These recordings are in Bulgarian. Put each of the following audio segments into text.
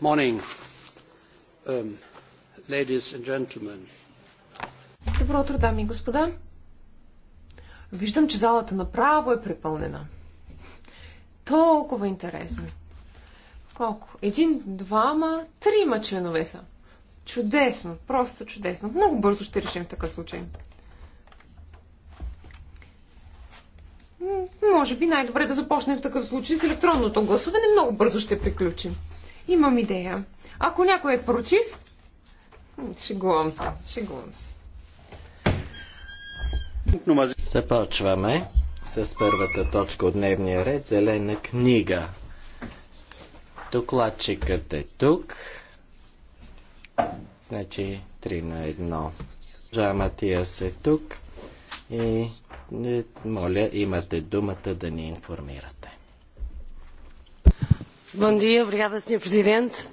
Um, Добро утро, дами и господа. Виждам, че залата направо е препълнена. Толкова интересно. Колко? Един, двама, трима членове са. Чудесно, просто чудесно. Много бързо ще решим в такъв случай. Може би най-добре да започнем в такъв случай с електронното гласуване. Много бързо ще приключим. Имам идея. Ако някой е против, шегувам се, шегувам се. Започваме с първата точка от дневния ред Зелена книга. Докладчикът е тук. Значи 3 на 1. Жа Матиас е тук и е, моля, имате думата да ни информират. Bom dia, obrigada Sr. Presidente.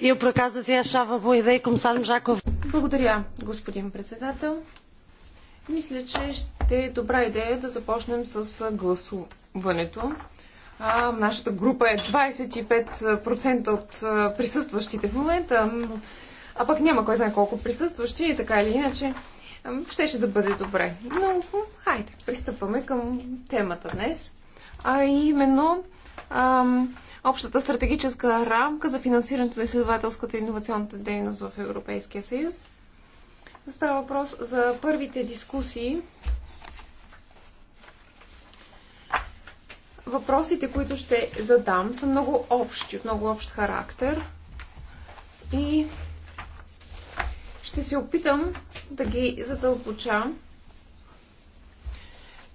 eu por acaso até achava boa ideia começarmos já com a... Благодаря, господин председател. Мисля, че ще е добра идея да започнем с гласуването. А, нашата група е 25% от присъстващите в момента, а пък няма кой знае колко присъстващи и така или иначе. Щеше да бъде добре. Но хайде, пристъпваме към темата днес а именно а, общата стратегическа рамка за финансирането на изследователската и инновационната дейност в Европейския съюз. Става въпрос за първите дискусии. Въпросите, които ще задам, са много общи, от много общ характер. И ще се опитам да ги задълбоча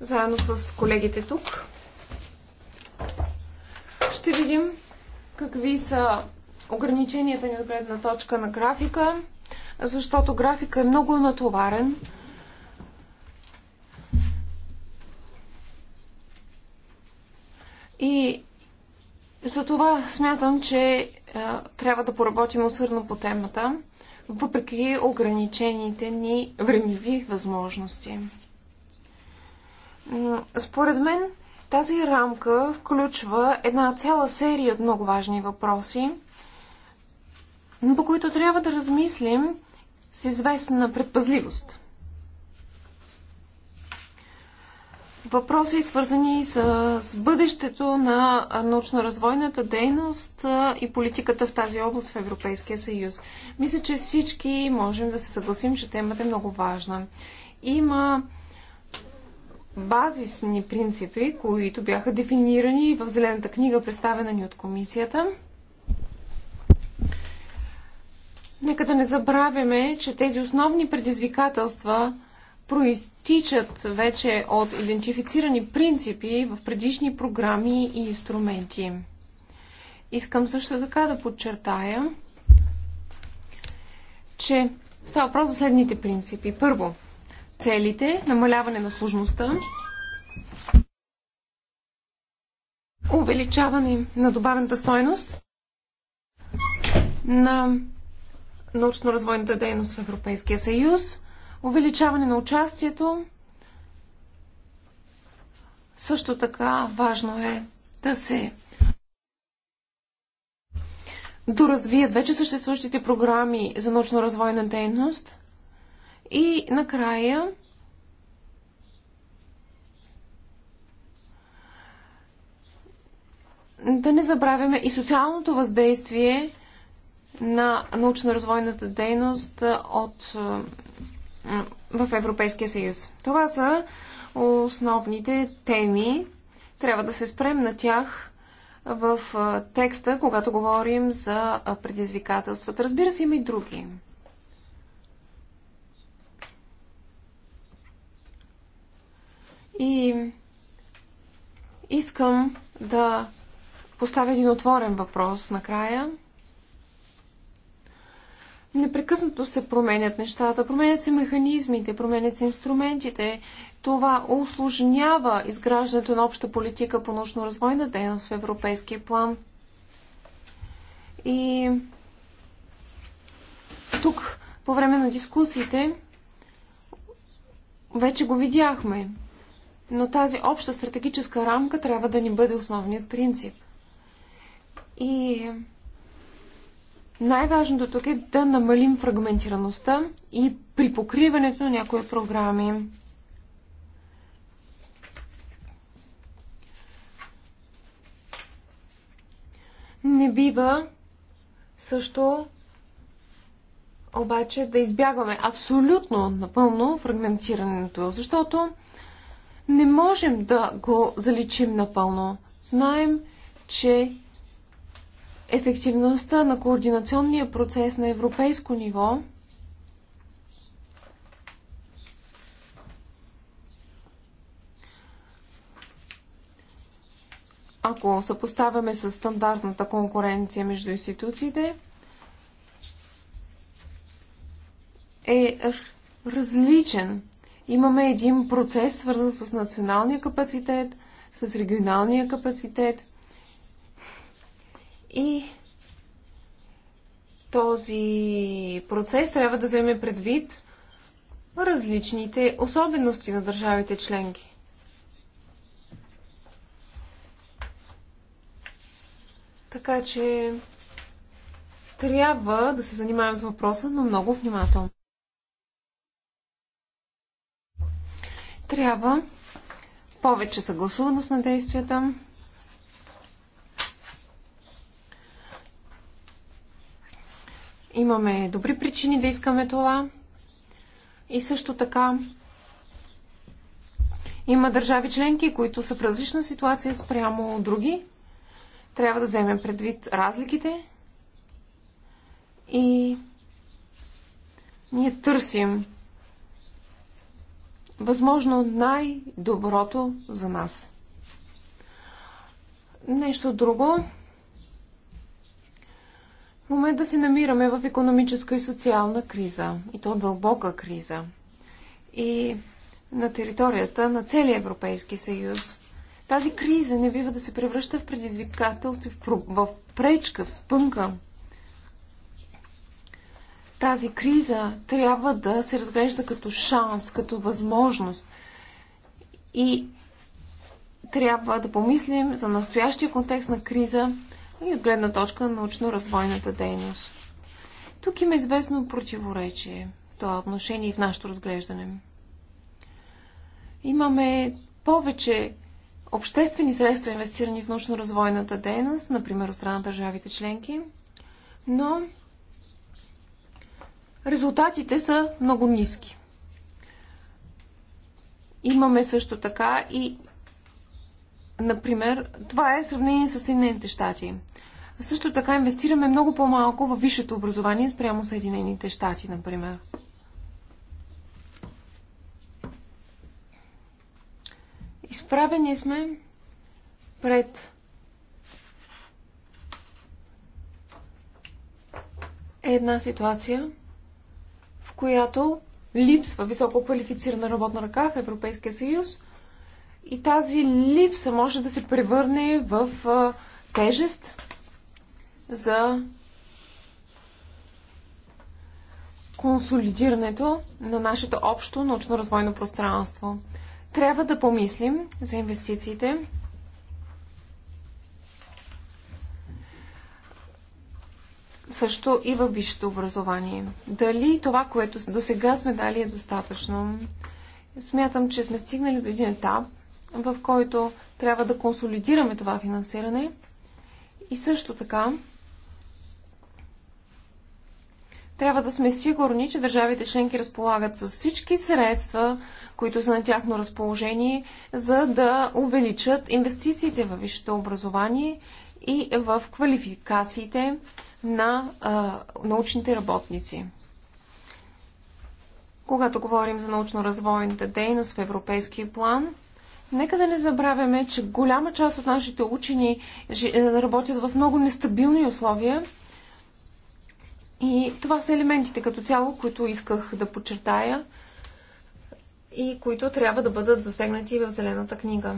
заедно с колегите тук ще видим какви са ограниченията ни от гледна точка на графика, защото графика е много натоварен. И за това смятам, че е, трябва да поработим усърдно по темата, въпреки ограничените ни времеви възможности. Според мен, тази рамка включва една цяла серия от много важни въпроси, по които трябва да размислим с известна предпазливост. Въпроси свързани с, с бъдещето на научно-развойната дейност и политиката в тази област в Европейския съюз. Мисля, че всички можем да се съгласим, че темата е много важна. Има базисни принципи, които бяха дефинирани в Зелената книга, представена ни от комисията. Нека да не забравяме, че тези основни предизвикателства проистичат вече от идентифицирани принципи в предишни програми и инструменти. Искам също така да подчертая, че става въпрос за следните принципи. Първо, целите, намаляване на сложността, увеличаване на добавената стойност на научно-развойната дейност в Европейския съюз, увеличаване на участието. Също така важно е да се доразвият вече съществуващите програми за научно-развойна дейност и накрая да не забравяме и социалното въздействие на научно-развойната дейност от, в Европейския съюз. Това са основните теми. Трябва да се спрем на тях в текста, когато говорим за предизвикателствата. Разбира се, има и други. И искам да поставя един отворен въпрос накрая. Непрекъснато се променят нещата, променят се механизмите, променят се инструментите. Това усложнява изграждането на обща политика по научно-развойна дейност в европейския план. И тук, по време на дискусиите, вече го видяхме но тази обща стратегическа рамка трябва да ни бъде основният принцип. И най-важното тук е да намалим фрагментираността и при покриването на някои програми. Не бива също обаче да избягваме абсолютно напълно фрагментирането, защото не можем да го заличим напълно. Знаем, че ефективността на координационния процес на европейско ниво ако съпоставяме с стандартната конкуренция между институциите, е различен имаме един процес, свързан с националния капацитет, с регионалния капацитет. И този процес трябва да вземе предвид различните особености на държавите членки. Така че трябва да се занимавам с въпроса, но много внимателно. Трябва повече съгласуваност на действията. Имаме добри причини да искаме това. И също така има държави членки, които са в различна ситуация спрямо други. Трябва да вземем предвид разликите. И ние търсим възможно най-доброто за нас. Нещо друго. В момента се намираме в економическа и социална криза, и то дълбока криза. И на територията на целия Европейски съюз. Тази криза не бива да се превръща в предизвикателство, в пречка, в спънка тази криза трябва да се разглежда като шанс, като възможност. И трябва да помислим за настоящия контекст на криза и от гледна точка на научно-развойната дейност. Тук има известно противоречие в това отношение и в нашето разглеждане. Имаме повече обществени средства, инвестирани в научно-развойната дейност, например от страна на държавите членки, но резултатите са много ниски. Имаме също така и, например, това е сравнение с Съединените щати. Също така инвестираме много по-малко във висшето образование спрямо Съединените щати, например. Изправени сме пред една ситуация, която липсва високо квалифицирана работна ръка в Европейския съюз и тази липса може да се превърне в тежест за консолидирането на нашето общо научно-развойно пространство. Трябва да помислим за инвестициите също и във висшето образование. Дали това, което до сега сме дали е достатъчно? Смятам, че сме стигнали до един етап, в който трябва да консолидираме това финансиране и също така трябва да сме сигурни, че държавите членки разполагат с всички средства, които са на тяхно разположение, за да увеличат инвестициите във висшето образование и в квалификациите, на а, научните работници. Когато говорим за научно-развойната дейност в европейския план, нека да не забравяме, че голяма част от нашите учени е, работят в много нестабилни условия. И това са елементите като цяло, които исках да подчертая и които трябва да бъдат засегнати в Зелената книга.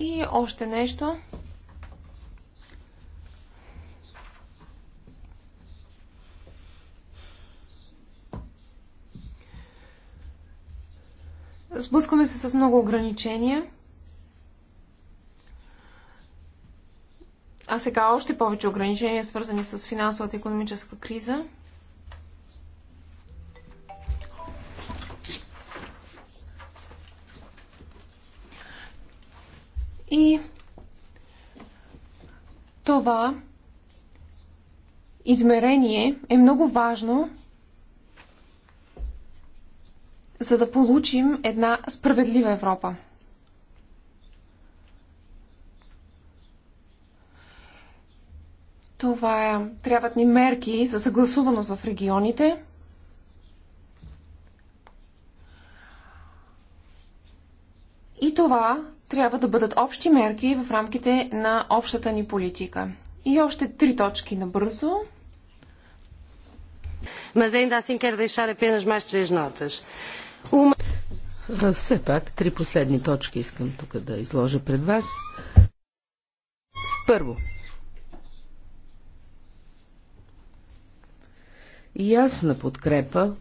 И още нещо. Сблъскваме се с много ограничения. А сега още повече ограничения, свързани с финансовата и економическа криза. И това измерение е много важно за да получим една справедлива Европа. Това е. Трябват ни мерки за съгласуваност в регионите. И това трябва да бъдат общи мерки в рамките на общата ни политика. И още три точки набързо. Mas ainda assim quero deixar apenas mais três notas. Все пак, три последни точки искам тук да изложа пред вас. Първо. Ясна подкрепа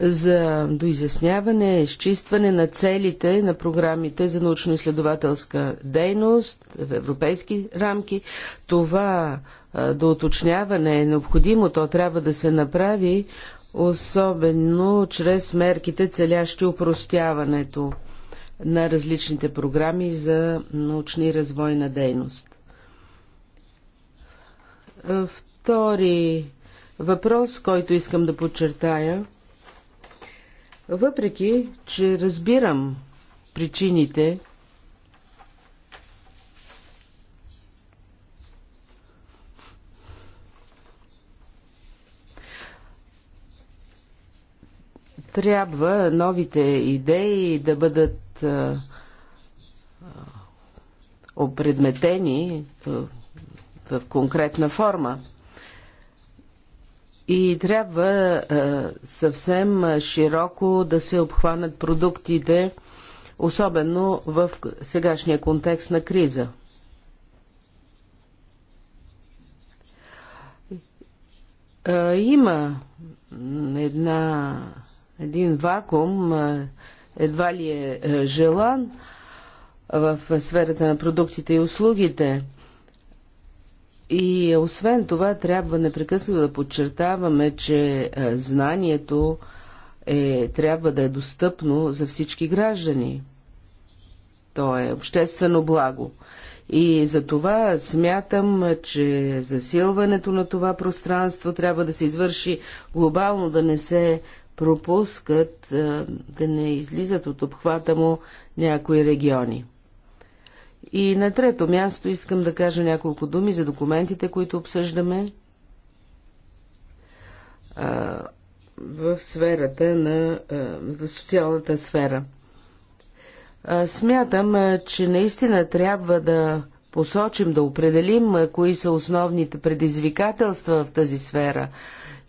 за доизясняване, изчистване на целите на програмите за научно-изследователска дейност в европейски рамки. Това до уточняване е необходимо, то трябва да се направи, особено чрез мерките, целящи упростяването на различните програми за научни и развойна дейност. Втори въпрос, който искам да подчертая, въпреки, че разбирам причините, Трябва новите идеи да бъдат опредметени в конкретна форма. И трябва съвсем широко да се обхванат продуктите, особено в сегашния контекст на криза. Има една един вакуум едва ли е, е желан в сферата на продуктите и услугите. И е, освен това, трябва непрекъснато да подчертаваме, че е, знанието е, трябва да е достъпно за всички граждани. То е обществено благо. И за това смятам, че засилването на това пространство трябва да се извърши глобално, да не се пропускат да не излизат от обхвата му някои региони. И на трето място искам да кажа няколко думи за документите, които обсъждаме в сферата на в социалната сфера. Смятам, че наистина трябва да посочим, да определим кои са основните предизвикателства в тази сфера –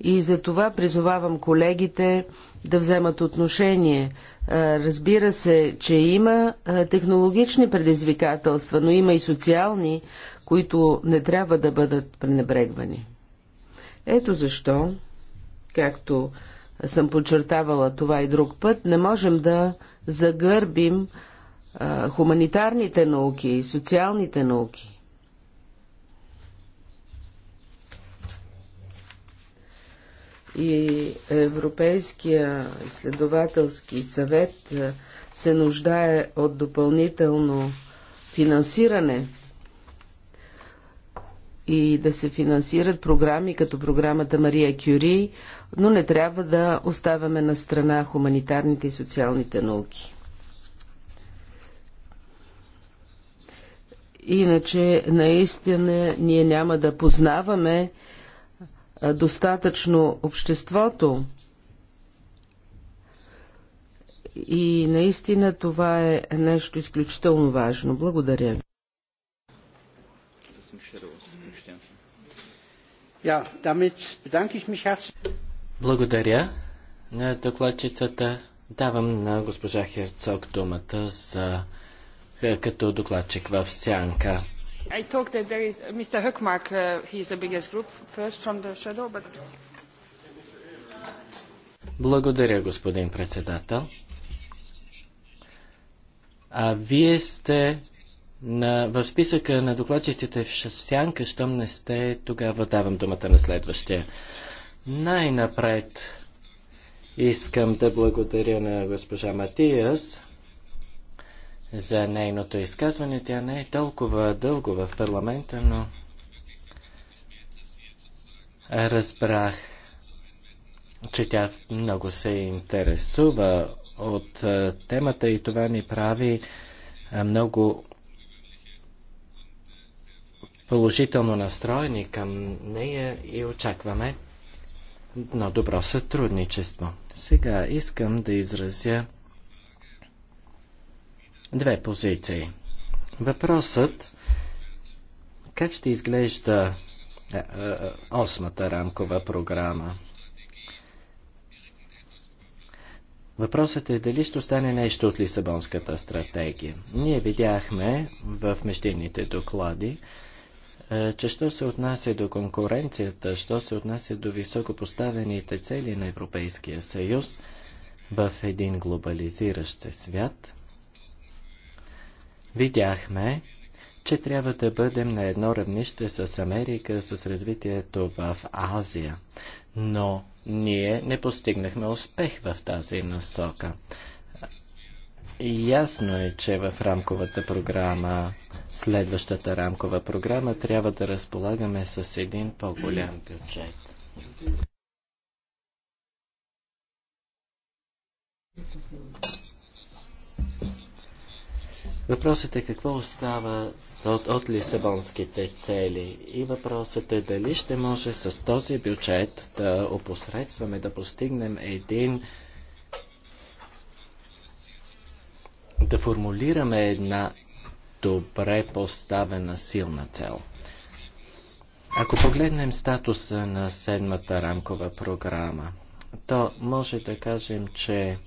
и за това призовавам колегите да вземат отношение. Разбира се, че има технологични предизвикателства, но има и социални, които не трябва да бъдат пренебрегвани. Ето защо, както съм подчертавала това и друг път, не можем да загърбим хуманитарните науки и социалните науки. и Европейския изследователски съвет е, се нуждае от допълнително финансиране и да се финансират програми като програмата Мария Кюри, но не трябва да оставяме на страна хуманитарните и социалните науки. Иначе наистина ние няма да познаваме достатъчно обществото. И наистина това е нещо изключително важно. Благодаря ви. Благодаря на докладчицата. Давам на госпожа Херцог думата за, е, като докладчик в Сянка. I talk that there is Mr. Höckmark, uh, he is the biggest group, first from the shadow, but... Благодаря, господин председател. А вие сте на, в списъка на докладчиците в Шасянка, щом не сте, тогава давам думата на следващия. Най-напред искам да благодаря на госпожа Матиас за нейното изказване. Тя не е толкова дълго в парламента, но разбрах, че тя много се интересува от темата и това ни прави много положително настроени към нея и очакваме едно добро сътрудничество. Сега искам да изразя две позиции. Въпросът как ще изглежда е, е, осмата рамкова програма? Въпросът е дали ще остане нещо от Лисабонската стратегия. Ние видяхме в междинните доклади, е, че що се отнася до конкуренцията, що се отнася до високопоставените цели на Европейския съюз в един глобализиращ се свят – видяхме, че трябва да бъдем на едно равнище с Америка, с развитието в Азия. Но ние не постигнахме успех в тази насока. Ясно е, че в рамковата програма, следващата рамкова програма, трябва да разполагаме с един по-голям бюджет. Thank you. Въпросът е какво остава от, от лисабонските цели и въпросът е дали ще може с този бюджет да опосредстваме, да постигнем един да формулираме една добре поставена силна цел. Ако погледнем статуса на седмата рамкова програма, то може да кажем, че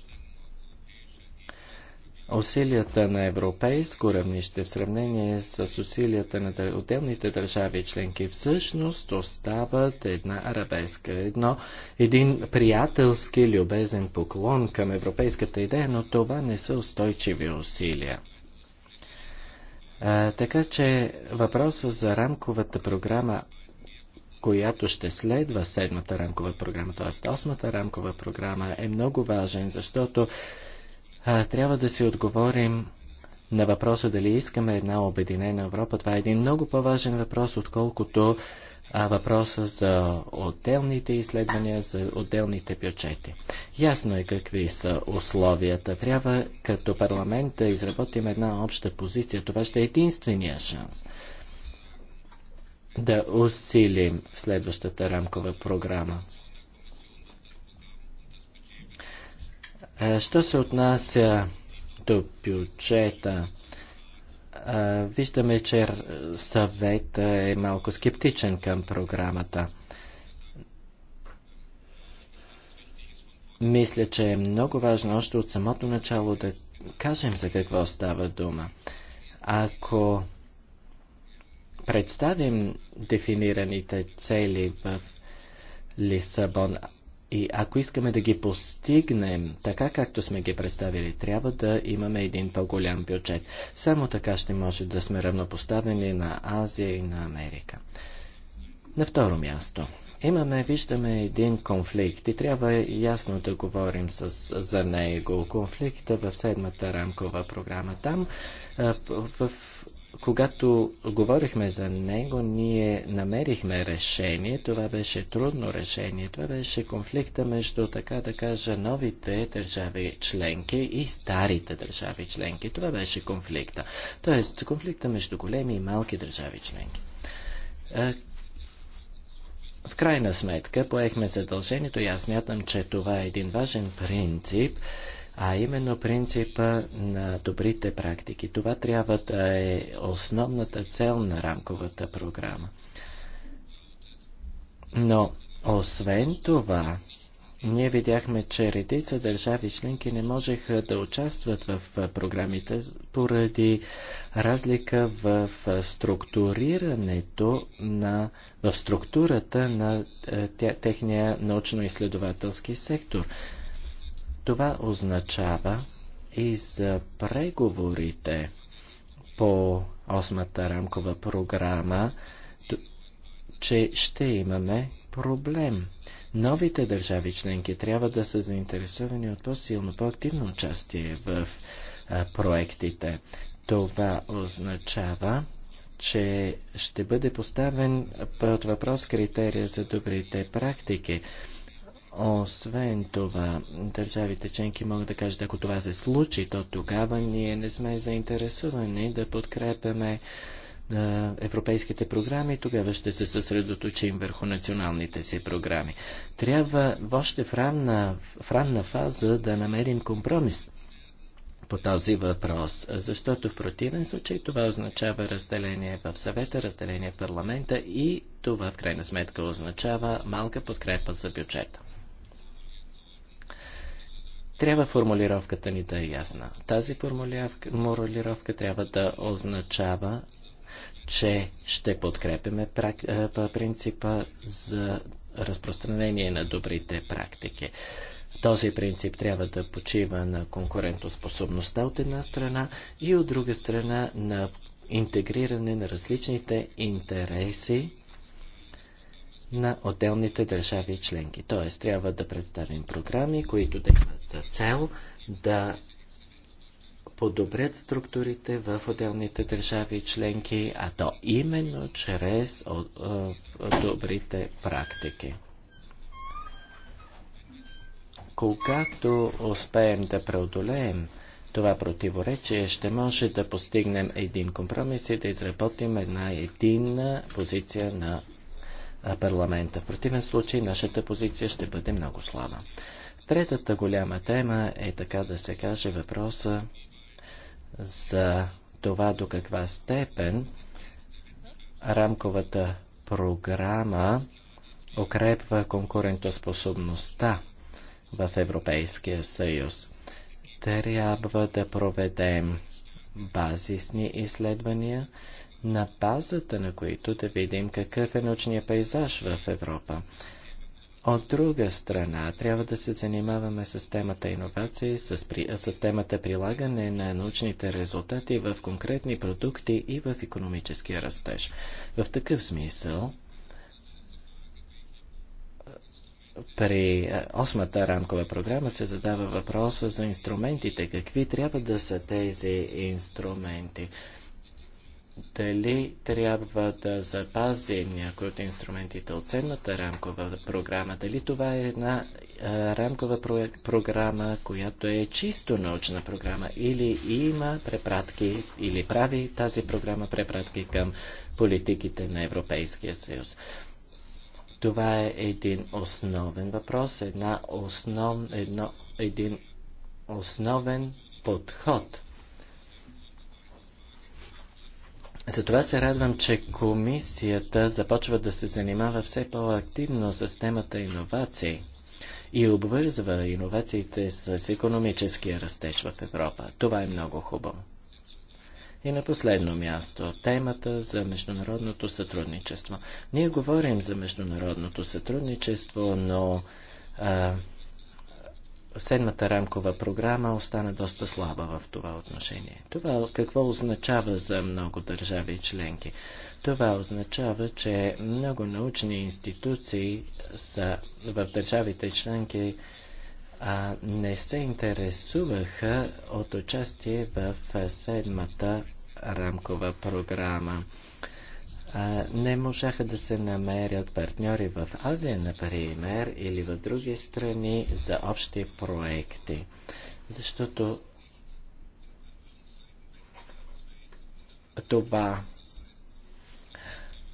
Усилията на европейско равнище в сравнение с усилията на отделните държави членки всъщност остават една арабеска, едно, един приятелски любезен поклон към европейската идея, но това не са устойчиви усилия. А, така че въпросът за рамковата програма която ще следва седмата рамкова програма, т.е. осмата рамкова програма, е много важен, защото трябва да си отговорим на въпроса дали искаме една обединена Европа. Това е един много по-важен въпрос, отколкото а, въпроса за отделните изследвания, за отделните бюджети. Ясно е какви са условията. Трябва като парламент да изработим една обща позиция. Това ще е единствения шанс да усилим следващата рамкова програма. Е, що се отнася до бюджета, е, виждаме, че съвет е малко скептичен към програмата. Мисля, че е много важно още от самото начало да кажем за какво става дума. Ако представим дефинираните цели в Лисабон, и ако искаме да ги постигнем така, както сме ги представили, трябва да имаме един по-голям бюджет. Само така ще може да сме равнопоставени на Азия и на Америка. На второ място. Имаме, виждаме един конфликт и трябва ясно да говорим с, за него. Конфликта в седмата рамкова програма. Там в когато говорихме за него, ние намерихме решение. Това беше трудно решение. Това беше конфликта между, така да кажа, новите държави членки и старите държави членки. Това беше конфликта. Тоест, конфликта между големи и малки държави членки. В крайна сметка поехме задължението и аз мятам, че това е един важен принцип а именно принципа на добрите практики. Това трябва да е основната цел на рамковата програма. Но, освен това, ние видяхме, че редица държави членки не можеха да участват в програмите поради разлика в структурирането на, в структурата на техния научно-изследователски сектор. Това означава и за преговорите по осмата рамкова програма, че ще имаме проблем. Новите държави членки трябва да са заинтересовани от по-силно, по-активно участие в а, проектите. Това означава, че ще бъде поставен под въпрос критерия за добрите практики. Освен това, държавите членки могат да кажат, ако това се случи, то тогава ние не сме заинтересувани да подкрепяме европейските програми, тогава ще се съсредоточим върху националните си програми. Трябва още в ранна, в ранна фаза да намерим компромис по този въпрос, защото в противен случай това означава разделение в съвета, разделение в парламента и това в крайна сметка означава малка подкрепа за бюджета. Трябва формулировката ни да е ясна. Тази формулировка трябва да означава, че ще подкрепяме е, принципа за разпространение на добрите практики. Този принцип трябва да почива на конкурентоспособността от една страна и от друга страна на интегриране на различните интереси на отделните държави членки. Т.е. трябва да представим програми, които да имат за цел да подобрят структурите в отделните държави членки, а то именно чрез добрите практики. Когато успеем да преодолеем това противоречие, ще може да постигнем един компромис и да изработим една единна позиция на парламента. В противен случай нашата позиция ще бъде много слаба. Третата голяма тема е, така да се каже, въпроса за това до каква степен рамковата програма укрепва конкурентоспособността в Европейския съюз. Трябва да проведем базисни изследвания, на базата на които да видим какъв е научния пейзаж в Европа. От друга страна, трябва да се занимаваме с темата иновации, с, при, с темата прилагане на научните резултати в конкретни продукти и в економическия растеж. В такъв смисъл, при осмата рамкова програма се задава въпроса за инструментите. Какви трябва да са тези инструменти? дали трябва да запазим някои от инструментите от седмата рамкова програма, дали това е една рамкова програма, която е чисто научна програма или има препратки или прави тази програма препратки към политиките на Европейския съюз. Това е един основен въпрос, една основ, едно, един основен подход – Затова се радвам, че комисията започва да се занимава все по-активно с темата иновации и обвързва иновациите с економическия растеж в Европа. Това е много хубаво. И на последно място, темата за международното сътрудничество. Ние говорим за международното сътрудничество, но а, седмата рамкова програма остана доста слаба в това отношение. Това какво означава за много държави и членки? Това означава, че много научни институции са в държавите членки а, не се интересуваха от участие в седмата рамкова програма не можаха да се намерят партньори в Азия, например, или в други страни за общи проекти. Защото това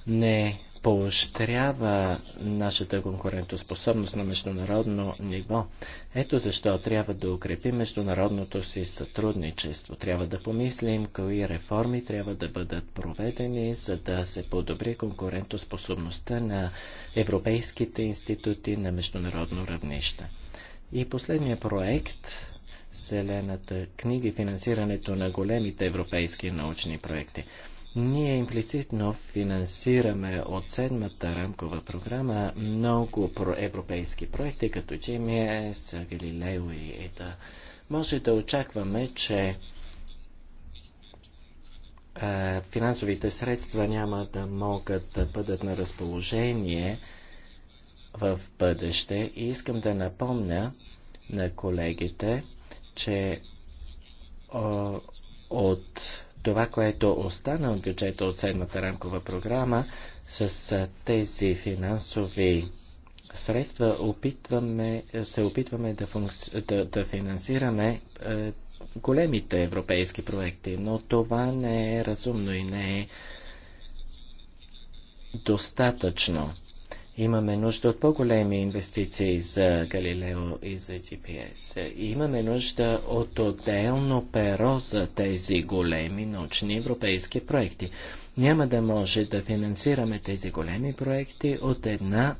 не поощрява нашата конкурентоспособност на международно ниво. Ето защо трябва да укрепим международното си сътрудничество. Трябва да помислим кои реформи трябва да бъдат проведени, за да се подобри конкурентоспособността на европейските институти на международно равнище. И последният проект Зелената книга и финансирането на големите европейски научни проекти. Ние имплицитно финансираме от седмата рамкова програма много европейски проекти, като GMS, Галилео и ЕТА. Може да очакваме, че финансовите средства няма да могат да бъдат на разположение в бъдеще. И искам да напомня на колегите, че от това, което остана от бюджета от седмата рамкова програма, с тези финансови средства опитваме, се опитваме да, функци... да, да финансираме е, големите европейски проекти, но това не е разумно и не е достатъчно. Имаме нужда от по-големи инвестиции за Галилео и за GPS. Имаме нужда от отделно перо за тези големи научни европейски проекти. Няма да може да финансираме тези големи проекти от една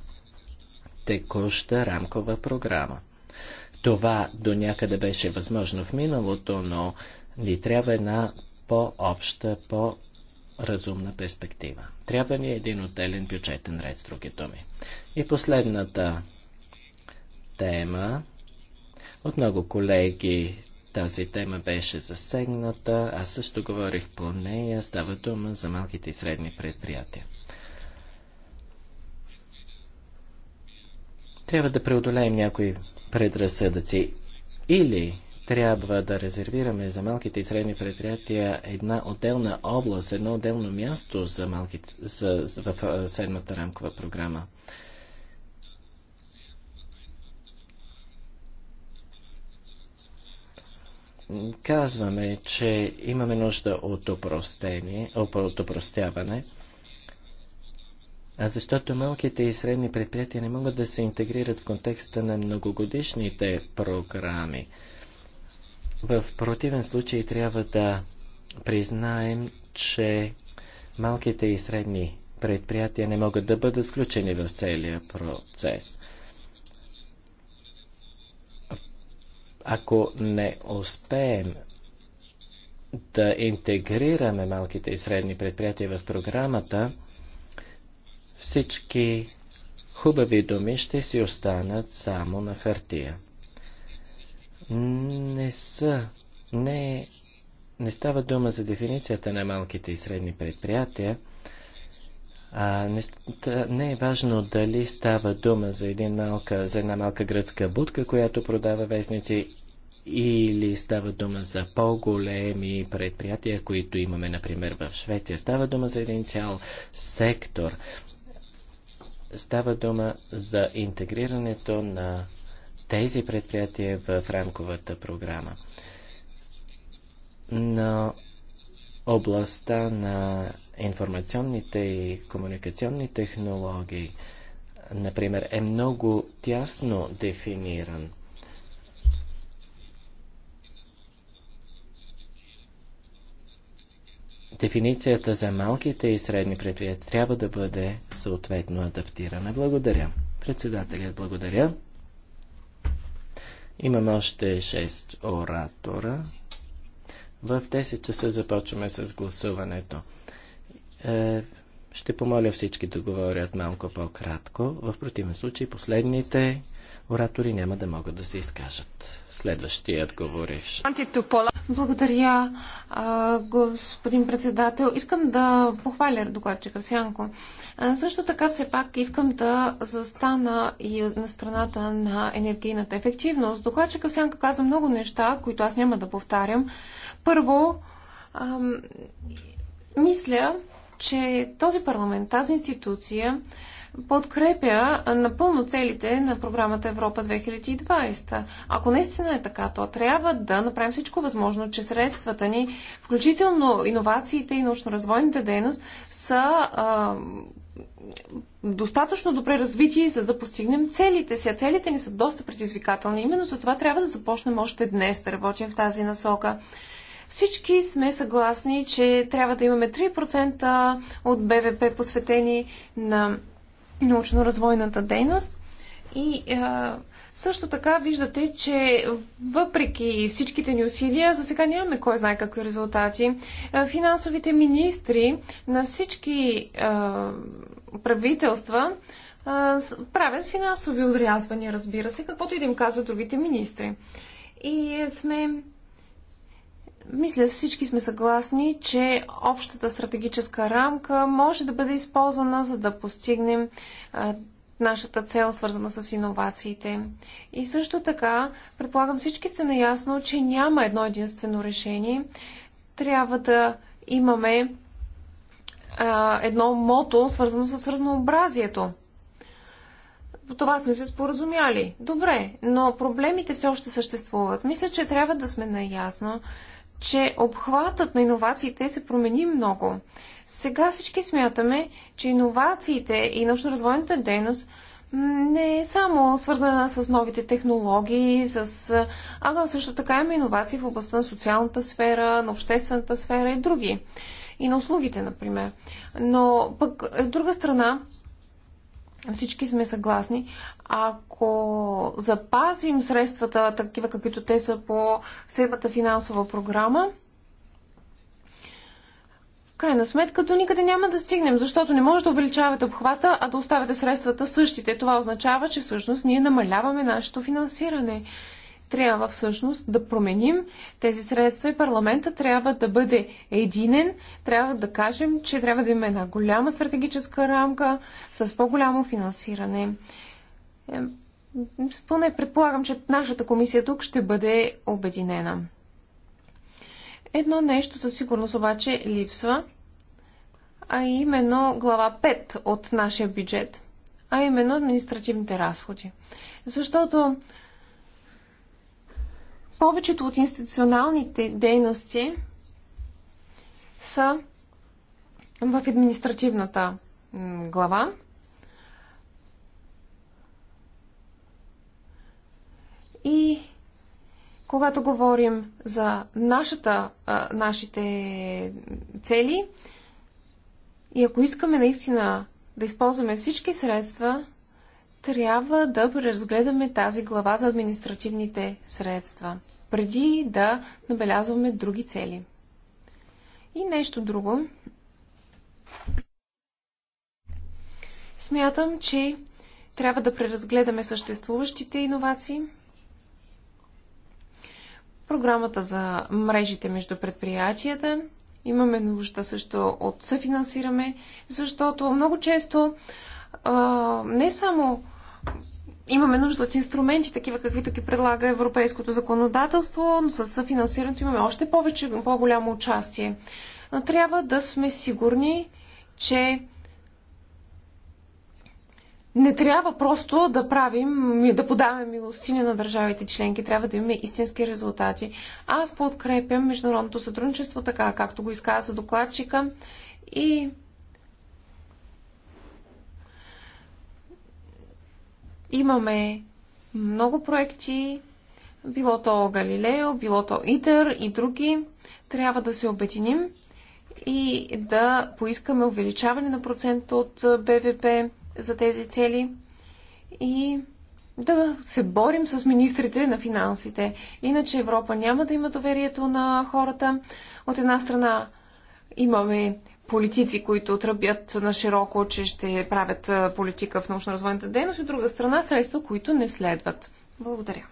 текуща рамкова програма. Това до някъде беше възможно в миналото, но ни трябва една по-обща, по-разумна перспектива. Трябва ни един отделен бюджетен ред, с други думи. И последната тема. От много колеги тази тема беше засегната. Аз също говорих по нея. Става дума за малките и средни предприятия. Трябва да преодолеем някои предразсъдъци. Или трябва да резервираме за малките и средни предприятия една отделна област, едно отделно място за малките, за, за, в седмата рамкова програма. Казваме, че имаме нужда от, от опростяване, а защото малките и средни предприятия не могат да се интегрират в контекста на многогодишните програми. В противен случай трябва да признаем, че малките и средни предприятия не могат да бъдат включени в целия процес. Ако не успеем да интегрираме малките и средни предприятия в програмата, всички хубави думи ще си останат само на хартия не са, не, не става дума за дефиницията на малките и средни предприятия, а, не, не е важно дали става дума за, един малка, за една малка гръцка будка, която продава вестници, или става дума за по-големи предприятия, които имаме, например, в Швеция. Става дума за един цял сектор. Става дума за интегрирането на тези предприятия в рамковата програма. Но областта на информационните и комуникационни технологии, например, е много тясно дефиниран. Дефиницията за малките и средни предприятия трябва да бъде съответно адаптирана. Благодаря. Председателят благодаря. Имаме още 6 оратора. В 10 часа започваме с гласуването. Е, ще помоля всички да говорят малко по-кратко. В противен случай последните оратори няма да могат да се изкажат. Следващият говориш. Благодаря, господин председател. Искам да похваля докладчика Сянко. Също така все пак искам да застана и на страната на енергийната ефективност. Докладчика Сянко каза много неща, които аз няма да повтарям. Първо, мисля, че този парламент, тази институция подкрепя напълно целите на програмата Европа 2020. Ако наистина е така, то трябва да направим всичко възможно, че средствата ни, включително иновациите и научно-развойната дейност, са а, достатъчно добре развити, за да постигнем целите си. А целите ни са доста предизвикателни. Именно за това трябва да започнем още днес да работим в тази насока. Всички сме съгласни, че трябва да имаме 3% от БВП посветени на научно-развойната дейност. И а, също така виждате, че въпреки всичките ни усилия, за сега нямаме кой знае какви резултати. Финансовите министри на всички а, правителства а, правят финансови отрязвания, разбира се, каквото и да им казват другите министри. И е, сме мисля, всички сме съгласни, че общата стратегическа рамка може да бъде използвана, за да постигнем нашата цел, свързана с иновациите. И също така, предполагам всички сте наясно, че няма едно единствено решение. Трябва да имаме а, едно мото, свързано с разнообразието. По това сме се споразумяли. Добре, но проблемите все още съществуват. Мисля, че трябва да сме наясно, че обхватът на иновациите се промени много. Сега всички смятаме, че иновациите и научно-развойната дейност не е само свързана с новите технологии, с... а също така има иновации в областта на социалната сфера, на обществената сфера и други. И на услугите, например. Но пък, от друга страна, всички сме съгласни, ако запазим средствата такива, каквито те са по седмата финансова програма, в крайна сметка до никъде няма да стигнем, защото не може да увеличавате обхвата, а да оставяте средствата същите. Това означава, че всъщност ние намаляваме нашето финансиране трябва всъщност да променим тези средства и парламента трябва да бъде единен. Трябва да кажем, че трябва да има една голяма стратегическа рамка с по-голямо финансиране. Поне предполагам, че нашата комисия тук ще бъде обединена. Едно нещо със сигурност обаче липсва, а именно глава 5 от нашия бюджет, а именно административните разходи. Защото повечето от институционалните дейности са в административната глава. И когато говорим за нашата, а, нашите цели, и ако искаме наистина да използваме всички средства, трябва да преразгледаме тази глава за административните средства, преди да набелязваме други цели. И нещо друго. Смятам, че трябва да преразгледаме съществуващите иновации, програмата за мрежите между предприятията. Имаме нужда също от съфинансираме, защото много често а, не само имаме нужда от инструменти, такива каквито ги предлага европейското законодателство, но с финансирането имаме още повече, по-голямо участие. Но трябва да сме сигурни, че не трябва просто да правим, да подаваме милостиня на държавите членки. Трябва да имаме истински резултати. Аз подкрепям международното сътрудничество, така както го изказа докладчика. И Имаме много проекти, било то Галилео, било то ИТЕР и други. Трябва да се обединим и да поискаме увеличаване на процент от БВП за тези цели и да се борим с министрите на финансите. Иначе Европа няма да има доверието на хората. От една страна имаме политици, които тръбят на широко, че ще правят политика в научно-развойната дейност, и от друга страна средства, които не следват. Благодаря.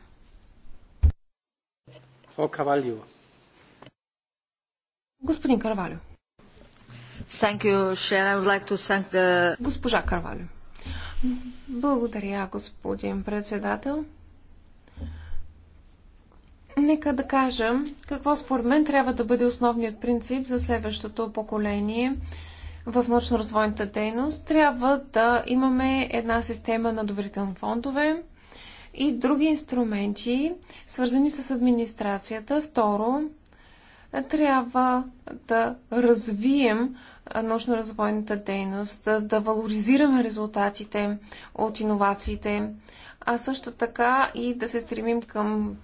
Господин Карвалю. Госпожа Карвалю. Благодаря, господин председател. Нека да кажем какво според мен трябва да бъде основният принцип за следващото поколение в научно-развойната дейност. Трябва да имаме една система на доверителни фондове и други инструменти, свързани с администрацията. Второ, трябва да развием научно-развойната дейност, да валоризираме резултатите от иновациите, а също така и да се стремим към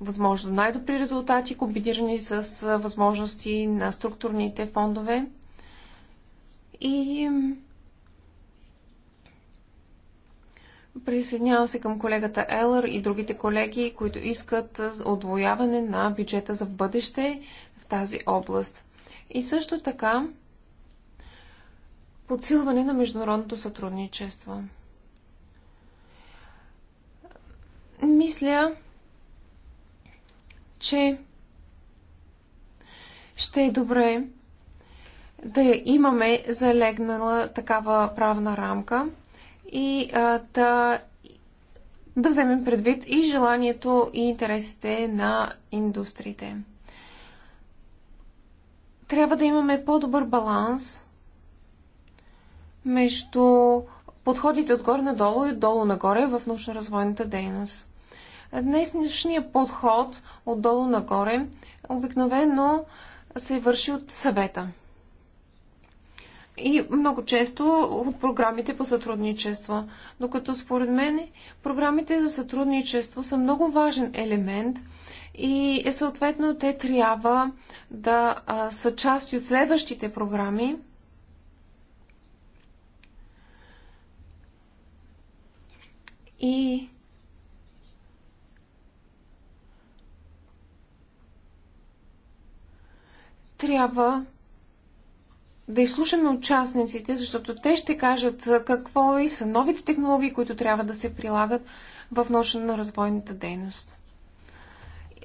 възможно най-добри резултати, комбинирани с възможности на структурните фондове. И присъединявам се към колегата Елър и другите колеги, които искат отвояване на бюджета за бъдеще в тази област. И също така подсилване на международното сътрудничество. Мисля, че ще е добре да имаме залегнала такава правна рамка и а, да, да вземем предвид и желанието и интересите на индустриите. Трябва да имаме по-добър баланс между подходите отгоре надолу и отдолу нагоре в научно-развойната дейност. Днешният подход отдолу нагоре обикновено се върши от съвета. И много често от програмите по сътрудничество. Докато според мен програмите за сътрудничество са много важен елемент и е съответно те трябва да а, са част от следващите програми. И трябва да изслушаме участниците, защото те ще кажат какво и са новите технологии, които трябва да се прилагат в на развойната дейност.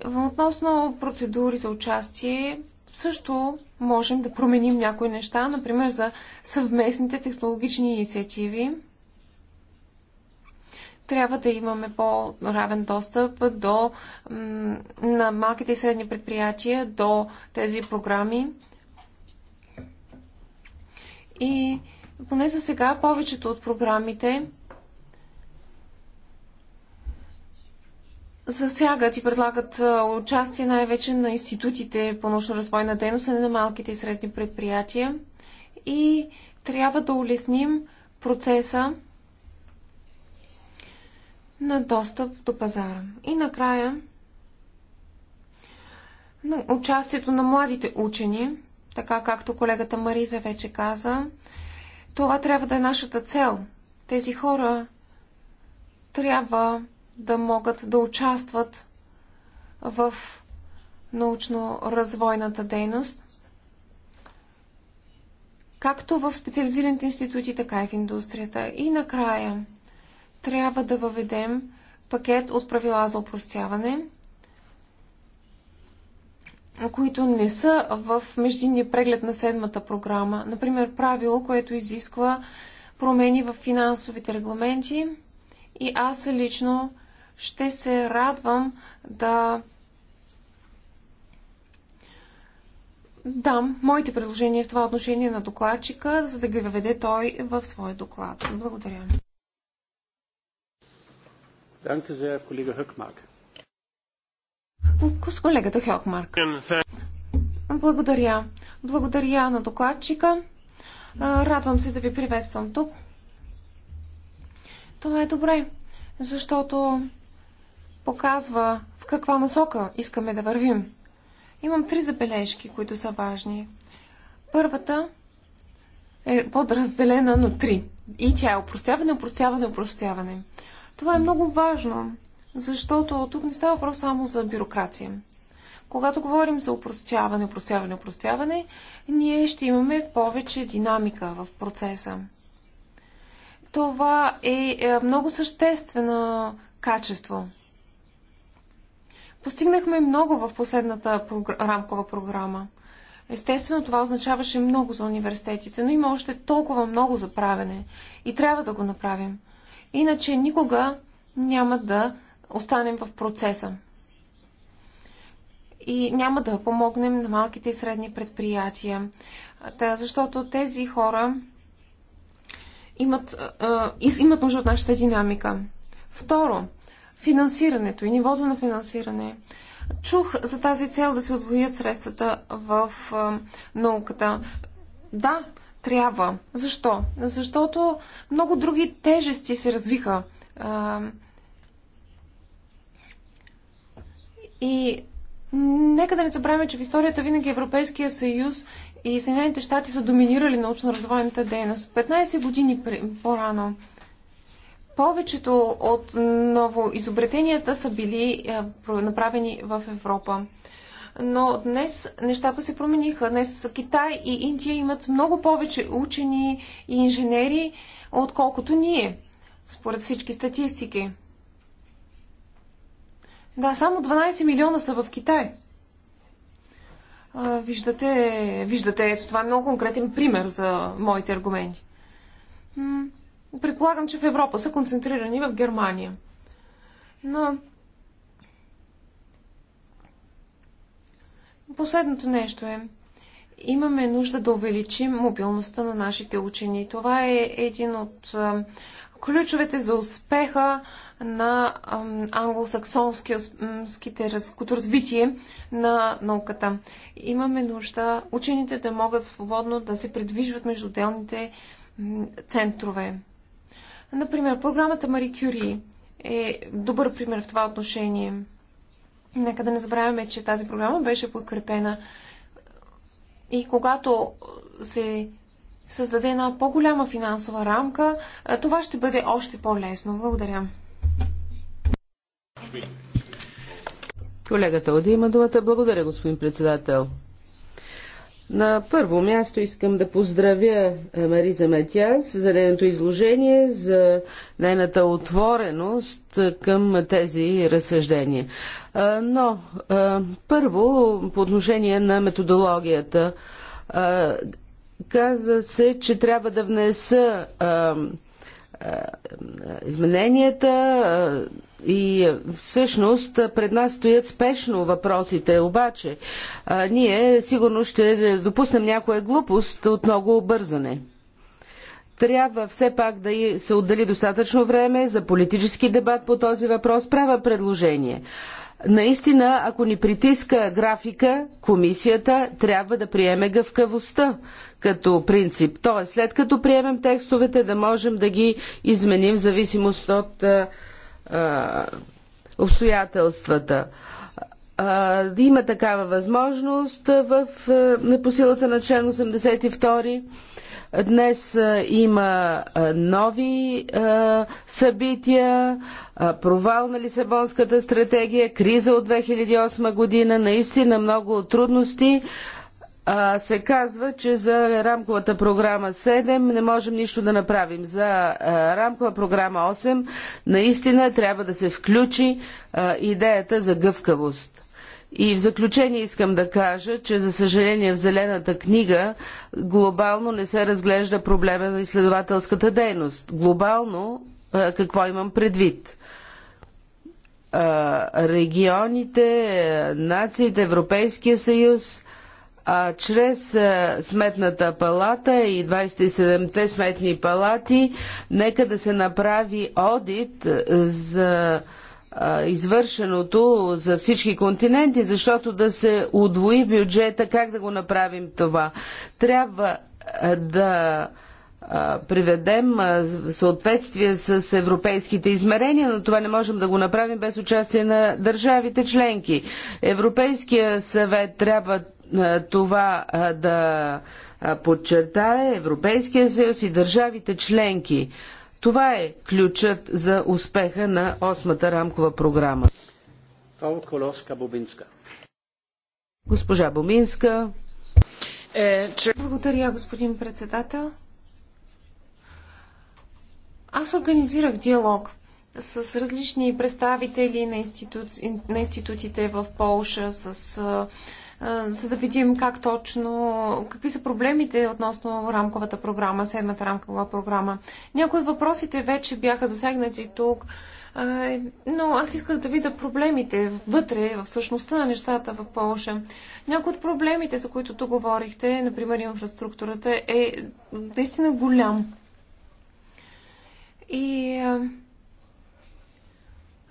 Относно процедури за участие, също можем да променим някои неща, например за съвместните технологични инициативи – трябва да имаме по-равен достъп до, на малките и средни предприятия до тези програми. И поне за сега повечето от програмите засягат и предлагат участие най-вече на институтите по научно-развойна дейност, а не на малките и средни предприятия. И трябва да улесним процеса на достъп до пазара. И накрая на участието на младите учени, така както колегата Мариза вече каза, това трябва да е нашата цел. Тези хора трябва да могат да участват в научно-развойната дейност, както в специализираните институти, така и в индустрията. И накрая, трябва да въведем пакет от правила за упростяване, които не са в междинния преглед на седмата програма. Например, правило, което изисква промени в финансовите регламенти и аз лично ще се радвам да дам моите предложения в това отношение на докладчика, за да ги въведе той в своя доклад. Благодаря. Danke sehr, Höckmark. С колегата Хелкмарк. Благодаря. Благодаря на докладчика. Радвам се да ви приветствам тук. Това е добре, защото показва в каква насока искаме да вървим. Имам три забележки, които са важни. Първата е подразделена на три. И тя е упростяване, упростяване, упростяване. Това е много важно, защото тук не става въпрос само за бюрокрация. Когато говорим за упростяване, упростяване, упростяване, ние ще имаме повече динамика в процеса. Това е, е много съществено качество. Постигнахме много в последната рамкова програма. Естествено, това означаваше много за университетите, но има още толкова много за правене и трябва да го направим – Иначе никога няма да останем в процеса. И няма да помогнем на малките и средни предприятия. Та, защото тези хора имат, а, имат нужда от нашата динамика. Второ, финансирането и нивото на финансиране. Чух за тази цел да се отвоят средствата в а, науката. Да, трябва. Защо? Защото много други тежести се развиха. И нека да не забравяме, че в историята винаги Европейския съюз и Съединените щати са доминирали научно-развойната дейност. 15 години по-рано повечето от новоизобретенията са били направени в Европа но днес нещата се промениха. Днес Китай и Индия имат много повече учени и инженери, отколкото ние, според всички статистики. Да, само 12 милиона са в Китай. А, виждате, виждате, ето това е много конкретен пример за моите аргументи. Предполагам, че в Европа са концентрирани в Германия. Но Последното нещо е, имаме нужда да увеличим мобилността на нашите учени. Това е един от ключовете за успеха на англосаксонските развитие на науката. Имаме нужда учените да могат свободно да се придвижват между отделните центрове. Например, програмата Мари Кюри е добър пример в това отношение. Нека да не забравяме, че тази програма беше подкрепена и когато се създаде една по-голяма финансова рамка, това ще бъде още по-лесно. Благодаря. Колегата Оди има думата. Благодаря, господин председател. На първо място искам да поздравя е, Мариза Матяс за нейното изложение, за нейната отвореност е, към тези разсъждения. Е, но първо по отношение на методологията. Каза се, че трябва да внеса измененията и е, всъщност е, пред нас стоят спешно въпросите, обаче а, е, ние сигурно ще допуснем някоя глупост от много обързане. Трябва все пак да се отдели достатъчно време за политически дебат по този въпрос. Правя предложение. Наистина, ако ни притиска графика, комисията трябва да приеме гъвкавостта като принцип. Тоест, след като приемем текстовете, да можем да ги изменим в зависимост от обстоятелствата. Има такава възможност в, по силата на член 82. Днес има нови събития, провал на Лисабонската стратегия, криза от 2008 година, наистина много трудности, се казва, че за рамковата програма 7 не можем нищо да направим. За рамкова програма 8 наистина трябва да се включи идеята за гъвкавост. И в заключение искам да кажа, че за съжаление в Зелената книга глобално не се разглежда проблема на изследователската дейност. Глобално какво имам предвид? Регионите, нациите, Европейския съюз – а чрез Сметната палата и 27-те сметни палати, нека да се направи одит за извършеното за всички континенти, защото да се удвои бюджета, как да го направим това? Трябва да приведем в съответствие с европейските измерения, но това не можем да го направим без участие на държавите членки. Европейския съвет трябва е, това е, да е, подчертае Европейския съюз и държавите членки. Това е ключът за успеха на осмата рамкова програма. Госпожа Боминска. Благодаря, господин председател. Аз организирах диалог с различни представители на, институци... на институтите в Полша, с за да видим как точно, какви са проблемите относно рамковата програма, седмата рамкова програма. Някои от въпросите вече бяха засегнати тук, но аз исках да видя проблемите вътре, в същността на нещата в Полша. Някои от проблемите, за които тук говорихте, например инфраструктурата, е наистина голям. И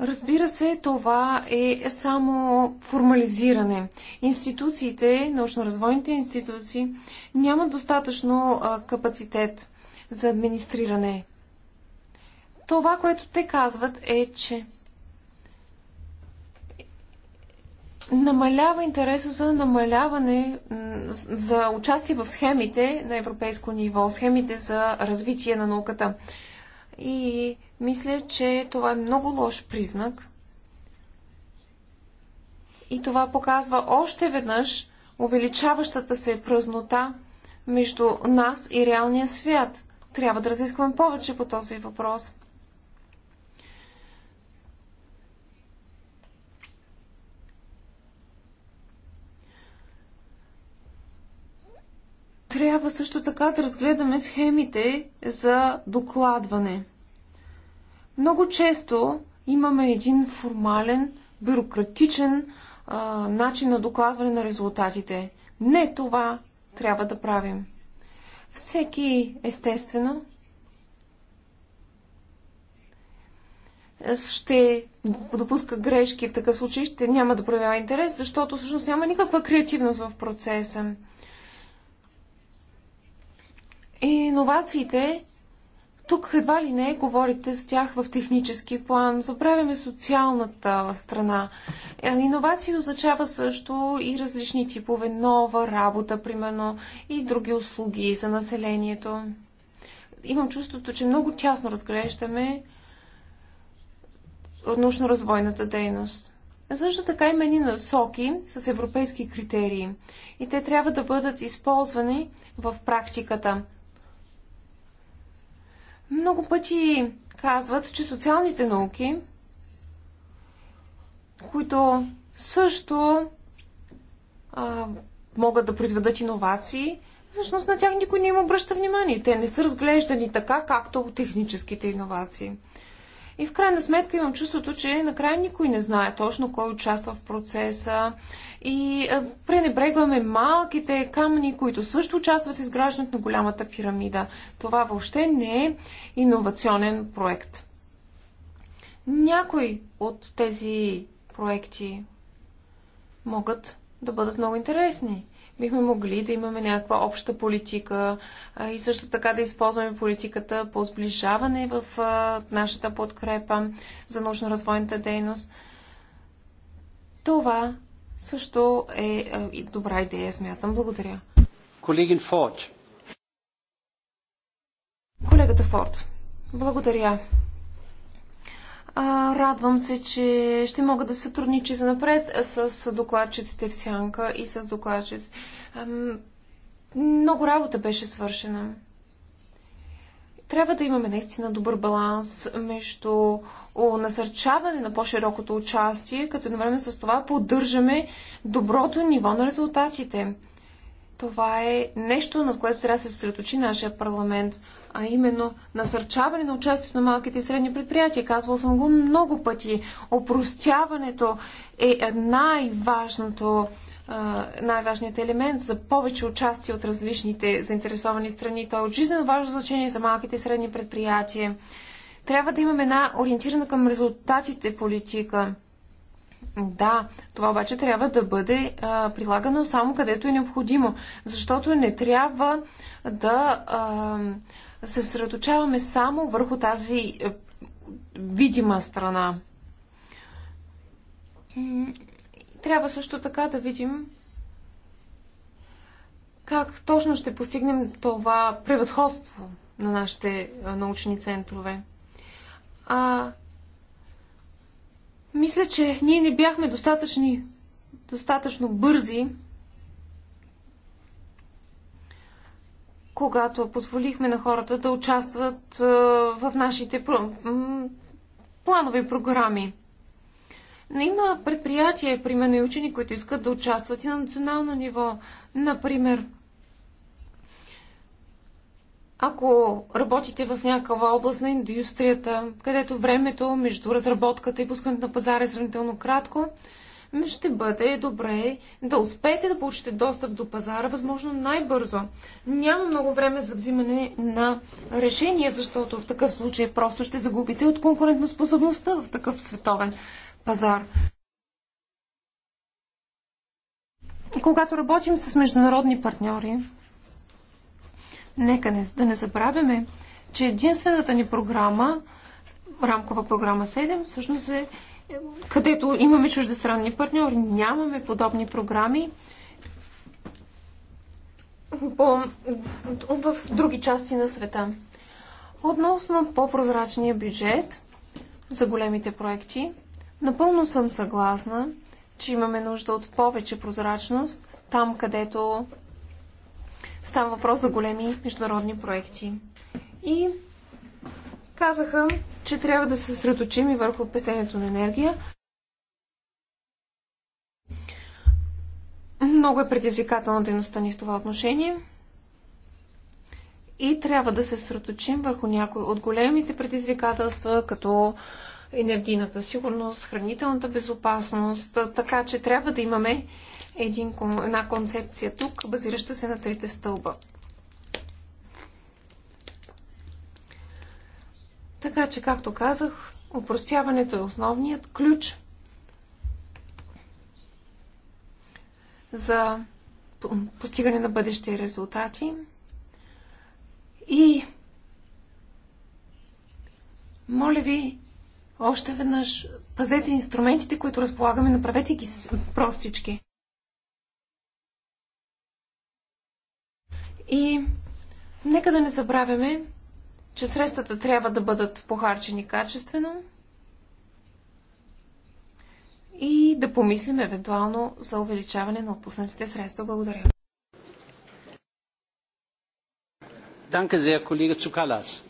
Разбира се, това е само формализиране. Институциите, научно-развойните институции, нямат достатъчно капацитет за администриране. Това, което те казват е, че намалява интереса за намаляване, за участие в схемите на европейско ниво, схемите за развитие на науката. И мисля, че това е много лош признак. И това показва още веднъж увеличаващата се празнота между нас и реалния свят. Трябва да разискваме повече по този въпрос. Трябва също така да разгледаме схемите за докладване. Много често имаме един формален, бюрократичен а, начин на докладване на резултатите. Не това трябва да правим. Всеки, естествено, ще допуска грешки, в такъв случай ще няма да проявява интерес, защото всъщност няма никаква креативност в процеса. Иновациите тук едва ли не говорите с тях в технически план. Забравяме социалната страна. Е, иновации означава също и различни типове нова работа, примерно, и други услуги за населението. Имам чувството, че много тясно разглеждаме научно-развойната дейност. Също така има едни насоки с европейски критерии и те трябва да бъдат използвани в практиката. Много пъти казват, че социалните науки, които също а, могат да произведат иновации, всъщност на тях никой не им обръща внимание. Те не са разглеждани така, както техническите иновации. И в крайна сметка имам чувството, че накрая никой не знае точно кой участва в процеса, и е, пренебрегваме малките камъни, които също участват в изграждането на голямата пирамида. Това въобще не е иновационен проект. Някои от тези проекти могат да бъдат много интересни. Бихме могли да имаме някаква обща политика и също така да използваме политиката по сближаване в нашата подкрепа за научно-развойната дейност. Това също е, е добра идея, смятам. Благодаря. Колегин Форд. Колегата Форд. Благодаря. радвам се, че ще мога да сътрудничи за напред с докладчиците в Сянка и с докладчиците. Много работа беше свършена. Трябва да имаме наистина добър баланс между насърчаване на по-широкото участие, като едновременно с това поддържаме доброто ниво на резултатите. Това е нещо, над което трябва да се съсредоточи нашия парламент, а именно насърчаване на участието на малките и средни предприятия. Казвал съм го много пъти. Опростяването е най-важното най-важният елемент за повече участие от различните заинтересовани страни. Той е от жизненно важно значение за малките и средни предприятия. Трябва да имаме една ориентирана към резултатите политика. Да, това обаче трябва да бъде а, прилагано само където е необходимо, защото не трябва да а, се средочаваме само върху тази а, видима страна. Трябва също така да видим как точно ще постигнем това превъзходство на нашите научни центрове. А, мисля, че ние не бяхме достатъчни, достатъчно бързи, когато позволихме на хората да участват в нашите планови програми. Но има предприятия, примерно и учени, които искат да участват и на национално ниво. Например, ако работите в някаква област на индустрията, където времето между разработката и пускането на пазара е сравнително кратко, ще бъде добре да успеете да получите достъп до пазара възможно най-бързо. Няма много време за взимане на решения, защото в такъв случай просто ще загубите от конкурентоспособността в такъв световен пазар. Когато работим с международни партньори, Нека не, да не забравяме, че единствената ни програма, рамкова програма 7, всъщност е където имаме чуждестранни партньори. Нямаме подобни програми по, в други части на света. Относно по-прозрачния бюджет за големите проекти, напълно съм съгласна, че имаме нужда от повече прозрачност там, където Става въпрос за големи международни проекти. И казаха, че трябва да се средочим и върху песенето на енергия. Много е предизвикателна дейността ни в това отношение. И трябва да се съсредоточим върху някои от големите предизвикателства, като енергийната сигурност, хранителната безопасност, така че трябва да имаме един, една концепция тук, базираща се на трите стълба. Така че, както казах, упростяването е основният ключ за постигане на бъдещи резултати и моля ви, още веднъж пазете инструментите, които разполагаме, направете ги простички. И нека да не забравяме, че средствата трябва да бъдат похарчени качествено и да помислим евентуално за увеличаване на отпуснатите средства. Благодаря. Danke sehr, Kollege Tsoukalas.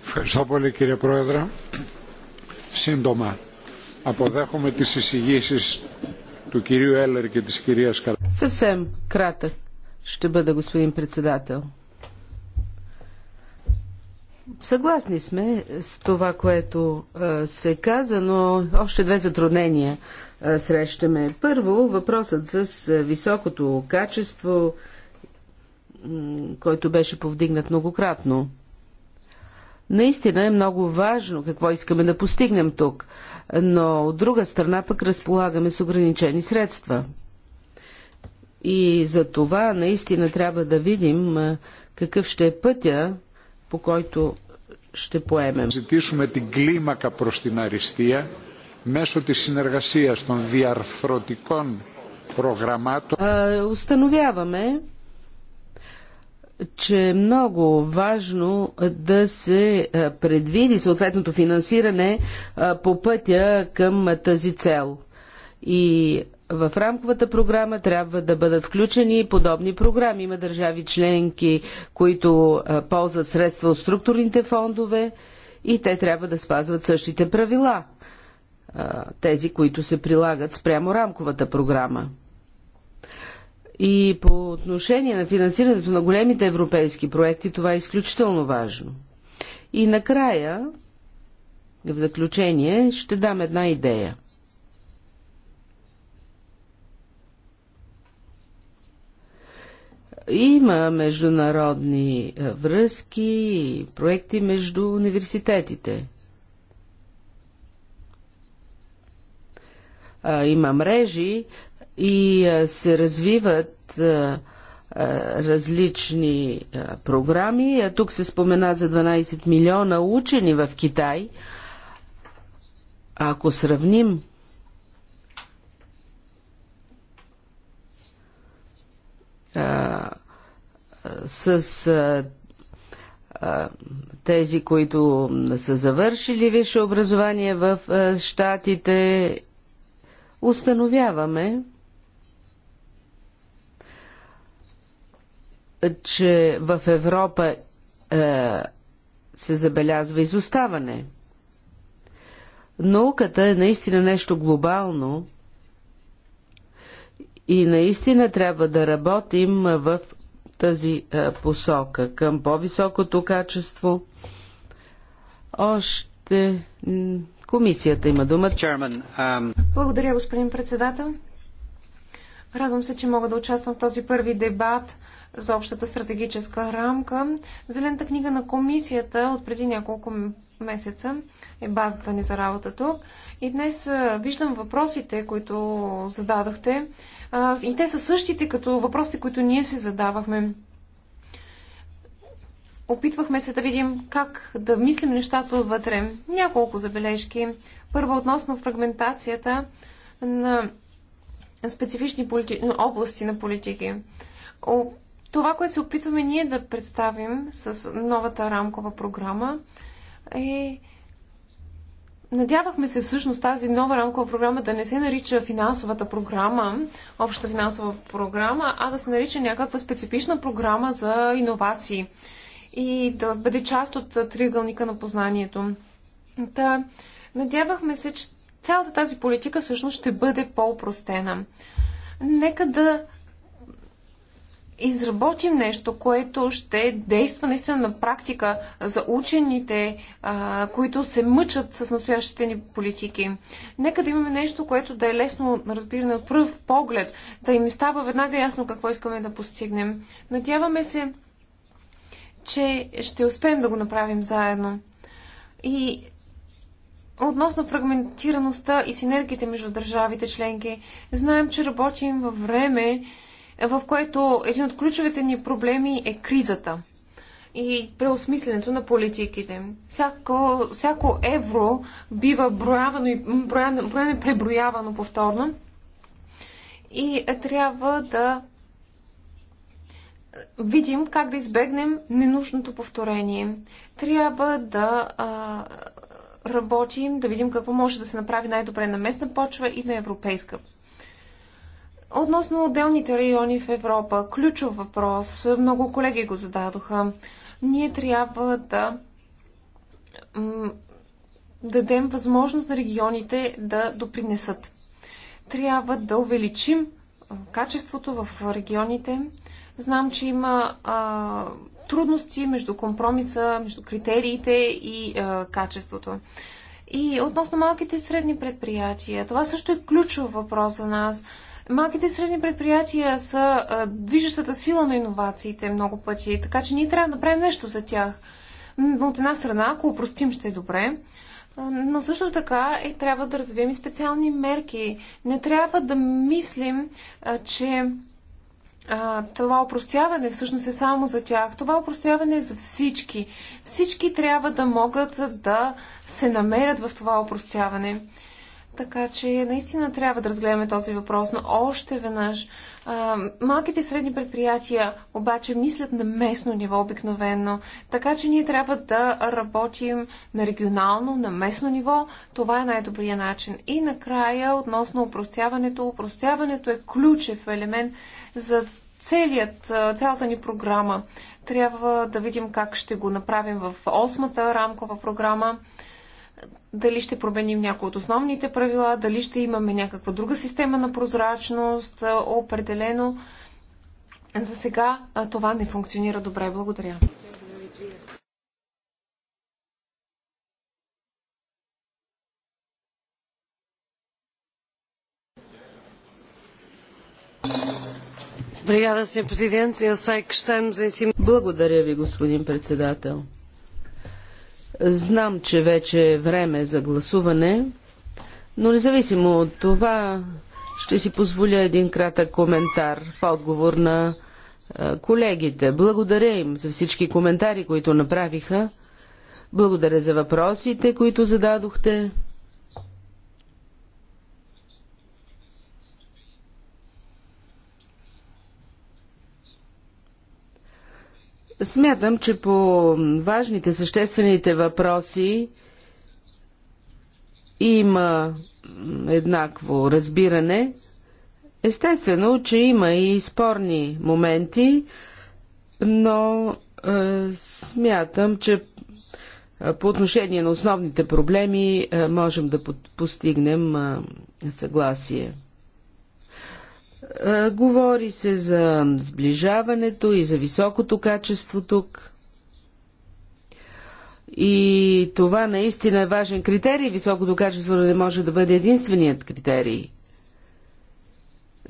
Ευχαριστώ πολύ κύριε Πρόεδρε. Σύντομα, αποδέχομαι τις εισηγήσεις του κυρίου και της κυρίας Съвсем кратък ще бъда, господин председател. Съгласни сме с това, което се каза, но още две затруднения срещаме. Първо, въпросът с високото качество, който беше повдигнат многократно. Наистина е много важно какво искаме да постигнем тук – но от друга страна пък разполагаме с ограничени средства. И за това наистина трябва да видим какъв ще е пътя, по който ще поемем. Ζητήσουμε την κλίμακα προς την αριστεία μέσω της συνεργασίας των διαρθρωτικών προγραμμάτων. Установяваме, че е много важно да се е, предвиди съответното финансиране е, по пътя към тази цел. И в рамковата програма трябва да бъдат включени подобни програми. Има държави членки, които е, ползват средства от структурните фондове и те трябва да спазват същите правила, тези, които се прилагат спрямо рамковата програма. И по отношение на финансирането на големите европейски проекти, това е изключително важно. И накрая, в заключение, ще дам една идея. Има международни е, връзки и проекти между университетите. Има мрежи, и се развиват различни програми. Тук се спомена за 12 милиона учени в Китай. Ако сравним а, с а, тези, които са завършили висше образование в а, Штатите, установяваме, че в Европа е, се забелязва изоставане. Науката е наистина нещо глобално и наистина трябва да работим в тази е, посока към по-високото качество. Още комисията има дума. Um, Благодаря, господин председател. Радвам се, че мога да участвам в този първи дебат за общата стратегическа рамка. Зелената книга на комисията от преди няколко месеца е базата ни за работа тук. И днес виждам въпросите, които зададохте. И те са същите като въпросите, които ние си задавахме. Опитвахме се да видим как да мислим нещата отвътре. Няколко забележки. Първо относно фрагментацията на специфични полити... области на политики. Това, което се опитваме ние да представим с новата рамкова програма е Надявахме се всъщност тази нова рамкова програма да не се нарича финансовата програма, обща финансова програма, а да се нарича някаква специфична програма за иновации и да бъде част от триъгълника на познанието. Да, надявахме се, че цялата тази политика всъщност ще бъде по-упростена. Нека да изработим нещо, което ще действа наистина на практика за учените, а, които се мъчат с настоящите ни политики. Нека да имаме нещо, което да е лесно разбиране от пръв поглед, да им става веднага ясно какво искаме да постигнем. Надяваме се, че ще успеем да го направим заедно. И относно фрагментираността и синергиите между държавите членки, знаем, че работим във време, в което един от ключовите ни проблеми е кризата и преосмисленето на политиките. Всяко, всяко евро бива броявано и брояно, брояно, преброявано повторно и трябва да видим как да избегнем ненужното повторение. Трябва да а, работим, да видим какво може да се направи най-добре на местна почва и на европейска Относно отделните райони в Европа, ключов въпрос, много колеги го зададоха. Ние трябва да дадем възможност на регионите да допринесат. Трябва да увеличим качеството в регионите. Знам, че има а, трудности между компромиса, между критериите и а, качеството. И относно малките и средни предприятия, това също е ключов въпрос за нас – Малките и средни предприятия са движещата сила на иновациите много пъти, така че ние трябва да направим нещо за тях. От една страна, ако упростим, ще е добре. Но също така е, трябва да развием и специални мерки. Не трябва да мислим, че а, това опростяване всъщност е само за тях. Това опростяване е за всички. Всички трябва да могат да се намерят в това опростяване. Така че наистина трябва да разгледаме този въпрос, но още веднъж. А, малките и средни предприятия обаче мислят на местно ниво обикновено, така че ние трябва да работим на регионално, на местно ниво. Това е най-добрият начин. И накрая, относно упростяването, упростяването е ключев елемент за целият, цялата ни програма. Трябва да видим как ще го направим в осмата рамкова програма дали ще променим някои от основните правила, дали ще имаме някаква друга система на прозрачност, определено. За сега това не функционира добре. Благодаря. Благодаря ви, господин председател. Знам, че вече е време за гласуване, но независимо от това, ще си позволя един кратък коментар в отговор на е, колегите. Благодаря им за всички коментари, които направиха. Благодаря за въпросите, които зададохте. Смятам, че по важните, съществените въпроси има еднакво разбиране. Естествено, че има и спорни моменти, но е, смятам, че е, по отношение на основните проблеми е, можем да под, постигнем е, съгласие. Е, говори се за сближаването и за високото качество тук. И това наистина е важен критерий. Високото качество не може да бъде единственият критерий.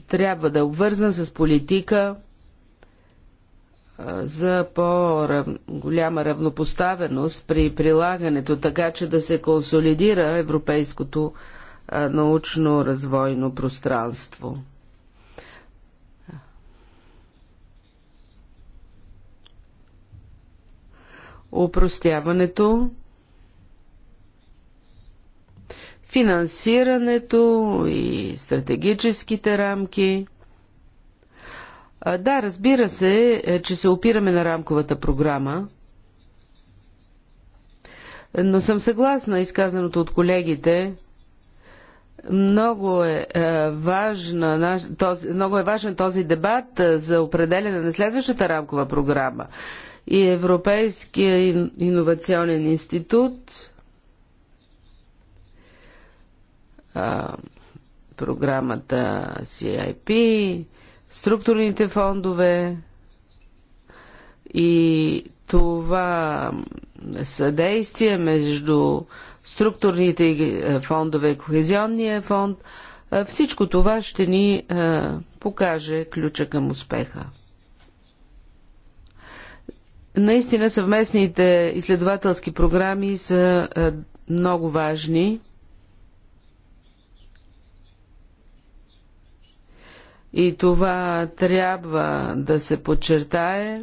Трябва да е обвързан с политика е, за по-голяма равнопоставеност при прилагането, така че да се консолидира европейското е, научно-развойно пространство. упростяването, финансирането и стратегическите рамки. Да, разбира се, е, че се опираме на рамковата програма, но съм съгласна изказаното от колегите. Много е, е важна, този, много е важен този дебат е, за определене на следващата рамкова програма и Европейския иновационен институт, програмата CIP, структурните фондове и това съдействие между структурните фондове и кохезионния фонд, всичко това ще ни покаже ключа към успеха. Наистина съвместните изследователски програми са е, много важни. И това трябва да се подчертае, е,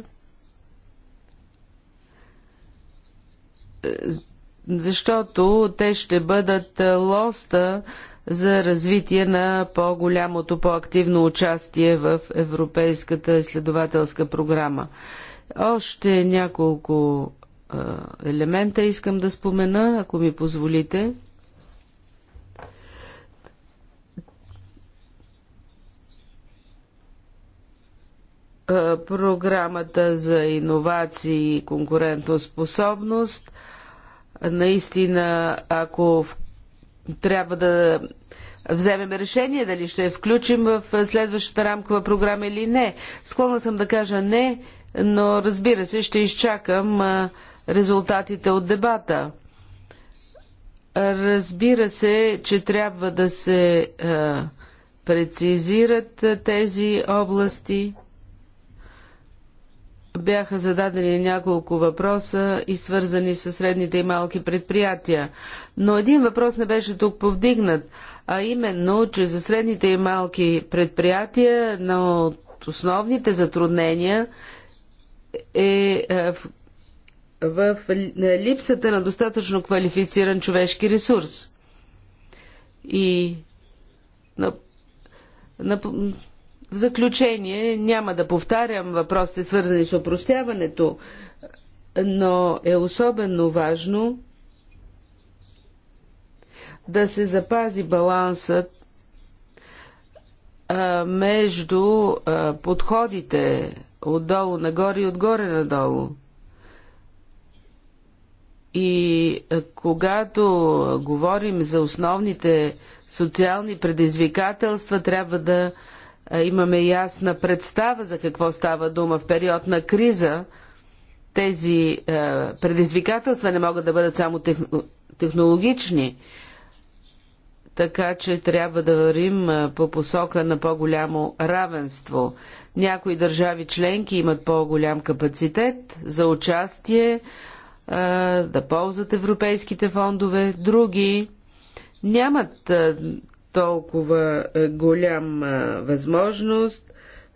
защото те ще бъдат е, лоста за развитие на по-голямото, по-активно участие в Европейската изследователска програма. Още няколко елемента искам да спомена, ако ми позволите. Програмата за иновации и конкурентоспособност. Наистина, ако трябва да вземем решение дали ще я включим в следващата рамкова програма или не, склонна съм да кажа не, но разбира се, ще изчакам резултатите от дебата. Разбира се, че трябва да се прецизират тези области. Бяха зададени няколко въпроса и свързани с средните и малки предприятия. Но един въпрос не беше тук повдигнат, а именно, че за средните и малки предприятия на от основните затруднения е, е в липсата на достатъчно квалифициран човешки ресурс. И на, на, в заключение няма да повтарям въпросите свързани с опростяването, но е особено важно да се запази балансът а, между а, подходите отдолу нагоре и отгоре надолу. И е, когато говорим за основните социални предизвикателства, трябва да е, имаме ясна представа за какво става дума в период на криза. Тези е, предизвикателства не могат да бъдат само технологични, така че трябва да вървим по посока на по-голямо равенство. Някои държави членки имат по-голям капацитет за участие, да ползват европейските фондове, други нямат толкова голяма възможност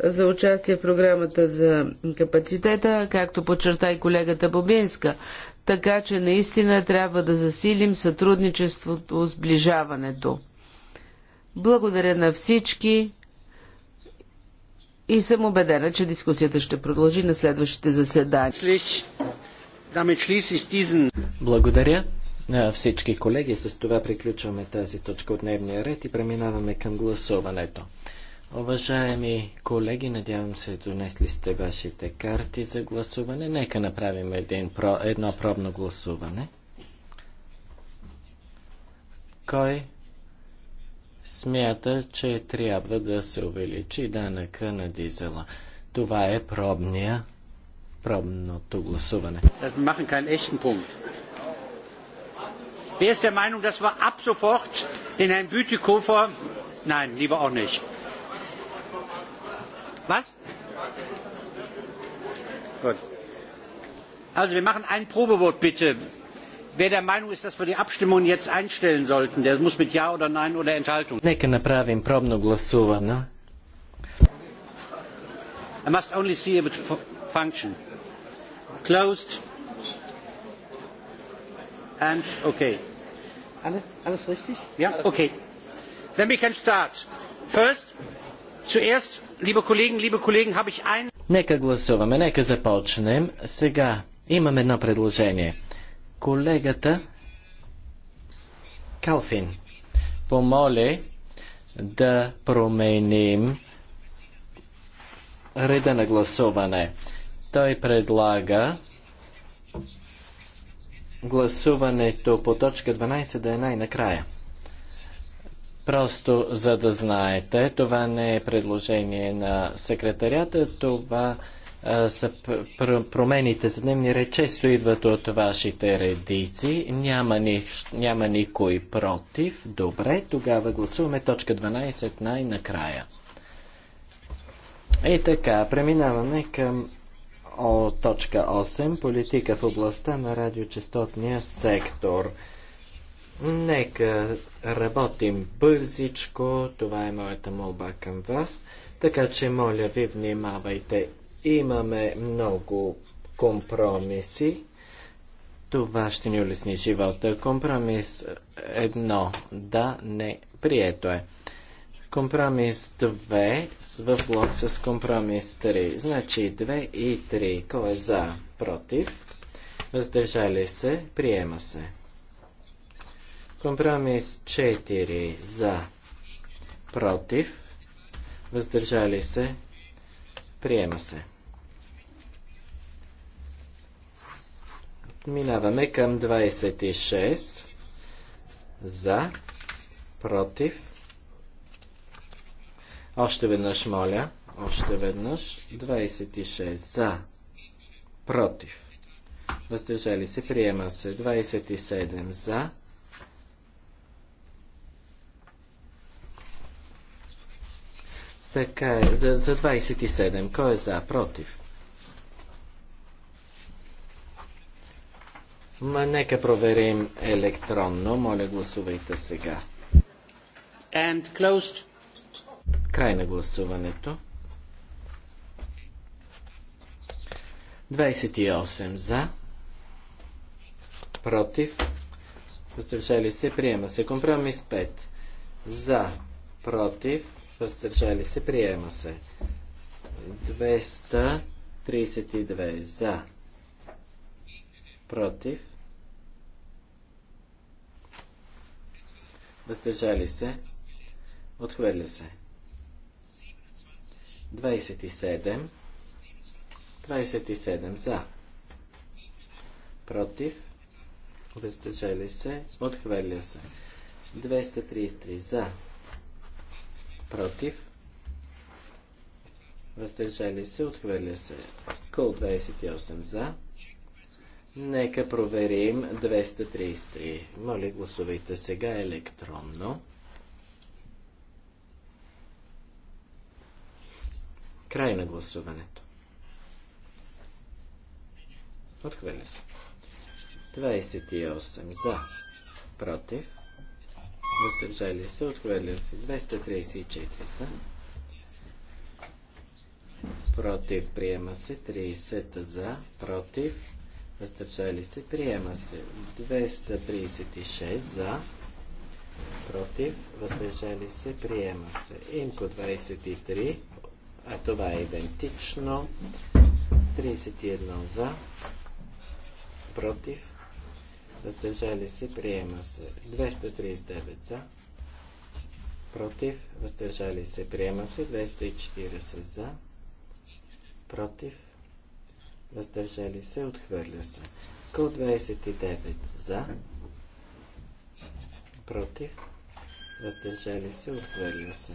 за участие в програмата за капацитета, както подчерта и колегата Бобинска. Така че наистина трябва да засилим сътрудничеството, сближаването. Благодаря на всички и съм убедена, че дискусията ще продължи на следващите заседания. Благодаря на всички колеги. С това приключваме тази точка от дневния ред и преминаваме към гласуването. Уважаеми колеги, надявам се, донесли сте вашите карти за гласуване. Нека направим един, едно пробно гласуване. Кой смята, че трябва да се увеличи данъка на дизела. Това е пробния, пробното гласуване. Wer ist der Meinung, dass wir ab sofort den Herrn Bütikofer... Nein, lieber auch nicht. Was? Gut. Also wir machen ein Probewort bitte. Wer der Meinung ist, dass wir die Abstimmung jetzt einstellen sollten, der muss mit Ja oder Nein oder Enthaltung. Neka napravim probno glasovanje. I must only see if it function. Closed. And okay. Alles richtig? Ja, okay. Then we can start. First, zuerst, liebe Kollegen, liebe Kollegen, habe ich ein... Neka гласуваме, neka započnem. Sega imam jedno predloženje. Колегата Калфин помоли да променим реда на гласуване. Той предлага гласуването по точка 12 да е най-накрая. Просто за да знаете, това не е предложение на секретарята, това е са пр промените за дневни ред често идват от вашите редици. Няма, ни, няма никой против. Добре, тогава гласуваме точка 12 най-накрая. И така, преминаваме към о, точка 8. Политика в областта на радиочастотния сектор. Нека работим бързичко, това е моята молба към вас, така че моля ви внимавайте Имаме много компромиси. Това ще ни улесни живота. Компромис едно. Да, не. Прието е. Компромис 2 в блок с компромис 3. Значи 2 и 3. Кой е за? Против? Въздържали се? Приема се. Компромис 4 за. Против? Въздържали се? Приема се. Минаваме към 26. За. Против. Още веднъж, моля. Още веднъж. 26. За. Против. Въздържали се. Приема се. 27. За. Така е. За 27. Кой е за? Против. Ма нека проверим електронно. Моля, гласувайте сега. And closed. Край на гласуването. 28 за. Против. Въздържали се. Приема се. Компромис 5. За. Против. Въздържали се. Приема се. 232 за против, въздържали се, отхвърля се. 27, 27 за, против, въздържали се, отхвърля се. 233 за, против, въздържали се, отхвърля се. Кол 28 за, Нека проверим 233. Моля, гласувайте сега електронно. Край на гласуването. Отхвърля се. 28 за. Против. Въздържали се. Отхвърля се. 234 за. Против. Приема се. 30 за. Против въздържали се, приема се. 236 за, против, въздържали се, приема се. Имко 23, а това е идентично. 31 за, против, въздържали се, приема се. 239 за, против, въздържали се, приема се. 240 за, против, въздържали се, отхвърля се. Кол 29 за, против, въздържали се, отхвърля се.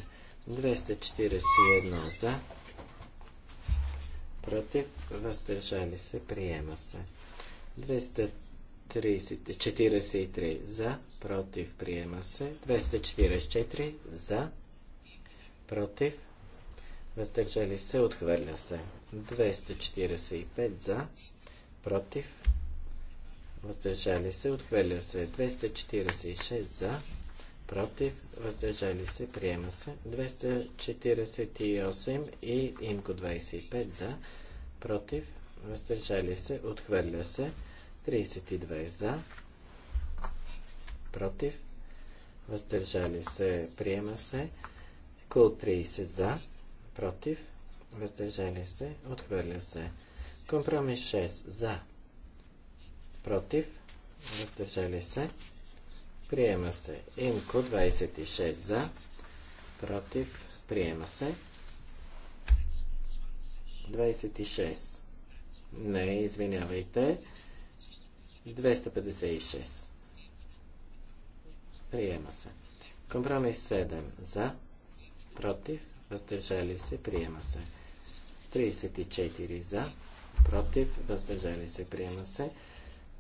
241 за, против, въздържали се, приема се. 243 за, против, приема се. 244 за, против, въздържали се, отхвърля се. 245 за, против, въздържали се, отхвърля се. 246 за, против, въздържали се, приема се. 248 и имко 25 за, против, въздържали се, отхвърля се. 32 за, против, въздържали се, приема се. Кул 30 за, против, въздържали се, отхвърля се. Компромис 6 за, против, въздържали се, приема се. Имко 26 за, против, приема се. 26. Не, извинявайте. 256. Приема се. Компромис 7 за, против, въздържали се, приема се. 34 за, против, въздържали се, приема се.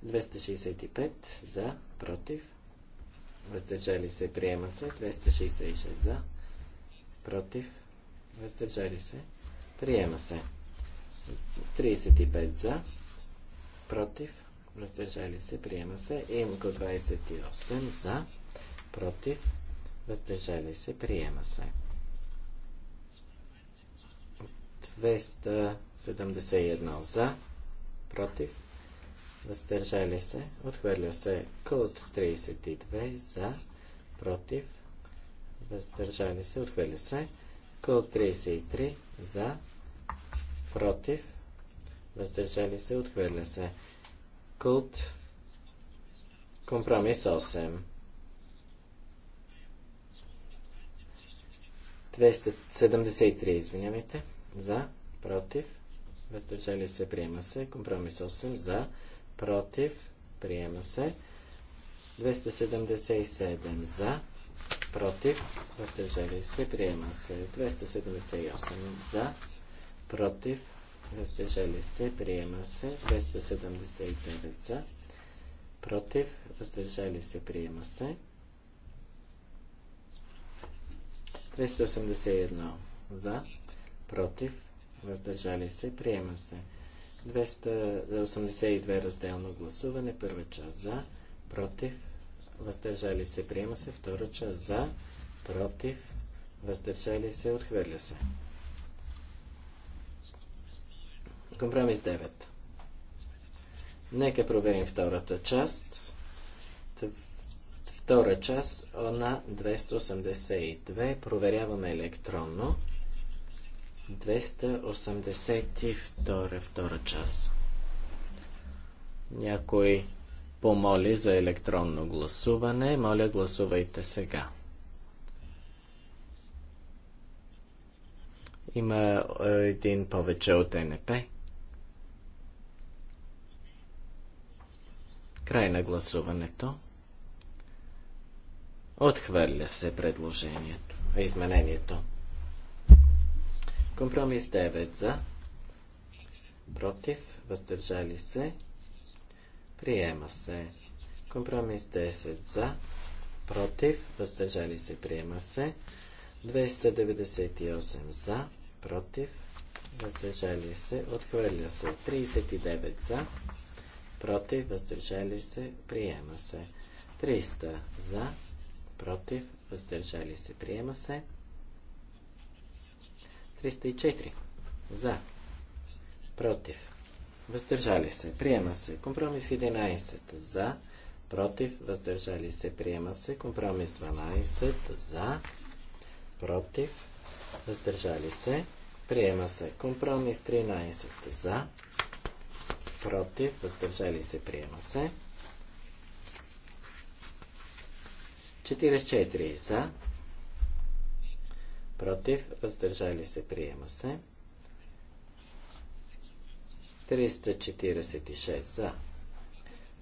265 за, против, въздържали се, приема се. 266 за, против, въздържали се, приема се. 35 за, против, въздържали се, приема се. Имко 28 за, против, въздържали се, приема се. 271 за, против, въздържали се, отхвърля се код 32 за, против, въздържали се, отхвърля се код 33 за, против, въздържали се, отхвърля се код компромис 8. 273, извинявайте за, против, въздържали се, приема се. Компромис 8 за, против, приема се. 277 за, против, въздържали се, приема се. 278 за, против, въздържали се, приема се. 279 за, против, въздържали се, приема се. 281 за, против, въздържали се, приема се. 282 разделно гласуване, първа част за, против, въздържали се, приема се, втора част за, против, въздържали се, отхвърля се. Компромис 9. Нека проверим втората част. Втора част на 282. Проверяваме електронно. 282 втора час. Някой помоли за електронно гласуване. Моля, гласувайте сега. Има е, един повече от НП. Край на гласуването. Отхвърля се предложението, изменението. Компромис 9 за, против, въздържали се, приема се. Компромис 10 за, против, въздържали се, приема се. 298 за, против, въздържали се, отхвърля се. 39 за, против, въздържали се, приема се. 300 за, против, въздържали се, приема се. 304. За. Против. Въздържали се. Приема се. Компромис 11. За. Против. Въздържали се. Приема се. Компромис 12. За. Против. Въздържали се. Приема се. Компромис 13. За. Против. Въздържали се. Приема се. 44. За против, въздържали се, приема се. 346 за,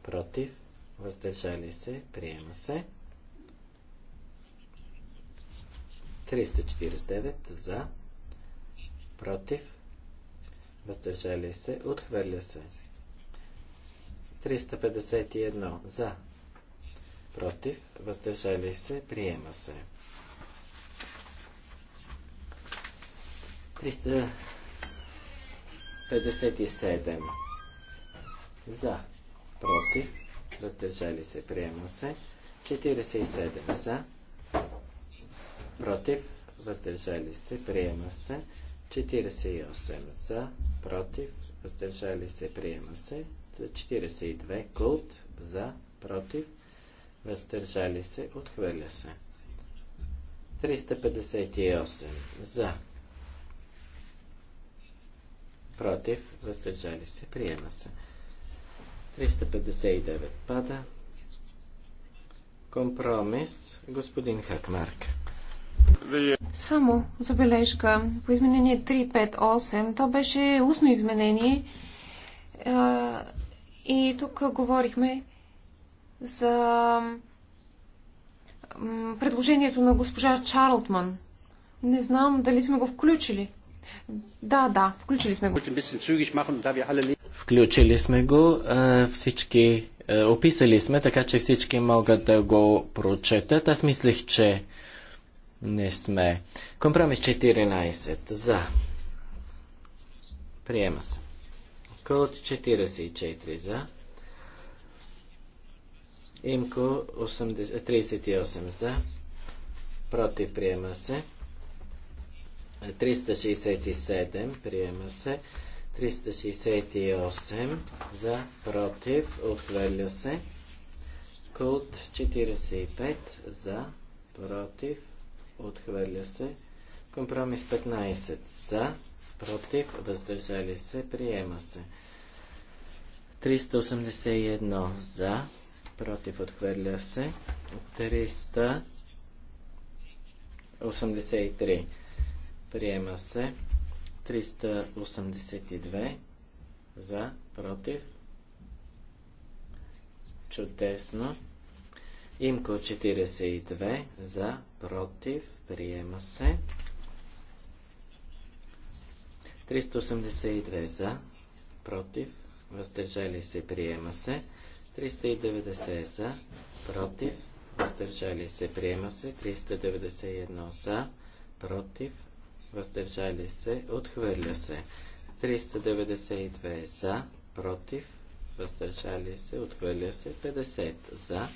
против, въздържали се, приема се. 349 за, против, въздържали се, отхвърля се. 351 за, против, въздържали се, приема се. 357 за, против, въздържали се, приема се. 47 за, против, въздържали се, приема се. 48 за, против, въздържали се, приема се. 42 култ за, против, въздържали се, отхвърля се. 358 за, против, въздържали се, приема се. 359 пада. Компромис, господин Хакмарк. Само забележка. По изменение 358, то беше устно изменение. И тук говорихме за предложението на госпожа Чарлтман. Не знам дали сме го включили. Да, да, включили сме го. Включили сме го, всички, описали сме, така че всички могат да го прочетат. Аз мислех, че не сме. Компромис 14. За. Приема се. Код 44 за. Имко 38 за. Против приема се. 367 приема се. 368 за против отхвърля се. Култ 45 за против отхвърля се. Компромис 15 за против въздържали се приема се. 381 за против отхвърля се. 383 Приема се 382 за, против. Чудесно. Имко 42 за, против. Приема се. 382 за, против. Въздържали се. Приема се. 390 за, против. Въздържали се. Приема се. 391 за, против въздържали се, отхвърля се. 392 за, против, въздържали се, отхвърля се. 50 за,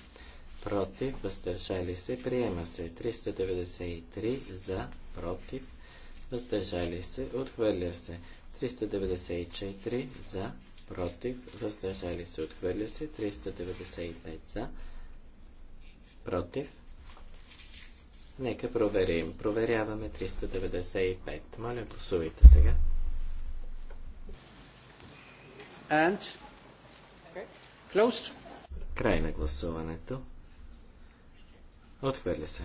против, въздържали се, приема се. 393 за, против, въздържали се, отхвърля се. 394 за, против, въздържали се, отхвърля се. 395 за, против, Нека проверим. Проверяваме 395. Моля, посувайте сега. And closed. Край на гласуването. Отхвърля се.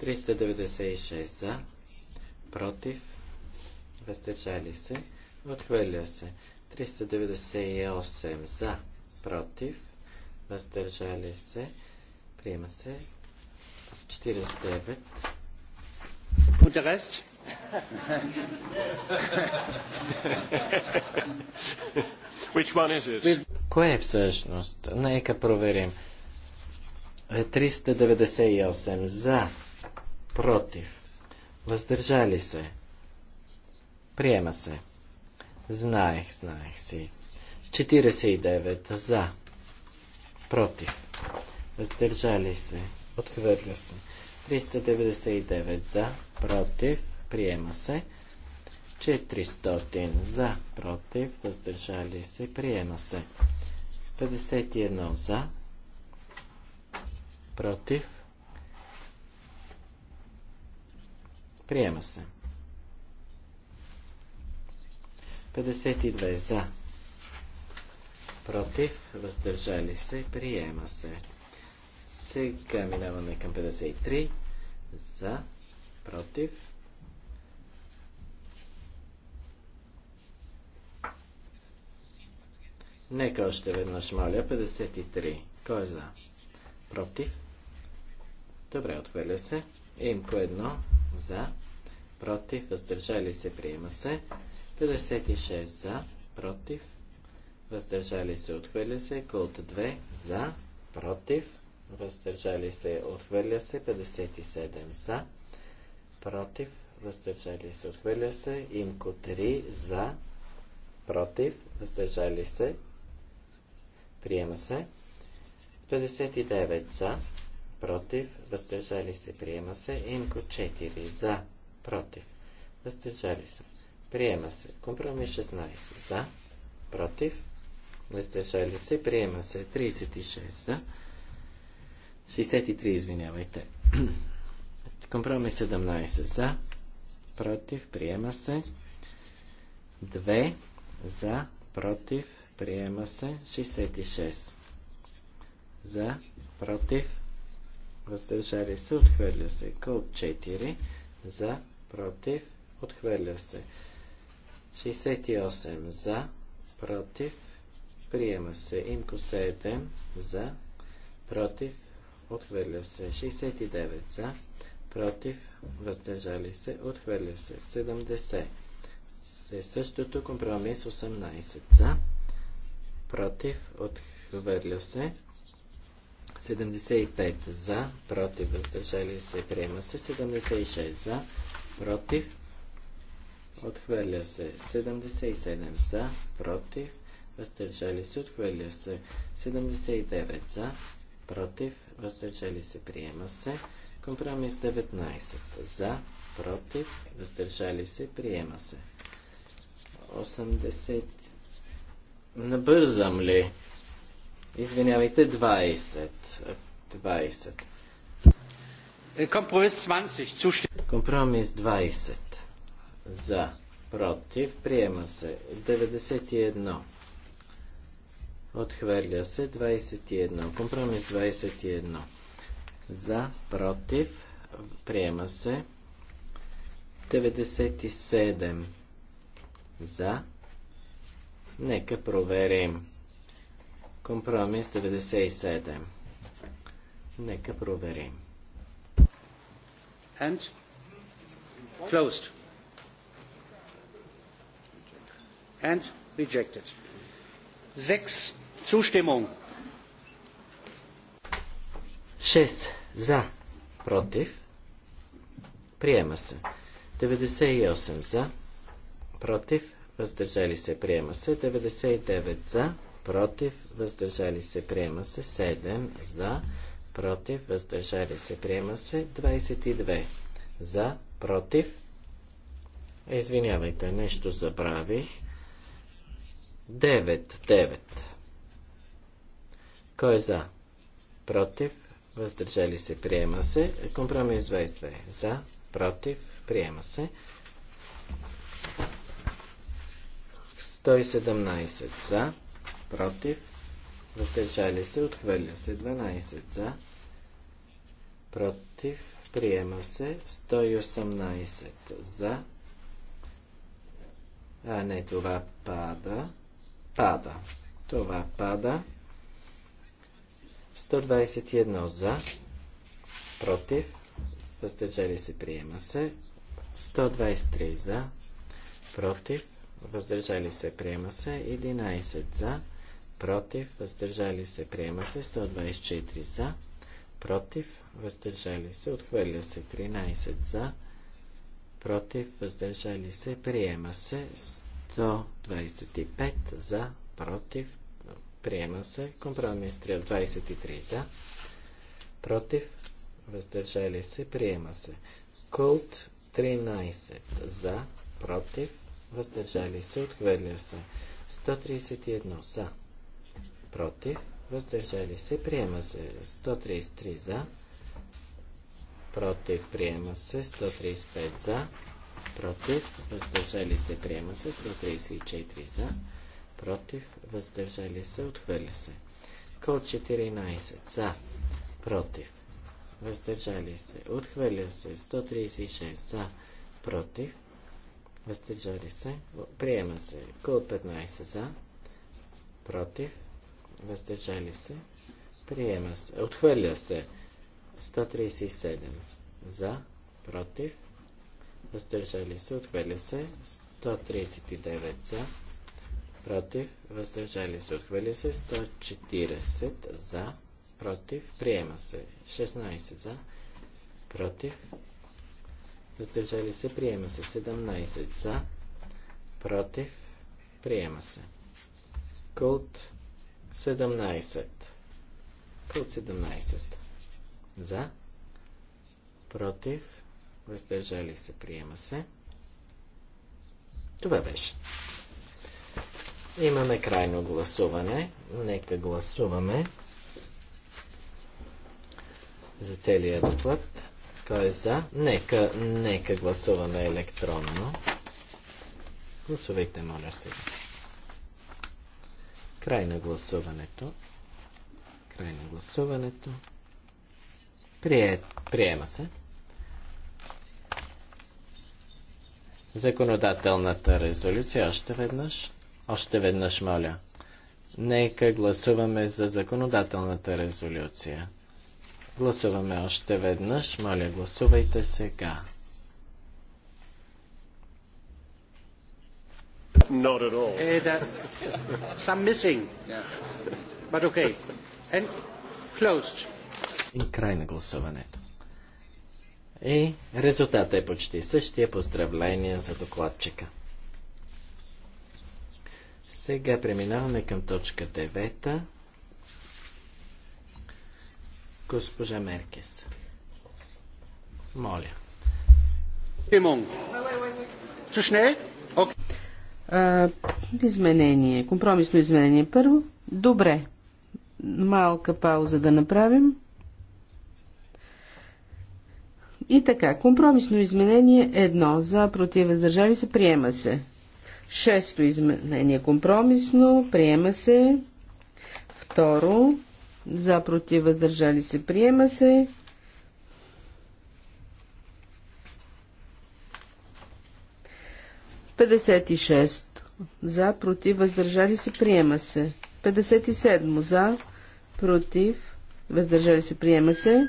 396 за, против, въздържали се, отхвърля се. 398 за, против, въздържали се, приема се. 49. Und der Rest? Which one is it? Кое е всъщност? Нека проверим. 398 е, за, против, въздържали се. Приема се. Знаех, знаех си. 49 за, против, въздържали се. Отхвърля се. 399 за, против, приема се. 400 за, против, въздържали се, приема се. 51 за, против, приема се. 52 за, против, въздържали се, приема се. Сега минаваме към 53. За, против. Нека още веднъж, моля. 53. Кой е за? Против. Добре, отхвърля се. Имко едно. За. Против. Въздържали се. Приема се. 56 за. Против. Въздържали се. Отхвърля се. Култ 2. За. Против въздържали се, отхвърля се, 57 за, против, въздържали се, отхвърля се, имко 3 за, против, въздържали се, приема се, 59 за, против, въздържали се, приема се, имко 4 за, против, въздържали се, приема се, компромис 16 за, против, въздържали се, приема се, 36 за, 63, извинявайте. Компромис 17 за, против, приема се. 2 за, против, приема се. 66 за, против, въздържали се, отхвърля се. Кол 4 за, против, отхвърля се. 68 за, против, приема се. Имко 7 за, против, Отхвърля се. 69 за. Против. Въздържали се. Отхвърля се. 70. Се е същото компромис 18 за. Против. Отхвърля се. 75 за. Против. Въздържали се. Приема се. 76 за. Против. Отхвърля се 77 за, против, въздържали се, отхвърля се 79 за, против, въздържали се, приема се. Компромис 19 за, против, въздържали се, приема се. 80. Набързам ли? Извинявайте, 20. 20. Компромис 20. Компромис 20. За, против, приема се. 91. Отхвърля се 21. Компромис 21. За, против, приема се 97. За. Нека проверим. Компромис 97. Нека проверим. And closed. And rejected. 6 Zustimmung. 6 за, против, приема се. 98 за, против, въздържали се, приема се. 99 за, против, въздържали се, приема се. 7 за, против, въздържали се, приема се. 22 за, против. Извинявайте, нещо забравих. 9, 9. Кой е за? Против. Въздържали се. Приема се. Компромис 22. За. Против. Приема се. 117 за. Против. Въздържали се. Отхвърля се. 12 за. Против. Приема се. 118 за. А не, това пада. Пада. Това пада. 121 за, против, въздържали се, приема се. 123 за, против, въздържали се, приема се. 11 за, против, въздържали се, приема се. 124 за, против, въздържали се, отхвърля се. 13 за, против, въздържали се, приема се. 125 за, против, Приема се. Компромис 3 от 23 за. Против. Въздържали се. Приема се. Култ 13 за. Против. Въздържали се. Отхвърля се. 131 за. Против. Въздържали се. Приема се. 133 за. Против. Приема се. 135 за. Против. Въздържали се. Приема се. 134 за против, въздържали се, отхвърля се. Код 14 за, против, въздържали се, отхвърля се. 136 за, против, въздържали се, приема се. Код 15 за, против, въздържали се, приема се, отхвърля се. 137 за, против, въздържали се, отхвърля се. 139 за, против, въздържали се, отхвърля се 140 за, против, приема се 16 за, против, въздържали се, приема се 17 за, против, приема се. Култ 17. Култ 17. За, против, въздържали се, приема се. Това беше. Имаме крайно гласуване. Нека гласуваме за целият доклад. Кой е за? Нека, нека гласуваме електронно. Гласувайте, моля се. Край на гласуването. Край на гласуването. Прие... Приема се. Законодателната резолюция още веднъж. Още веднъж моля. Нека гласуваме за законодателната резолюция. Гласуваме още веднъж. Моля, гласувайте сега. Not at all. Eh, that, some missing. Yeah. But okay. And closed. И край на гласуването. И резултатът е почти същия. Поздравление за докладчика. Сега преминаваме към точка 9. Госпожа Меркес. Моля. не? изменение. Компромисно изменение първо. Добре. Малка пауза да направим. И така, компромисно изменение едно. За, против, въздържали се, приема се. Шесто изменение компромисно, приема се. Второ, за против въздържали се, приема се. Петдесет и шесто. За против въздържали се, приема се. 57 за против въздържали се, приема се.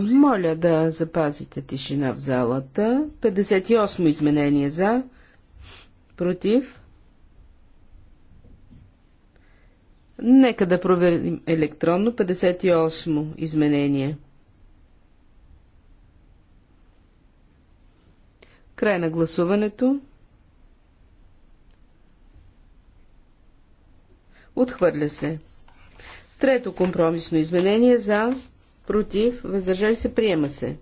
Моля да запазите тишина в залата. 58 изменение за. Против. Нека да проверим електронно 58 изменение. Край на гласуването. Отхвърля се. Трето компромисно изменение за против, въздържали се, приема се.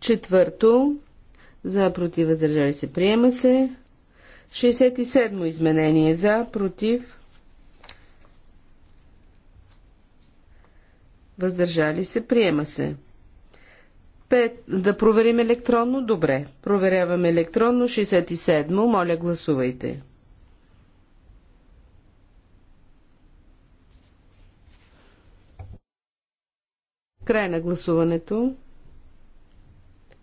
Четвърто, за, против, въздържали се, приема се. 67 изменение за, против, въздържали се, приема се. Пет, Да проверим електронно? Добре. Проверяваме електронно 67. Моля, гласувайте. Край на гласуването.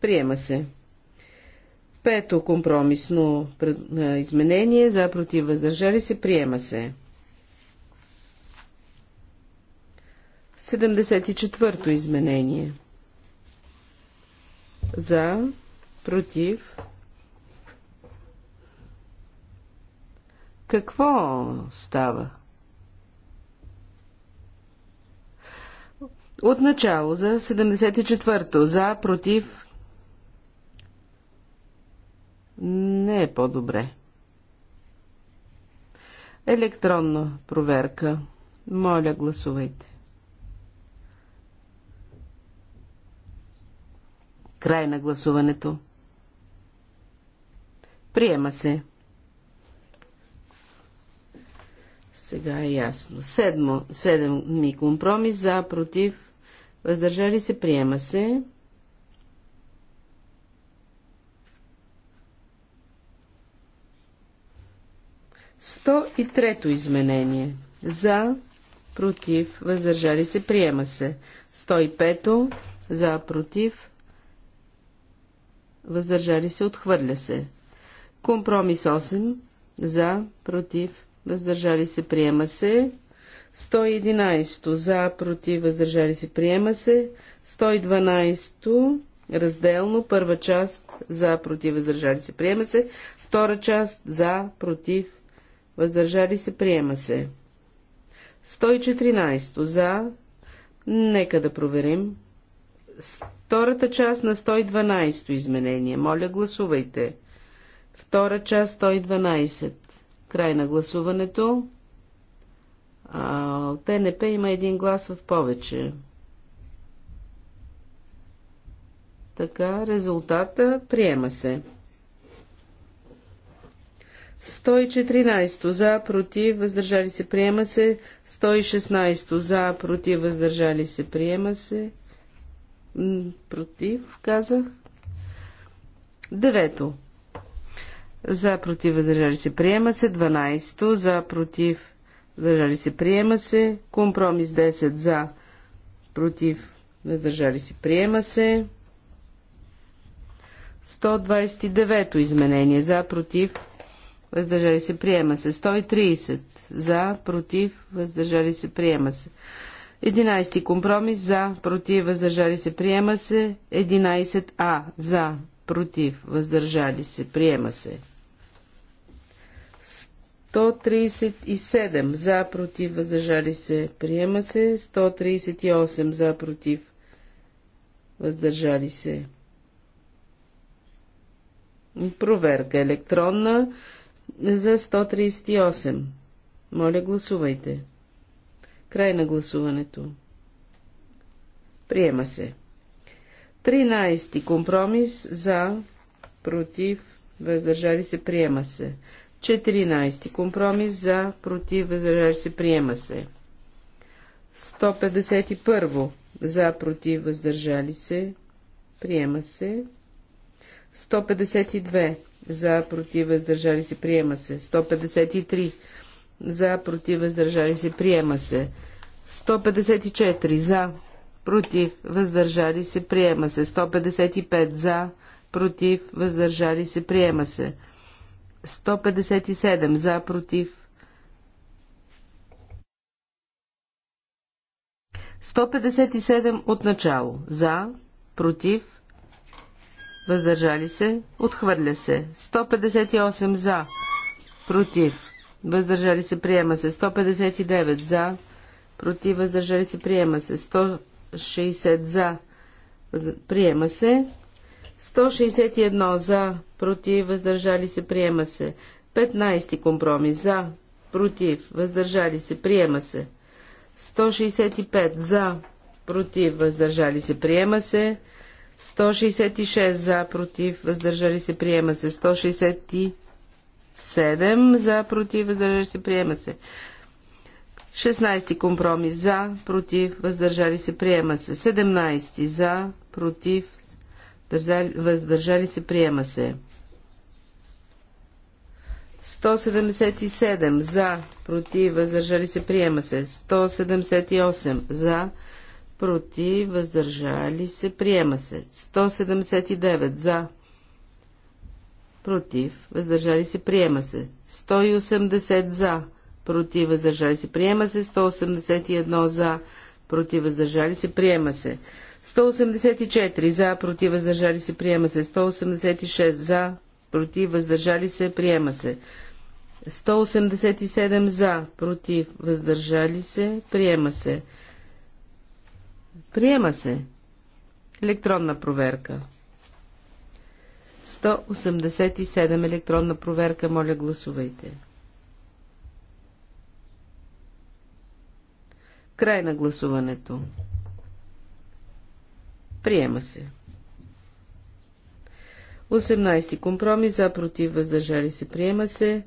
Приема се. Пето компромисно изменение за против въздържали се. Приема се. 74-то изменение. За, против. Какво става? От начало за 74-то. За, против. Не е по-добре. Електронна проверка. Моля, гласувайте. Край на гласуването. Приема се. Сега е ясно. Седмо, ми компромис за, против, Въздържали се, приема се. Сто и трето изменение. За, против, въздържали се, приема се. 105 за, против, въздържали се, отхвърля се. Компромис 8 за, против, въздържали се, приема се. 111 за, против, въздържали се, приема се. 112 разделно, първа част за, против, въздържали се, приема се. Втора част за, против, въздържали се, приема се. 114 за, нека да проверим. Втората част на 112 изменение. Моля, гласувайте. Втора част 112. Край на гласуването. А от НП има един глас в повече. Така, резултата приема се. 114 за, против, въздържали се, приема се. 116 за, против, въздържали се, приема се. Против, казах. Девето. За, против, въздържали се, приема се. 12 за, против, въздържали се, приема се. Компромис 10 за, против, въздържали се, приема се. 129 изменение за, против, въздържали се, приема се. 130 за, против, въздържали се, приема се. 11 компромис за, против, въздържали се, приема се. 11а за, против, въздържали се, приема се. 137 за, против, въздържали се, приема се. 138 за, против, въздържали се. Проверка електронна за 138. Моля, гласувайте. Край на гласуването. Приема се. 13. Компромис за, против, въздържали се, приема се. 14. Компромис за, против, въздържали се, приема се. 151. За, против, въздържали се, приема се. 152. За, против, въздържали се, приема се. 153. За, против, въздържали се, приема се. 154. За, против, въздържали се, приема се. 155. За, против, въздържали се, приема се. 157 за, против. 157 от начало. За, против, въздържали се, отхвърля се. 158 за, против, въздържали се, приема се. 159 за, против, въздържали се, приема се. 160 за, приема се. 161 за, против, въздържали се, приема се. 15 компромис за, против, въздържали се, приема се. 165 за, против, въздържали се, приема се. 166 за, против, въздържали се, приема се. 167 за, против, въздържали се, приема се. 16 компромис за, против, въздържали се, приема се. 17 за, против, въздържали се, приема се. 177 за, против, въздържали се, приема се. 178 за, против, въздържали се, приема се. 179 за, против, въздържали се, приема се. 180 за, против, въздържали се, приема се. 181 за, против, въздържали се, приема се. 184 за, против, въздържали се, приема се. 186 за, против, въздържали се, приема се. 187 за, против, въздържали се, приема се. Приема се. Електронна проверка. 187 електронна проверка, моля гласувайте. Край на гласуването. Приема се. 18 компромис за против въздържали се приема се.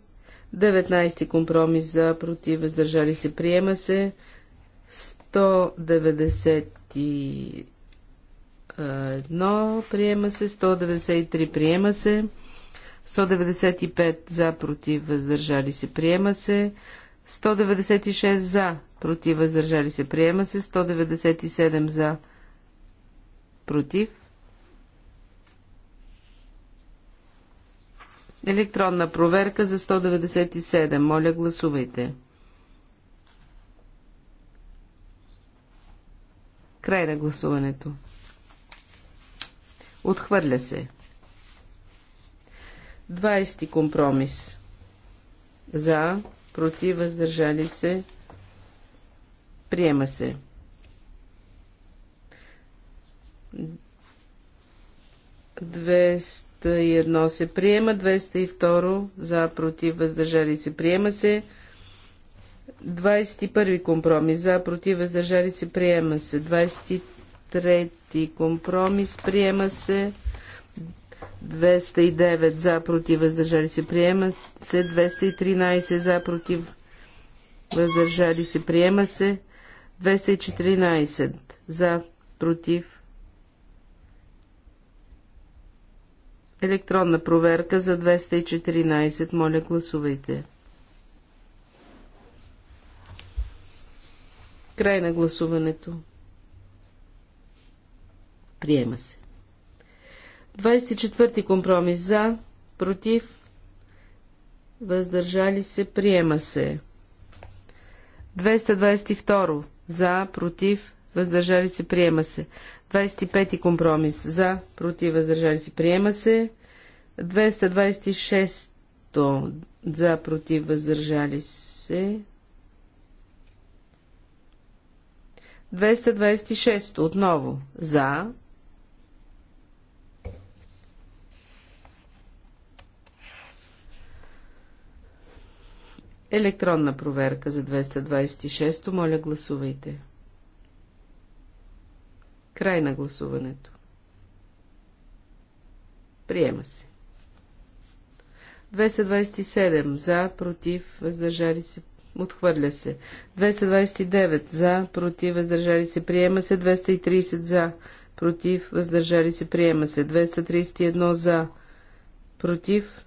19 компромис за против въздържали се приема се. 191 приема се. 193 приема се. 195 за против въздържали се приема се. 196 за против въздържали се приема се. 197 за против. Електронна проверка за 197. Моля, гласувайте. Край на гласуването. Отхвърля се. 20 компромис. За, против, въздържали се. Приема се. 201 се приема, 202 за, против, въздържали се, приема се. 21 компромис за, против, въздържали се, приема се. 23 компромис, приема се. 209 за, против, въздържали се, приема се. 213 за, против, въздържали се, приема се. 214 за, против, Електронна проверка за 214. Моля, гласувайте. Край на гласуването. Приема се. 24 компромис за, против, въздържали се, приема се. 222 за, против, въздържали се, приема се. 25 компромис за, против, въздържали се, приема се. 226 за, против, въздържали се. 226 отново за. Електронна проверка за 226. Моля, гласувайте. Край на гласуването. Приема се. 227 за, против, въздържали се, отхвърля се. 229 за, против, въздържали се, приема се. 230 за, против, въздържали се, приема се. 231 за, против.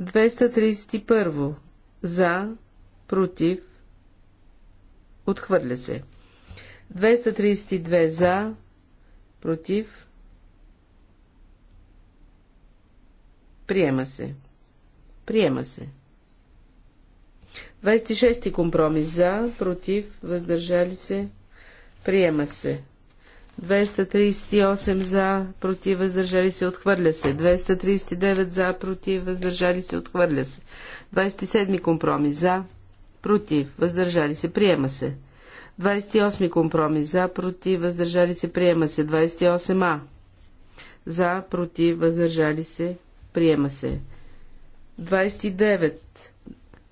231 за, против, Отхвърля се. 232 за, против, приема се. Приема се. 26 компромис за, против, въздържали се, приема се. 238 за, против, въздържали се, отхвърля се. 239 за, против, въздържали се, отхвърля се. 27 компромис за, против, въздържали се, приема се. 28 компромис за, против, въздържали се, приема се. 28а за, против, въздържали се, приема се. 29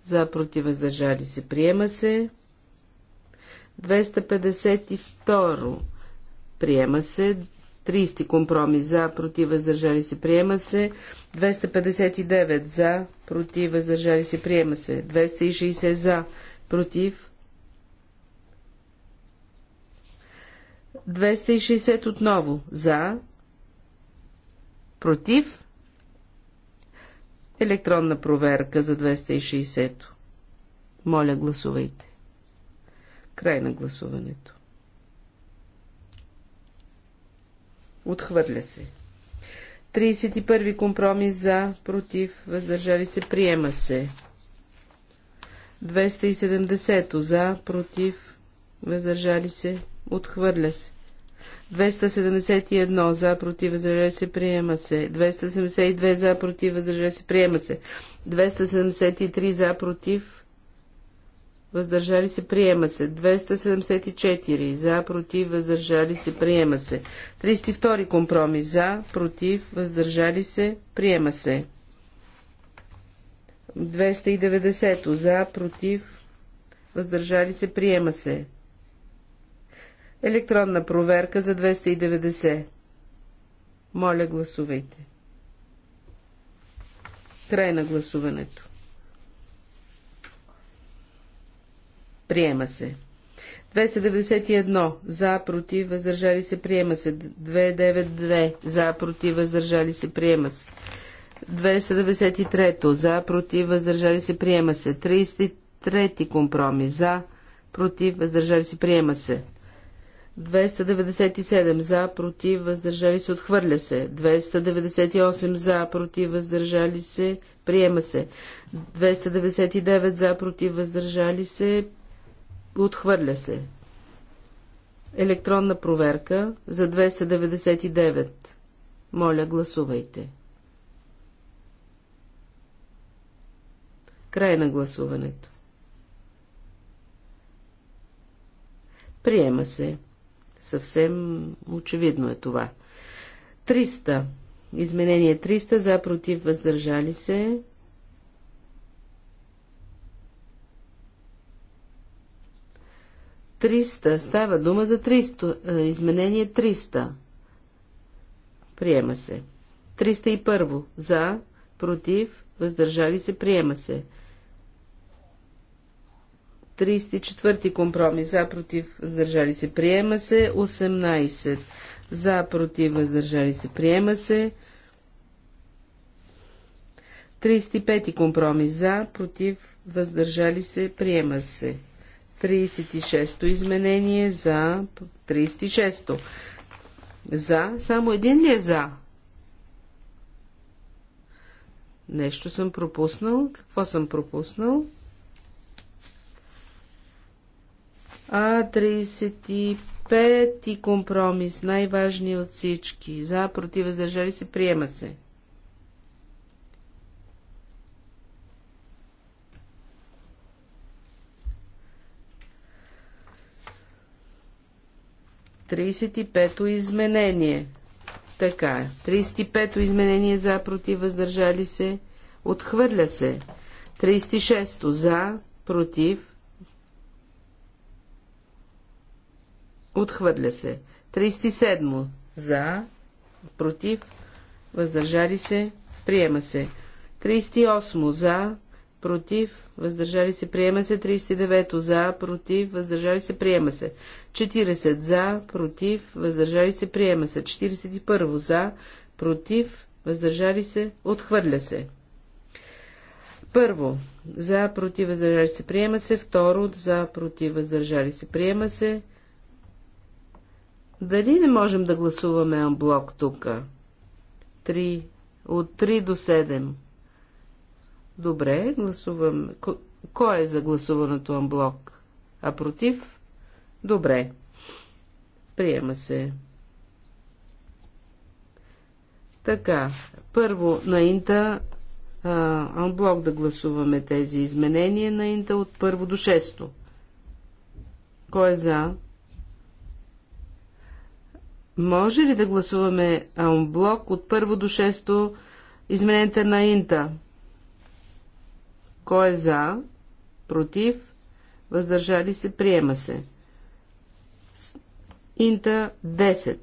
за, против, въздържали се, приема се. 252 приема се. 30 компромис за, против, въздържали се, приема се. 259 за, против, въздържали се, приема се. 260 за, против. 260 отново за, против. Електронна проверка за 260. Моля, гласувайте. Край на гласуването. Отхвърля се. 31 компромис за, против, въздържали се, приема се. 270 за, против, въздържали се, отхвърля се. 271 за, против, въздържали се, приема се. 272 за, против, въздържали се, приема се. 273 за, против, въздържали се, приема се. 274 за, против, въздържали се, приема се. 32 компромис за, против, въздържали се, приема се. 290 за, против, въздържали се, приема се. Електронна проверка за 290. Моля, гласувайте. Край на гласуването. Приема се. 291 за, против, въздържали се, приема се. 292 за, против, въздържали се, приема се. 293 за, против, въздържали се, приема се. 33 компромис за, против, въздържали се, приема се. 297 за, против, въздържали се, отхвърля се. 298 за, против, въздържали се, приема се. 299 за, против, въздържали се, Отхвърля се. Електронна проверка за 299. Моля, гласувайте. Край на гласуването. Приема се. Съвсем очевидно е това. 300. Изменение 300 за против въздържали се. 300. Става дума за 300. Е, изменение 300. Приема се. 301. За, против, въздържали се, приема се. 34 компромис за против въздържали се приема се 18 за против въздържали се приема се 35 компромис за против въздържали се приема се 36-то изменение за 36-то. За, само един ли е за? Нещо съм пропуснал. Какво съм пропуснал? А, 35 ти компромис, най-важният от всички. За, против, въздържали се, приема се. 35-то изменение. Така е. 35-то изменение за, против, въздържали се. Отхвърля се. 36-то за, против. Отхвърля се. 37-то за, против, въздържали се. Приема се. 38-то за, против, въздържали се, приема се. 39 за, против, въздържали се, приема се. 40 за, против, въздържали се, приема се. 41 за, против, въздържали се, отхвърля се. Първо, за, против, въздържали се, приема се. Второ, за, против, въздържали се, приема се. Дали не можем да гласуваме блок тук? 3. От 3 до 7. Добре, гласувам. Кой е за гласуването Амблок? А против? Добре. Приема се. Така, първо на Инта анблок да гласуваме тези изменения на Инта от първо до шесто. Кой е за? Може ли да гласуваме анблок от първо до шесто изменените на Инта? Кой е за? Против? Въздържали се? Приема се. Инта 10.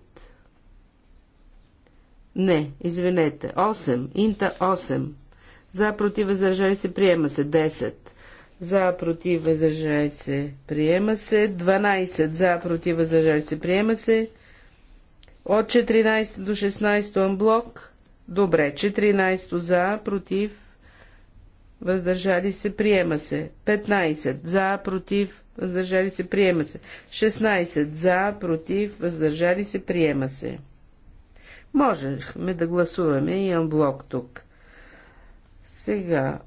Не, извинете. 8. Инта 8. За, против, въздържали се, приема се. 10. За, против, въздържали се, приема се. 12. За, против, въздържали се, приема се. От 14 до 16 блок. Добре, 14 за, против, въздържали се, приема се. 15 за, против, въздържали се, приема се. 16 за, против, въздържали се, приема се. Можехме да гласуваме и блок тук. Сега,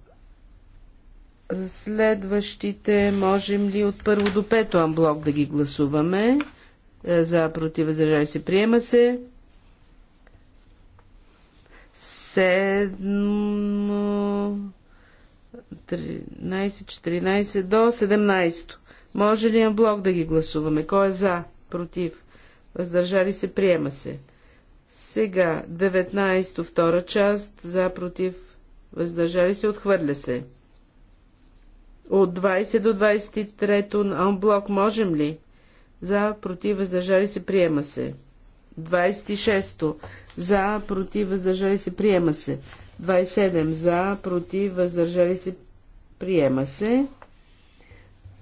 следващите можем ли от първо до пето анблок да ги гласуваме? Е, за, против, въздържали се, приема се. Седмо... 13, 14 до 17. Може ли на блок да ги гласуваме? Кой е за? Против? Въздържали се? Приема се. Сега 19 втора част за против въздържали се, отхвърля се. От 20 до 23 на блок, можем ли? За, против, въздържали се, приема се. 26 За, против, въздържали се, приема се. 27. За, против, въздържали се, Приема се.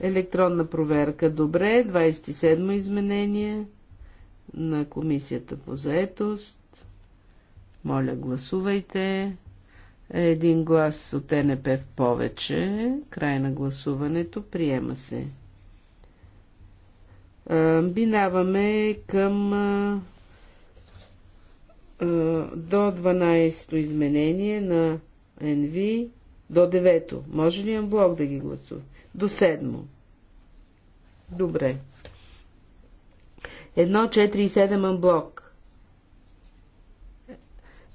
Електронна проверка. Добре. 27 изменение на Комисията по заетост. Моля, гласувайте. Един глас от НП в повече. Край на гласуването. Приема се. Минаваме към до 12-то изменение на НВИ. До девето. Може ли блок да ги гласува? До седмо. Добре. Едно, 4 и седем блок.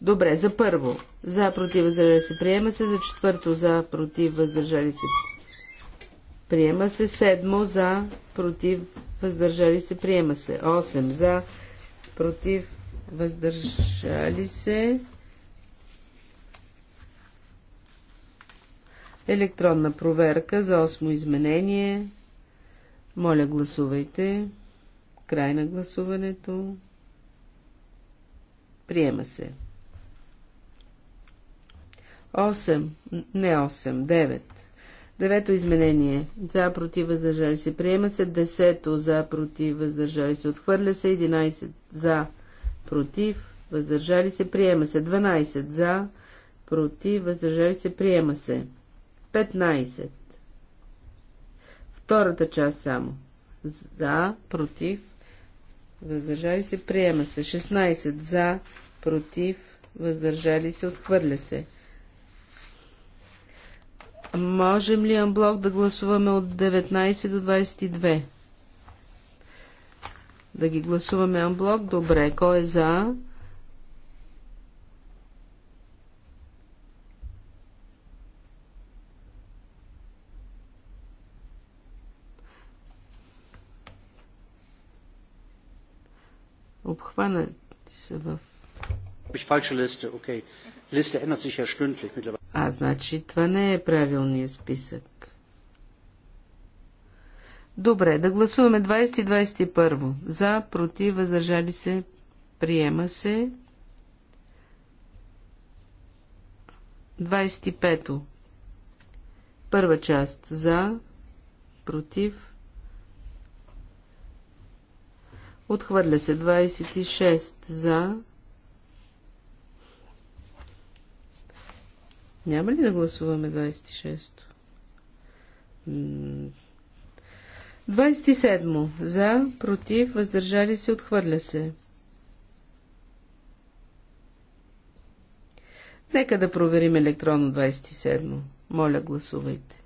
Добре, за първо. За, против, въздържали се. Приема се за четвърто. За, против, въздържали се. Приема се седмо. За, против, въздържали се. Приема се. Осем. За, против, въздържали се. Електронна проверка за осмо изменение. Моля, гласувайте. Край на гласуването. Приема се. 8, не 8, 9. Девето изменение. За, против, въздържали се. Приема се. Десето. За, против, въздържали се. Отхвърля се. 11. За, против, въздържали се. Приема се. 12. За, против, въздържали се. Приема се. 15. Втората част само. За, против, въздържали се, приема се. 16. За, против, въздържали се, отхвърля се. Можем ли анблок да гласуваме от 19 до 22? Да ги гласуваме анблок? Добре. Кой е за? обхванати са в... А, значи това не е правилният списък. Добре, да гласуваме 20 21. За, против, въздържали се, приема се. 25. Първа част. За, против, Отхвърля се 26 за. Няма ли да гласуваме 26-то? 27. За, против, въздържали се, отхвърля се. Нека да проверим електронно 27. Моля, гласувайте.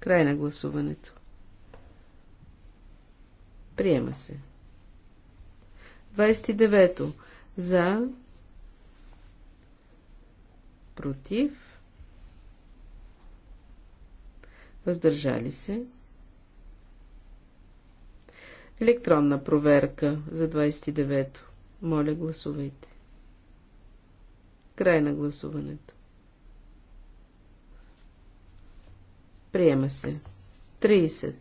Край на гласуването. Приема се. 29. За. Против. Въздържали се. Електронна проверка за 29-то. Моля, гласувайте. Край на гласуването. Приема се. 30.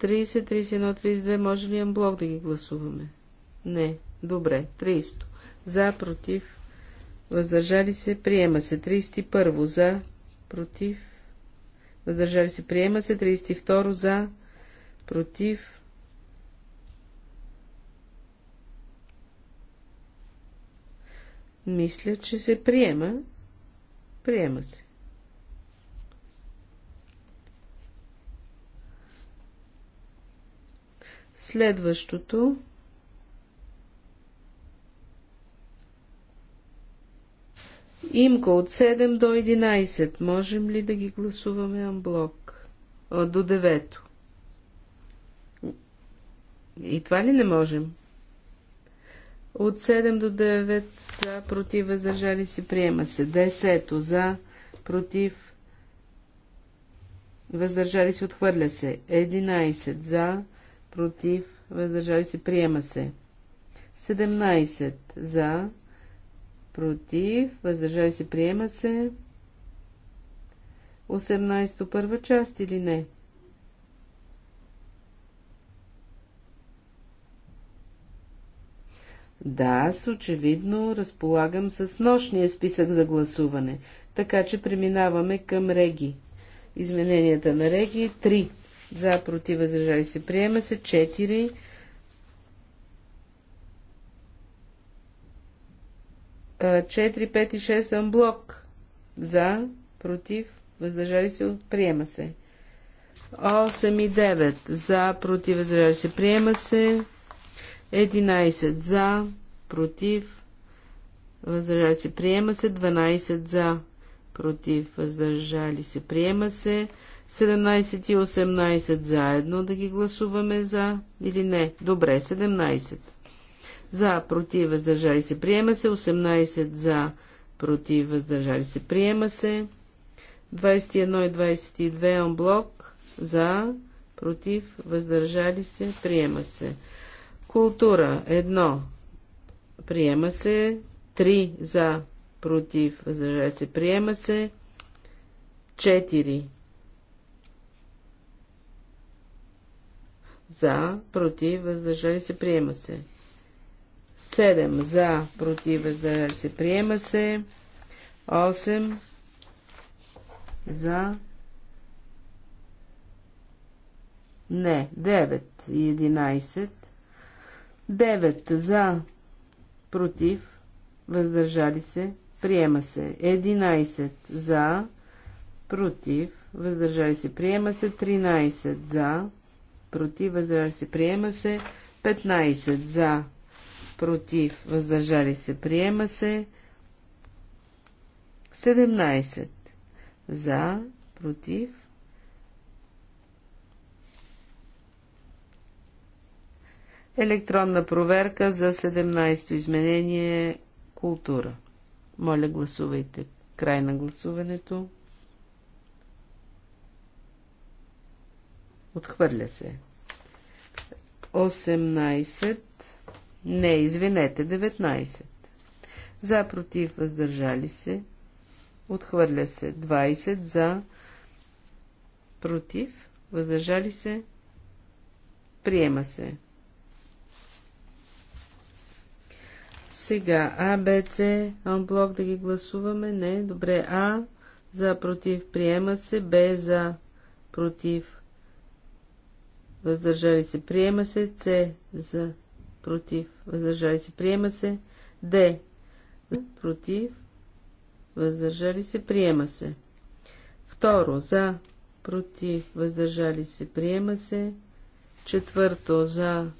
30, 31, 32, може ли блок да ги гласуваме? Не. Добре. 30. За, против, въздържали се, приема се. 31. За, против, въздържали се, приема се. 32. За, против, Мисля, че се приема. Приема се. Следващото Имко от 7 до 11. Можем ли да ги гласуваме амблок? До 9. И това ли не можем? От 7 до 9 за, против, въздържали се, приема се. 10 за, против, въздържали се, отхвърля се. 11 за, против, въздържали се, приема се. 17 за, против, въздържали се, приема се. 18 първа част или не? Да, аз очевидно разполагам с нощния списък за гласуване, така че преминаваме към Реги. Измененията на Реги 3 за против въздържали се приема се 4 4, 5 и 6 анблок. За, против, въздържали се, приема се. 8 и 9. За, против, въздържали се, приема се. 11. За, против, въздържали се, приема се. 12. За, против, въздържали се, приема се. 17 и 18 заедно да ги гласуваме за или не. Добре, 17. За, против, въздържали се, приема се. 18 за, против, въздържали се, приема се. 21 и 22 онблок за, против, въздържали се, приема се. Култура 1 приема се. 3 за, против, въздържали се, приема се. 4 за, против, въздържали се, приема се. 7 за, против, въздържали се, приема се. 8 за. Не, 9 и 11. 9 за, против, въздържали се, приема се. 11 за, против, въздържали се, приема се. 13 за, против, въздържали се, приема се. 15 за, против, въздържали се, приема се. 17 за, против. Електронна проверка за 17-то изменение култура. Моля, гласувайте. Край на гласуването. Отхвърля се. 18. Не, извинете, 19. За, против, въздържали се. Отхвърля се. 20. За, против, въздържали се. Приема се. Сега А, Б, С, блок да ги гласуваме. Не, добре. А, за, против, приема се. Б, за, против, въздържали се, приема се, С за, против, въздържали се, приема се, Д против, въздържали се, приема се. Второ, за, против, въздържали се, приема се. Четвърто, за,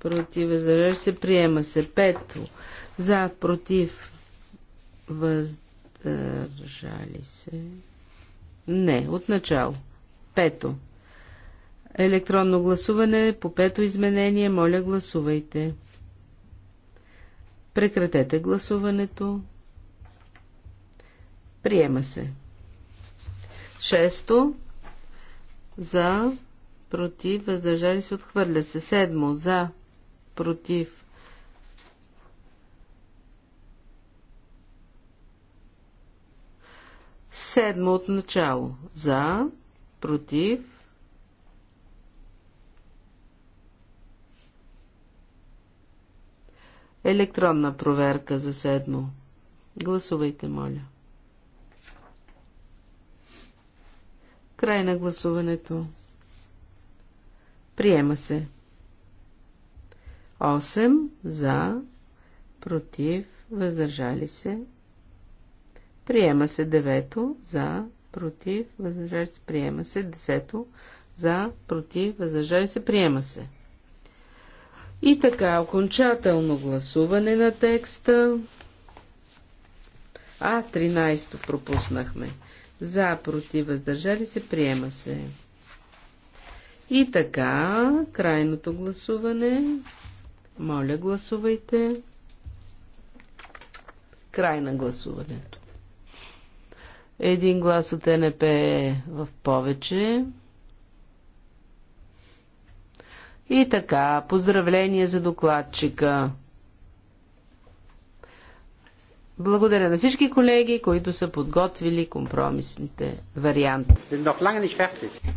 против, въздържали се, приема се. Пето, за, против, въздържали се. Не, отначало. Пето. Електронно гласуване по пето изменение. Моля, гласувайте. Прекратете гласуването. Приема се. Шесто. За. Против. Въздържали се. Отхвърля се. Седмо. За. Против. Седмо от начало. За. Против Електронна проверка за седмо. Гласувайте, моля. Край на гласуването. Приема се. 8 за, против, въздържали се. Приема се 9 за, против, въздържали се. Приема се 10 за, против, въздържали се. Приема се. И така, окончателно гласуване на текста. А, 13-то пропуснахме. За, против, въздържали се, приема се. И така, крайното гласуване. Моля, гласувайте. Край на гласуването. Един глас от НП е в повече. И така, поздравление за докладчика. Благодаря на всички колеги, които са подготвили компромисните варианти.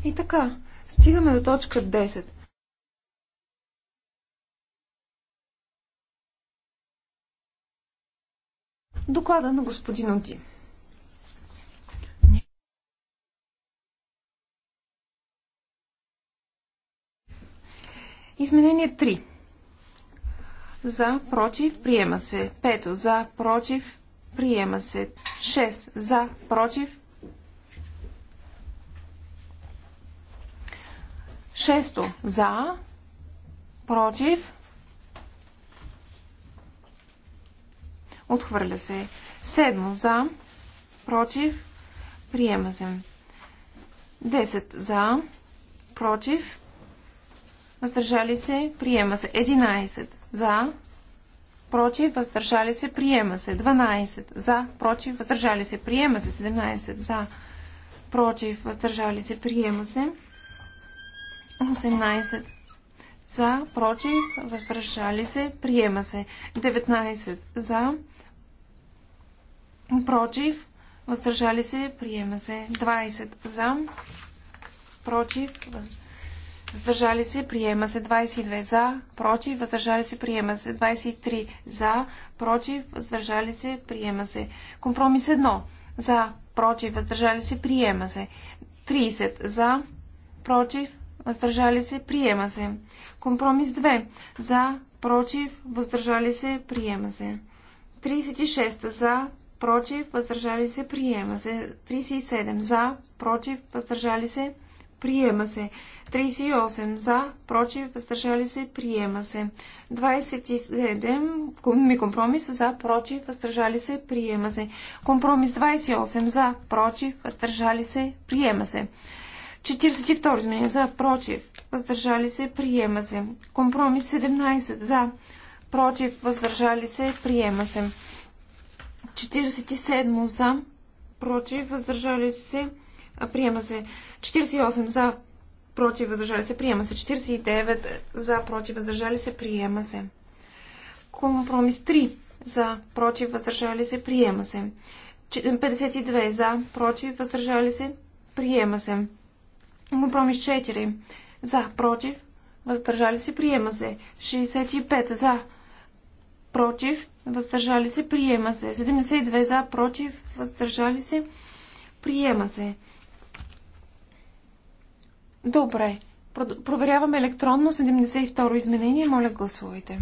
И така, стигаме до точка 10. Доклада на господин Оди. Изменение 3. За, против, приема се. 5. За, против, приема се. 6. За, против. 6. За, против. Отхвърля се. 7. За, против, приема се. 10. За, против, въздържали се, приема се. 11 за, против, въздържали се, приема се. 12 за, против, въздържали се, приема се. 17 за, против, въздържали се, приема се. 18 за, против, въздържали се, приема се. 19 за, против, въздържали се, приема се. 20 за, против, въздържали се въздържали се, приема се 22 за, против, въздържали се, приема се 23 за, против, въздържали се, приема се. Компромис 1 за, против, въздържали се, приема се. 30 за, против, въздържали се, приема се. Компромис 2 за, против, въздържали се, приема се. 36 за, против, въздържали се, приема се. 37 за, против, въздържали се, приема се. Приема се. 38 за, против, въздържали се, приема се. 27 компромис за, против, въздържали се, приема се. Компромис 28 за, против, въздържали се, приема се. 42 изменение за, против, въздържали се, приема се. Компромис 17 за, против, въздържали се, приема се. 47 за, против, въздържали се, приема се. Приема се 48 за, против, въздържали се. Приема се 49 за, против, въздържали се. Приема се. Компромис 3 за, против, въздържали се. Приема се. 52 за, против, въздържали се. Приема се. Компромис 4 за, против, въздържали се. Приема се. 65 за, против, въздържали се, приема се. 72 за, против, въздържали се, приема се. Добре. Проверяваме електронно 72 изменение. Моля, гласувайте.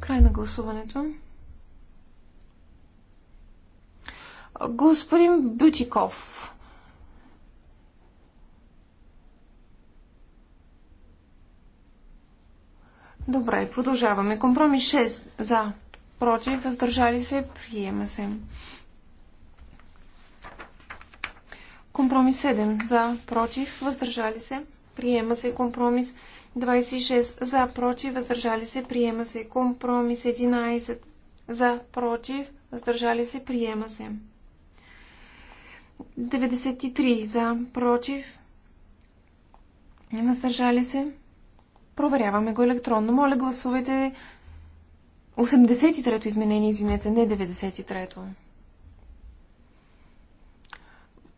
Край на гласуването. Господин Бютиков. Добре, продължаваме. Компромис 6 за. Против, въздържали се, приема се. Компромис 7 за, против, въздържали се, приема се. Компромис 26 за, против, въздържали се, приема се. Компромис 11 за, против, въздържали се, приема се. 93 за, против, въздържали се. Проверяваме го електронно. Моля, гласувайте 83-то изменение, извинете, не 93-то.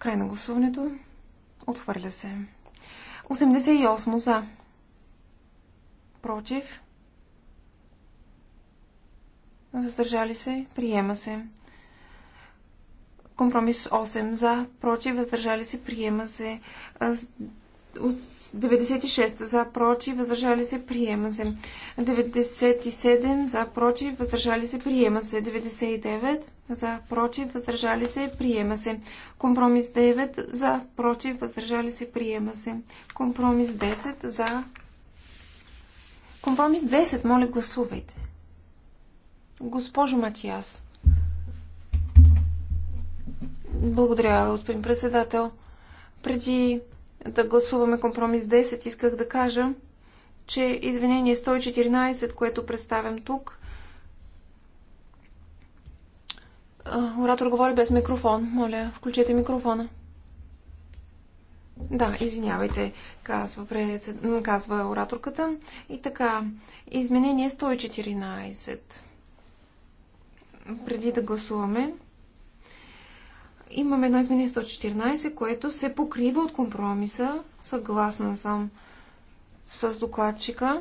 Край на гласуването. Отхвърля се. 88 за. Против. Въздържали се. Приема се. Компромис 8 за. Против. Въздържали се. Приема се. 96 за против, въздържали се, приема се. 97 за против, въздържали се, приема се. 99 за против, въздържали се, приема се. Компромис 9 за против, въздържали се, приема се. Компромис 10 за. Компромис 10, моля гласувайте. Госпожо Матиас. Благодаря, господин председател. Преди да гласуваме компромис 10, исках да кажа, че извинение 114, което представям тук, оратор говори без микрофон. Моля, включете микрофона. Да, извинявайте, казва, пред... казва ораторката. И така, изменение 114. Преди да гласуваме, Имаме едно изменение 114, което се покрива от компромиса. Съгласна съм с докладчика.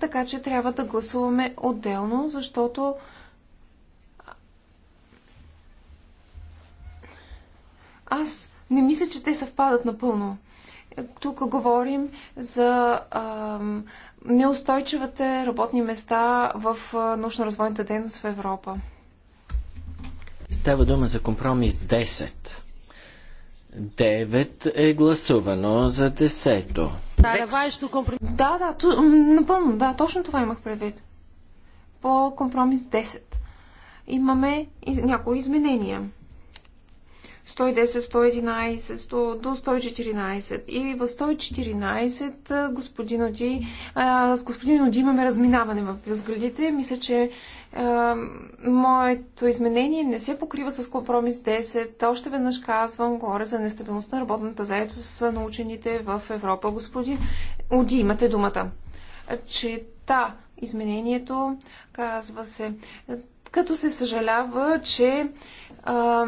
Така че трябва да гласуваме отделно, защото аз не мисля, че те съвпадат напълно. Тук говорим за неустойчивите работни места в научно-развойната дейност в Европа. Става дума за компромис 10. 9 е гласувано за 10 Да, Да, да, ту, напълно, да, точно това имах предвид. По компромис 10. Имаме из, някои изменения. 110, 111, 100, до 114. И в 114 господин Оди, а, с господин Оди имаме разминаване в разградите. Мисля, че е, моето изменение не се покрива с компромис 10. Още веднъж казвам, горе за нестабилността на работната заедост на учените в Европа. Господин Оди, имате думата. Че та, изменението, казва се, като се съжалява, че а,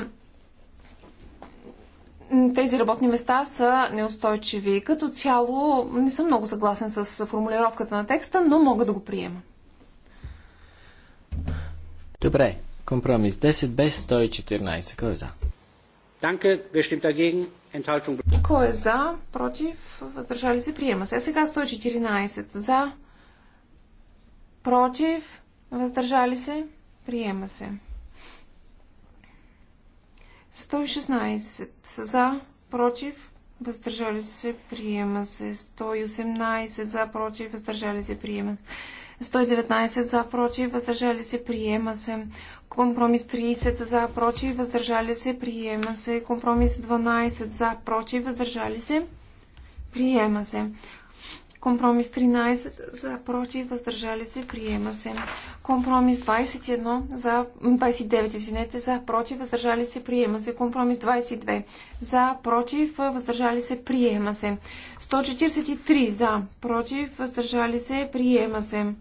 тези работни места са неустойчиви. Като цяло не съм много съгласен с формулировката на текста, но мога да го приема. Добре, компромис 10 без 114. Кой е за? Данке, Кой е за, против, въздържали се, приема се. Сега 114 за, против, въздържали се, приема се. 116 за, против, въздържали се, приема се. 118 за, против, въздържали се, приема се. 119 за против, въздържали се, приема се. Компромис 30 за против, въздържали се, приема се. Компромис 12 за против, въздържали се, приема се. Компромис 13 за против, въздържали се, приема се. Компромис 21 за 29, извинете, за против, въздържали се, приема се. Компромис 22 за против, въздържали се, приема се. 143 за, против, въздържали се, приема се.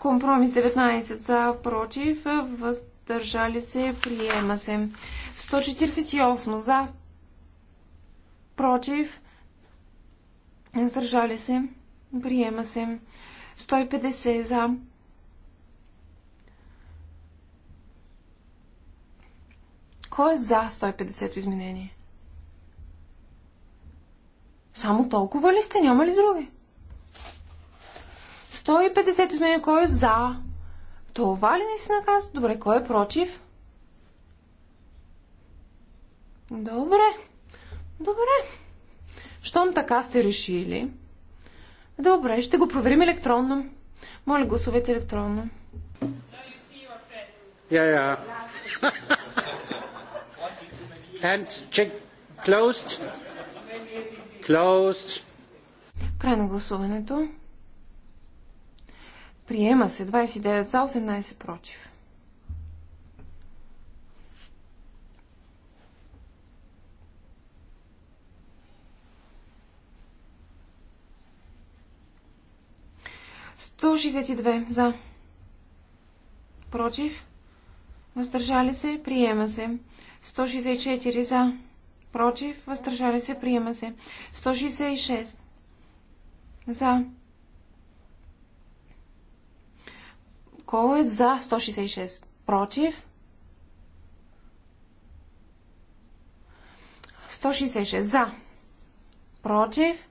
Компромис 19 за, против, въздържали се, приема се. 148 за, против, въздържали се, приема се. 150 за, Кой е за 150 изменение? Само толкова ли сте? Няма ли други? 150 изменения. Кой е за? Това ли не си наказ? Добре, кой е против? Добре. Добре. Щом така сте решили. Добре, ще го проверим електронно. Моля, гласувайте електронно. Yeah, yeah. And check closed. Closed. Край на гласуването. Приема се 29 за 18 против. Сто за. Против. Въздържали се. Приема се. 164 за против, въздържали се, приема се. 166 за. Кой е за 166? Против? 166 за. Против?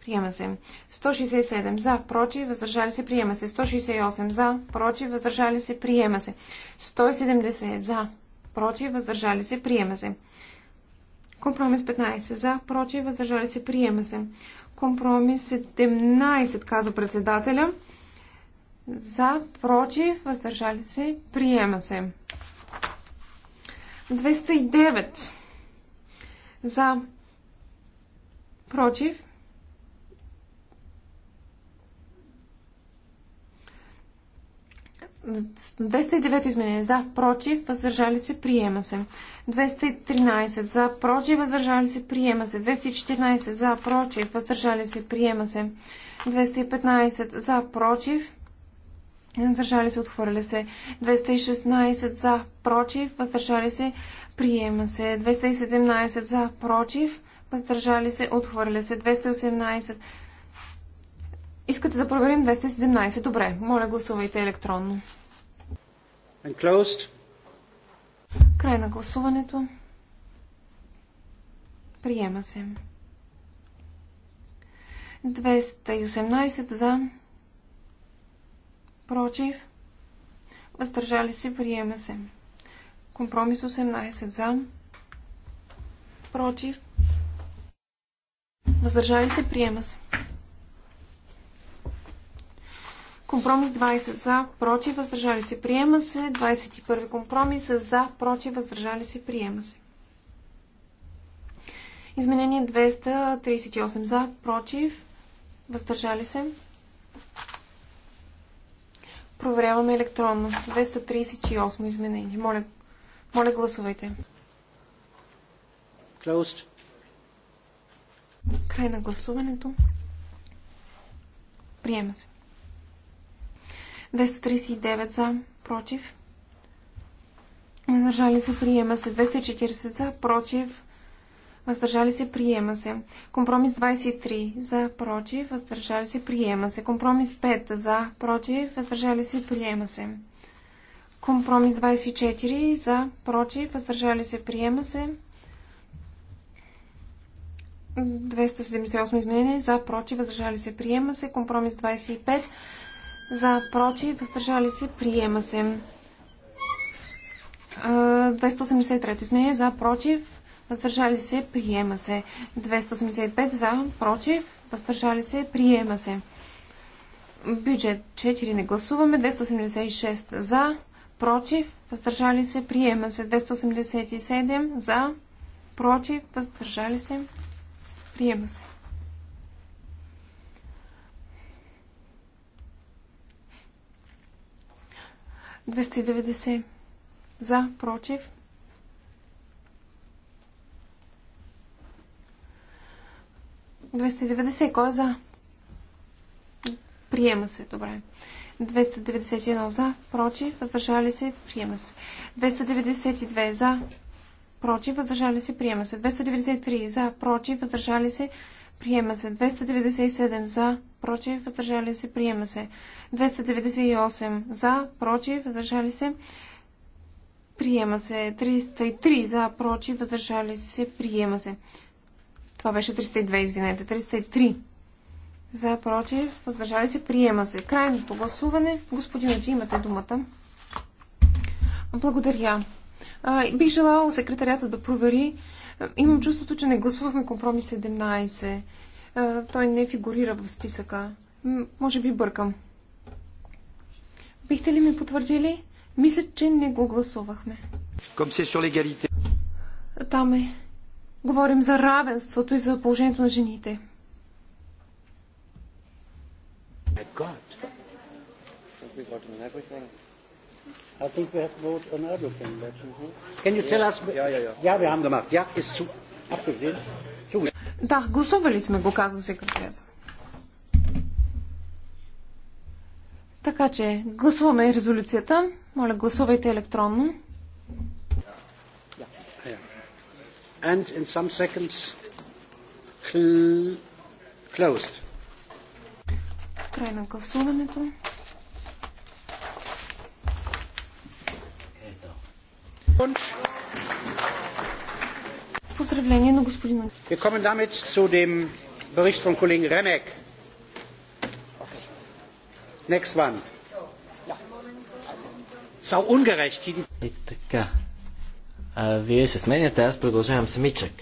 Приема се. 167 за, против, въздържали се, приема се. 168 за, против, въздържали се, приема се. 170 за, против, въздържали се, приема се. Компромис 15 за, против, въздържали се, приема се. Компромис 17, казва председателя. За, против, въздържали се, приема се. 209 за, против, 209 изменение за, против, въздържали се, приема се. 213 за, против, въздържали се, приема се. 214 за, против, въздържали се, приема се. 215 за, против, въздържали се, отхвърля се. 216 за, против, въздържали се, приема се. 217 за, против, въздържали се, отхвърля се. 218 Искате да проверим 217. Добре, моля гласувайте електронно. Край на гласуването. Приема се. 218 за. Против. Въздържали се. Приема се. Компромис 18 за. Против. Въздържали се. Приема се. Компромис 20 за, против, въздържали се, приема се. 21 компромис за, против, въздържали се, приема се. Изменение 238 за, против, въздържали се. Проверяваме електронно. 238 изменение. Моля, моля гласувайте. Closed. Край на гласуването. Приема се. 239 за, против. Въздържали се, приема се. 240 за, против. Въздържали се, приема се. Компромис 23 за, против. Въздържали се, приема се. Компромис 5 за, против. Въздържали се, приема се. Компромис 24 за, против. Въздържали се, приема се. 278 изменения за, против. Въздържали се, приема се. Компромис 25 за, против, въздържали се, приема се. 283 изменение за, против, въздържали се, приема се. 285 за, против, въздържали се, приема се. Бюджет 4 не гласуваме. 286 за, против, въздържали се, приема се. 287 за, против, въздържали се, приема се. 290 за, против. Двести кой е за? Приема се, добре. 291 за, против, въздържали се, приема се. 292 за, против, въздържали се, приема се. 293 за, против, въздържали се. Приема се. 297 за, против, въздържали се. Приема се. 298 за, против, въздържали се. Приема се. 303 за, против, въздържали се. Приема се. Това беше 302, извинете. 303 за, против, въздържали се. Приема се. Крайното гласуване. Господин че имате думата. Благодаря. Бих желала секретарята да провери Имам чувството, че не гласувахме компромис 17. Е, той не фигурира в списъка. Може би бъркам. Бихте ли ми потвърдили? Мисля, че не го гласувахме. Там е. Говорим за равенството и за положението на жените. God. We've got everything. I think we have vote on everything. Can you tell us? Yeah, yeah, yeah. Yeah, wir haben gemacht. Ja, ist zu abgesehen. Да, гласували сме го, казва секретарят. Така че, гласуваме резолюцията. Моля, гласувайте електронно. And in some seconds, closed. Край на гласуването. Glückwunsch. Wir kommen damit zu dem Bericht von Kollegen Remek. Next one. Sau ungerecht. И така. А, вие се сменяте, аз продължавам самичък.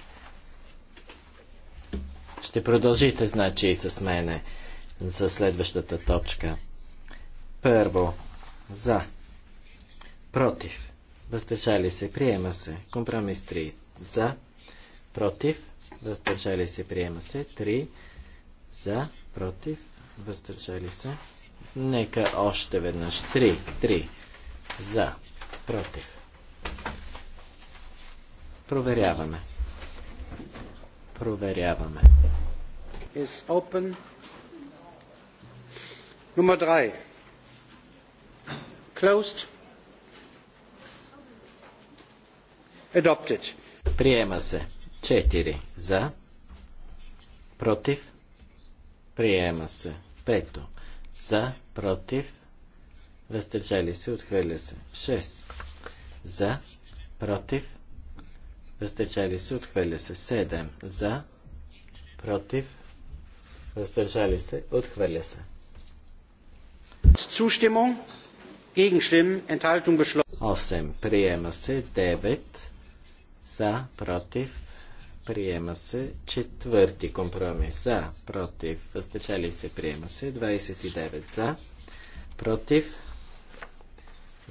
Ще продължите, значи, и с мене за следващата точка. Първо, за, против, въздържали се, приема се. Компромис 3 за, против, въздържали се, приема се. 3 за, против, въздържали се. Нека още веднъж. 3, 3 за, против. Проверяваме. Проверяваме. Is open. Nummer 3. Closed. Adopted. Приема се. 4 за. Против. Приема се. Пето. За. Против. Въздържали се. Отхвърля се. 6. За. Против. Въздържали се. Отхвърля се. 7. За. Против. Въздържали се. Отхвърля се. Zustimmung, Gegenstimmen, Enthaltung beschlossen. 8. Приема се. 9. За, против, приема се. Четвърти компромис. За, против, въздържали се, приема се. 29 за, против,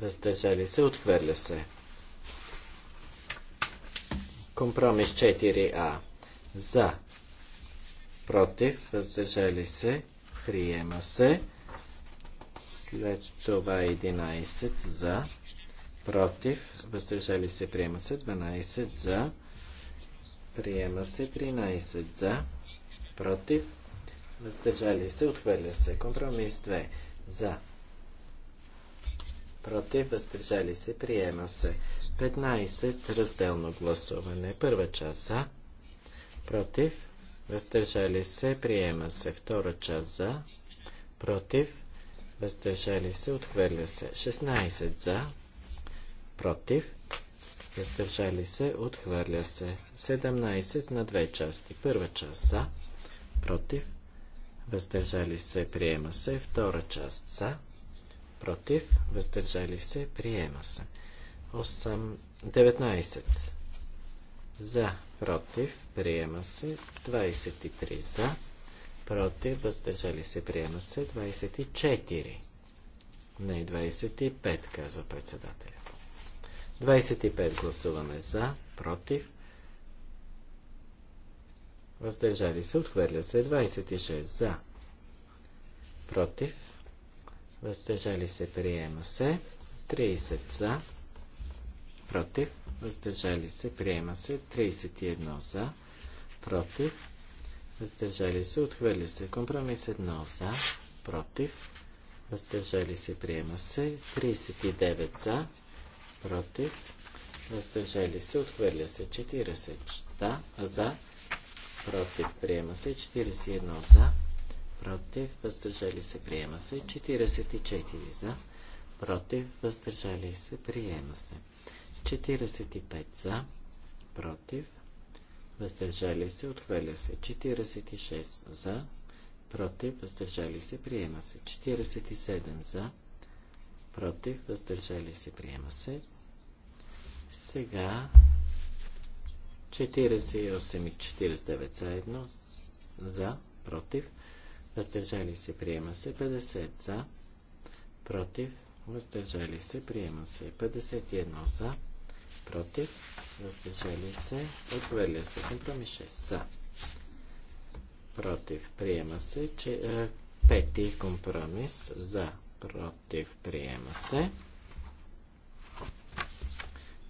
въздържали се, отхвърля се. Компромис 4а. За, против, въздържали се, приема се. След това 11 за, против, въздържали се, приема се 12 за, приема се 13 за, против, въздържали се, отхвърля се. Компромис 2 за, против, въздържали се, приема се 15 разделно гласуване. Първа част за, против, въздържали се, приема се. Втора част за, против, въздържали се, отхвърля се. 16 за, против, въздържали се, отхвърля се. 17 на две части. Първа част за, против, въздържали се, приема се. Втора част за, против, въздържали се, приема се. 8, 19 за, против, приема се. 23 за, против, въздържали се, приема се. 24 не 25, казва председателя. 25 гласуваме за, против, въздържали се, отхвърля се 26 за, против, въздържали се, приема се 30 за, против, въздържали се, приема се 31 за, против, въздържали се, отхвърля се компромис 1 за, против, въздържали се, приема се 39 за, против, въздържали се, отхвърля се 40 да, за, против, приема се 41 за, против, въздържали се, приема се 44 за, против, въздържали се, приема се 45 за, против, въздържали се, отхвърля се 46 за, против, въздържали се, приема се 47 за, против, въздържали се, приема се. Сега 48 и 49 заедно за, против, въздържали се, приема се. 50 за, против, въздържали се, приема се. 51 за, против, въздържали се, отхвърля се. Компромис 6 за, против, приема се. Че, е, пети компромис за, против, приема се.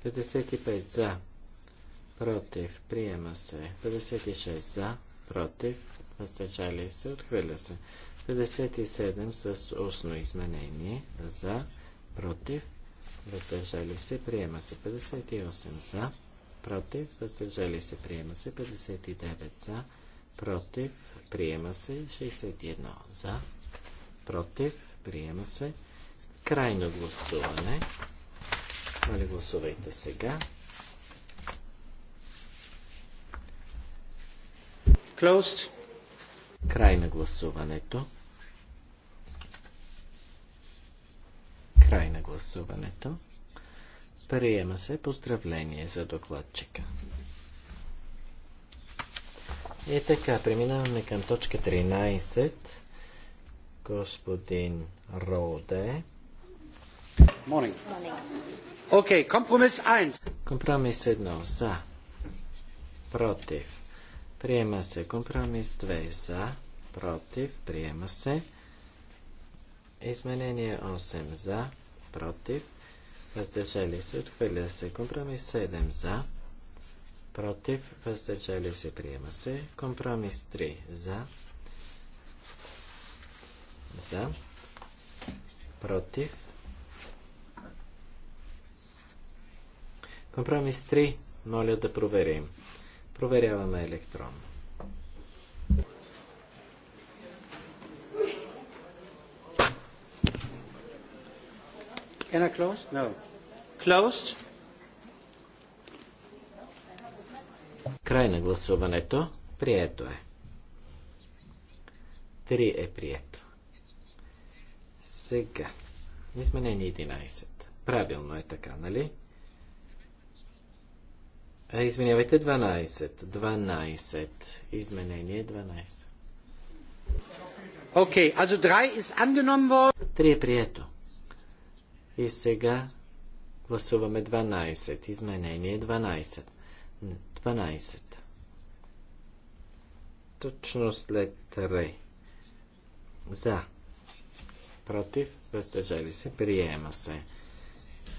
55 за, против, приема се. 56 за, против, въздържали се, отхвърля се. 57 с устно изменение за, против, въздържали се, приема се. 58 за, против, въздържали се, приема се. 59 за, против, приема се. 61 за, против, приема се. Крайно гласуване. Моля, гласувайте сега. Closed. Край на гласуването. Край на гласуването. Приема се поздравление за докладчика. И така, преминаваме към точка 13 господин Роде. Morning. Окей, компромис 1. Компромис 1 за. Против. Приема се. Компромис 2 за. Против. Приема се. Изменение 8 за. Против. Въздържали се. Отхвърля се. Компромис 7 за. Против. Въздържали се. Приема се. Компромис 3 за за, против. Компромис 3. Моля да проверим. Проверяваме електронно. Can I close? No. Closed. Край на гласуването. Прието е. Три е прието. Сега. Изменение 11. Правилно е така, нали? А, извинявайте, 12. 12. Изменение 12. Окей, okay, also 3 is angenommen worden. 3 е прието. И сега гласуваме 12. Изменение 12. 12. Точно след 3. За против, въздържали се, приема се.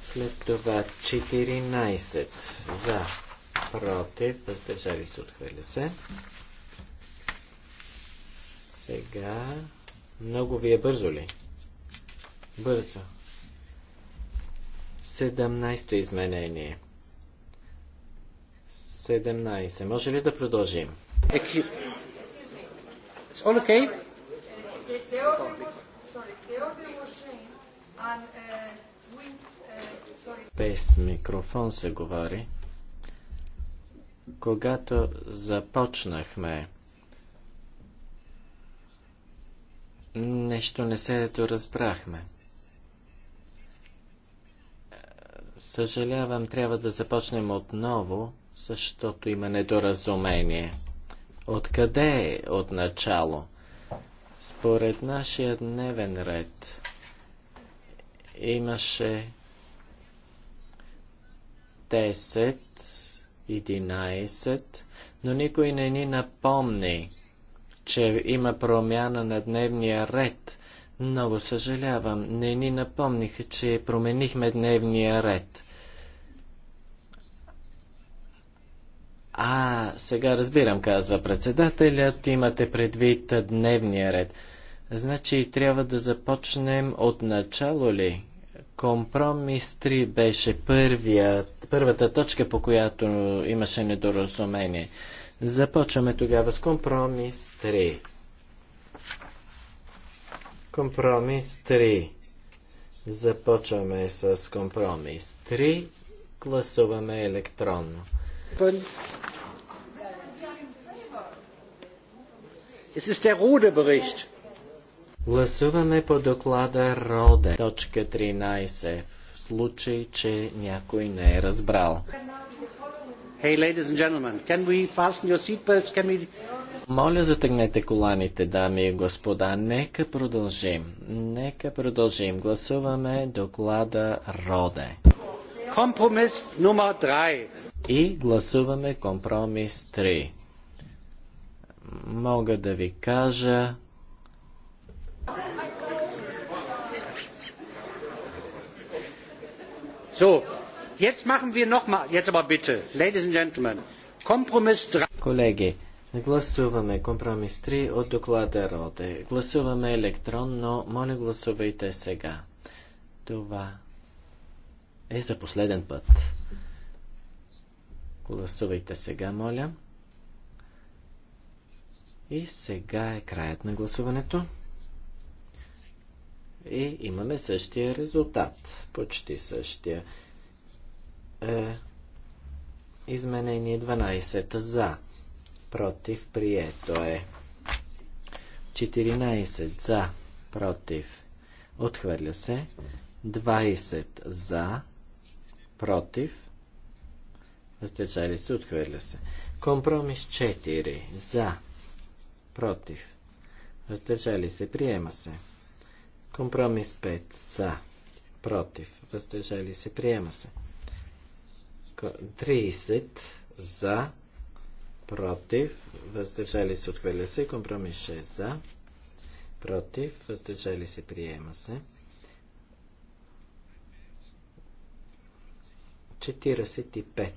След това 14 за, против, въздържали се, отхвърля се. Сега, много ви е бързо ли? Бързо. 17 изменение. 17. Може ли да продължим? It's all okay? Без микрофон се говори. Когато започнахме, нещо не се доразбрахме. Съжалявам, трябва да започнем отново, защото има недоразумение. Откъде е от начало? Според нашия дневен ред имаше 10, 11, но никой не ни напомни, че има промяна на дневния ред. Много съжалявам, не ни напомниха, че променихме дневния ред. А, сега разбирам, казва председателят, имате предвид дневния ред. Значи трябва да започнем от начало ли? Компромис 3 беше първия, първата точка, по която имаше недоразумение. Започваме тогава с компромис 3. Компромис 3. Започваме с компромис 3. Гласуваме електронно. Es ist der Rode-Bericht. Гласуваме по доклада Роде. Точка 13. В случай, че някой не е разбрал. Hey, ladies and gentlemen, can we fasten your Can we... Моля, затъгнете коланите, дами и господа. Нека продължим. Нека продължим. Гласуваме доклада Роде. Компромис номер 3. И гласуваме компромис 3. Мога да ви кажа... So, jetzt machen wir noch mal, jetzt aber bitte, ladies and gentlemen, 3. Колеги, гласуваме компромис 3 от доклада Роде. Гласуваме електронно, моля гласувайте сега. Това е за последен път. Гласувайте сега, моля. И сега е краят на гласуването. И имаме същия резултат. Почти същия. Е, изменение 12 за. Против прието е. 14 за. Против. Отхвърля се. 20 за против, въздържали се, отхвърля се. Компромис 4 за, против, въздържали се, приема се. Компромис 5 за, против, въздържали се, приема се. 30 за, против, въздържали се, отхвърля се. Компромис 6 за, против, въздържали се, приема се. 45.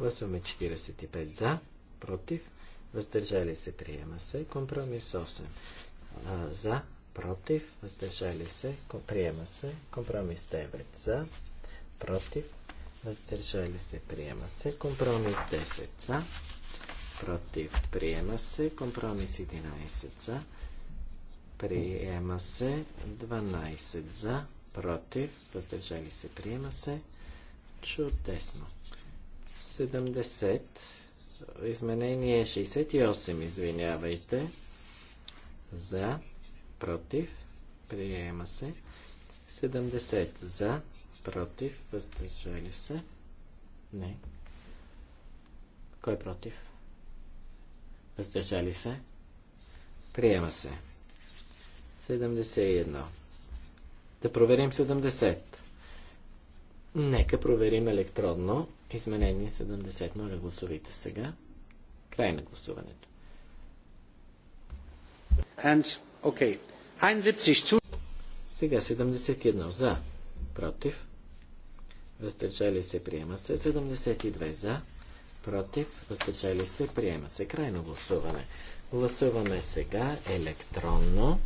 Гласуваме 45 за, против, въздържали се, приема се. Компромис 8. А, за, против, въздържали се, приема се. Компромис 9 за, против, въздържали се, приема се. Компромис 10 за, против, приема се. Компромис 11 за, приема се. 12 за, против, въздържали се, приема се. Чудесно. 70. Изменение 68, извинявайте. За. Против. Приема се. 70. За. Против. Въздържали се. Не. Кой е против? Въздържали се? Приема се. 71. Да проверим 70. Нека проверим електронно изменение 70. Моля, гласувайте сега. Край на гласуването. And, okay. 71. Сега 71 за, против, въздържали се, приема се, 72 за, против, въздържали се, приема се. Крайно гласуване. Гласуваме сега електронно.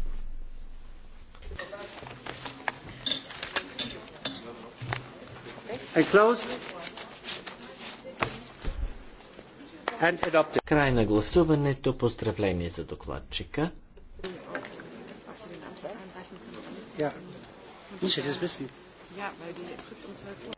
And closed. And adopted. Край на гласуването. Поздравление за докладчика. Ja, ich hätte es wissen. Ja, weil die Frist um 12 Uhr.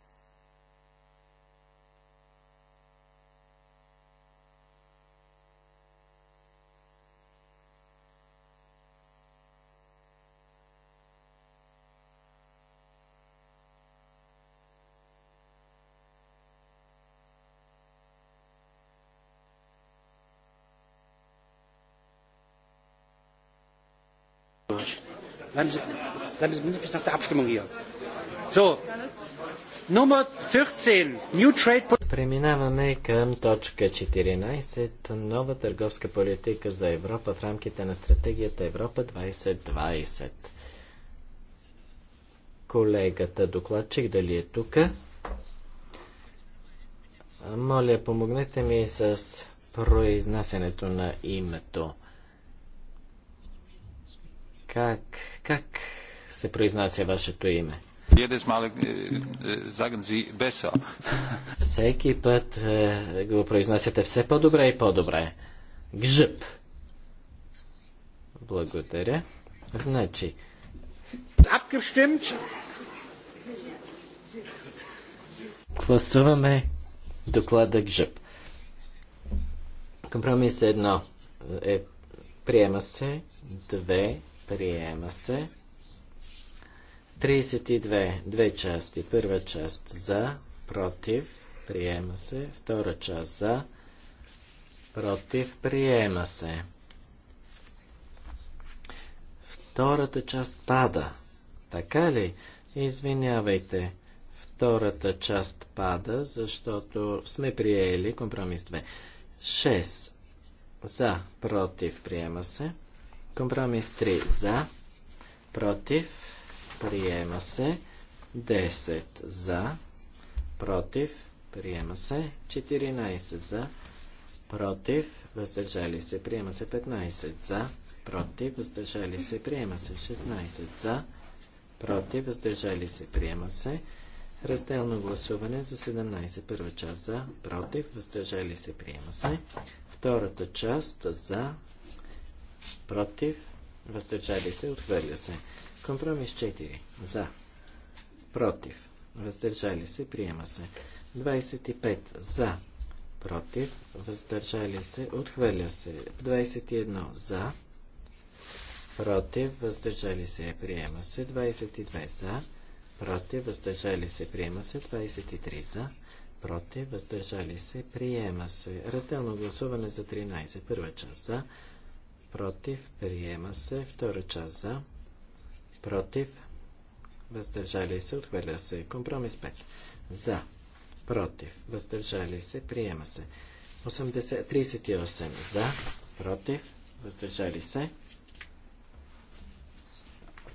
Bleiben Sie, bleiben Sie nach der Abstimmung hier. So. Nummer 14. New Trade Преминаваме към точка 14. Нова търговска политика за Европа в рамките на стратегията Европа 2020. Колегата докладчик, дали е тук? Моля, помогнете ми с произнасянето на името. Как, как се произнася вашето име? Eh, eh, Всеки път eh, го произнасяте все по-добре и по-добре. Гжъп. Благодаря. Значи. Abgestimmt. Гласуваме доклада Гжъп. Компромис едно. Е, приема се. Две Приема се. 32. Две части. Първа част за, против. Приема се. Втора част за, против. Приема се. Втората част пада. Така ли? Извинявайте. Втората част пада, защото сме приели компромис 2. 6. За, против, приема се. Компромис 3 за, против, приема се. 10 за, против, приема се. 14 за, против, въздържали се, приема се. 15 за, против, въздържали се, приема се. 16 за, против, въздържали се, приема се. Разделно гласуване за 17. Първа част за, против, въздържали се, приема се. Втората част за, против, въздържали се, отхвърля се. Компромис 4. За. Против. Въздържали се, приема се. 25. За. Против. Въздържали се, отхвърля се. 21. За. Против. Въздържали се, приема се. 22. За. Против. Въздържали се, приема се. 23. За. Против. Въздържали се, приема се. Разделно гласуване за 13. Първа част. За против, приема се. Втора част за, против, въздържали се, отхвърля се. Компромис 5. За, против, въздържали се, приема се. 80, 38 за, против, въздържали се.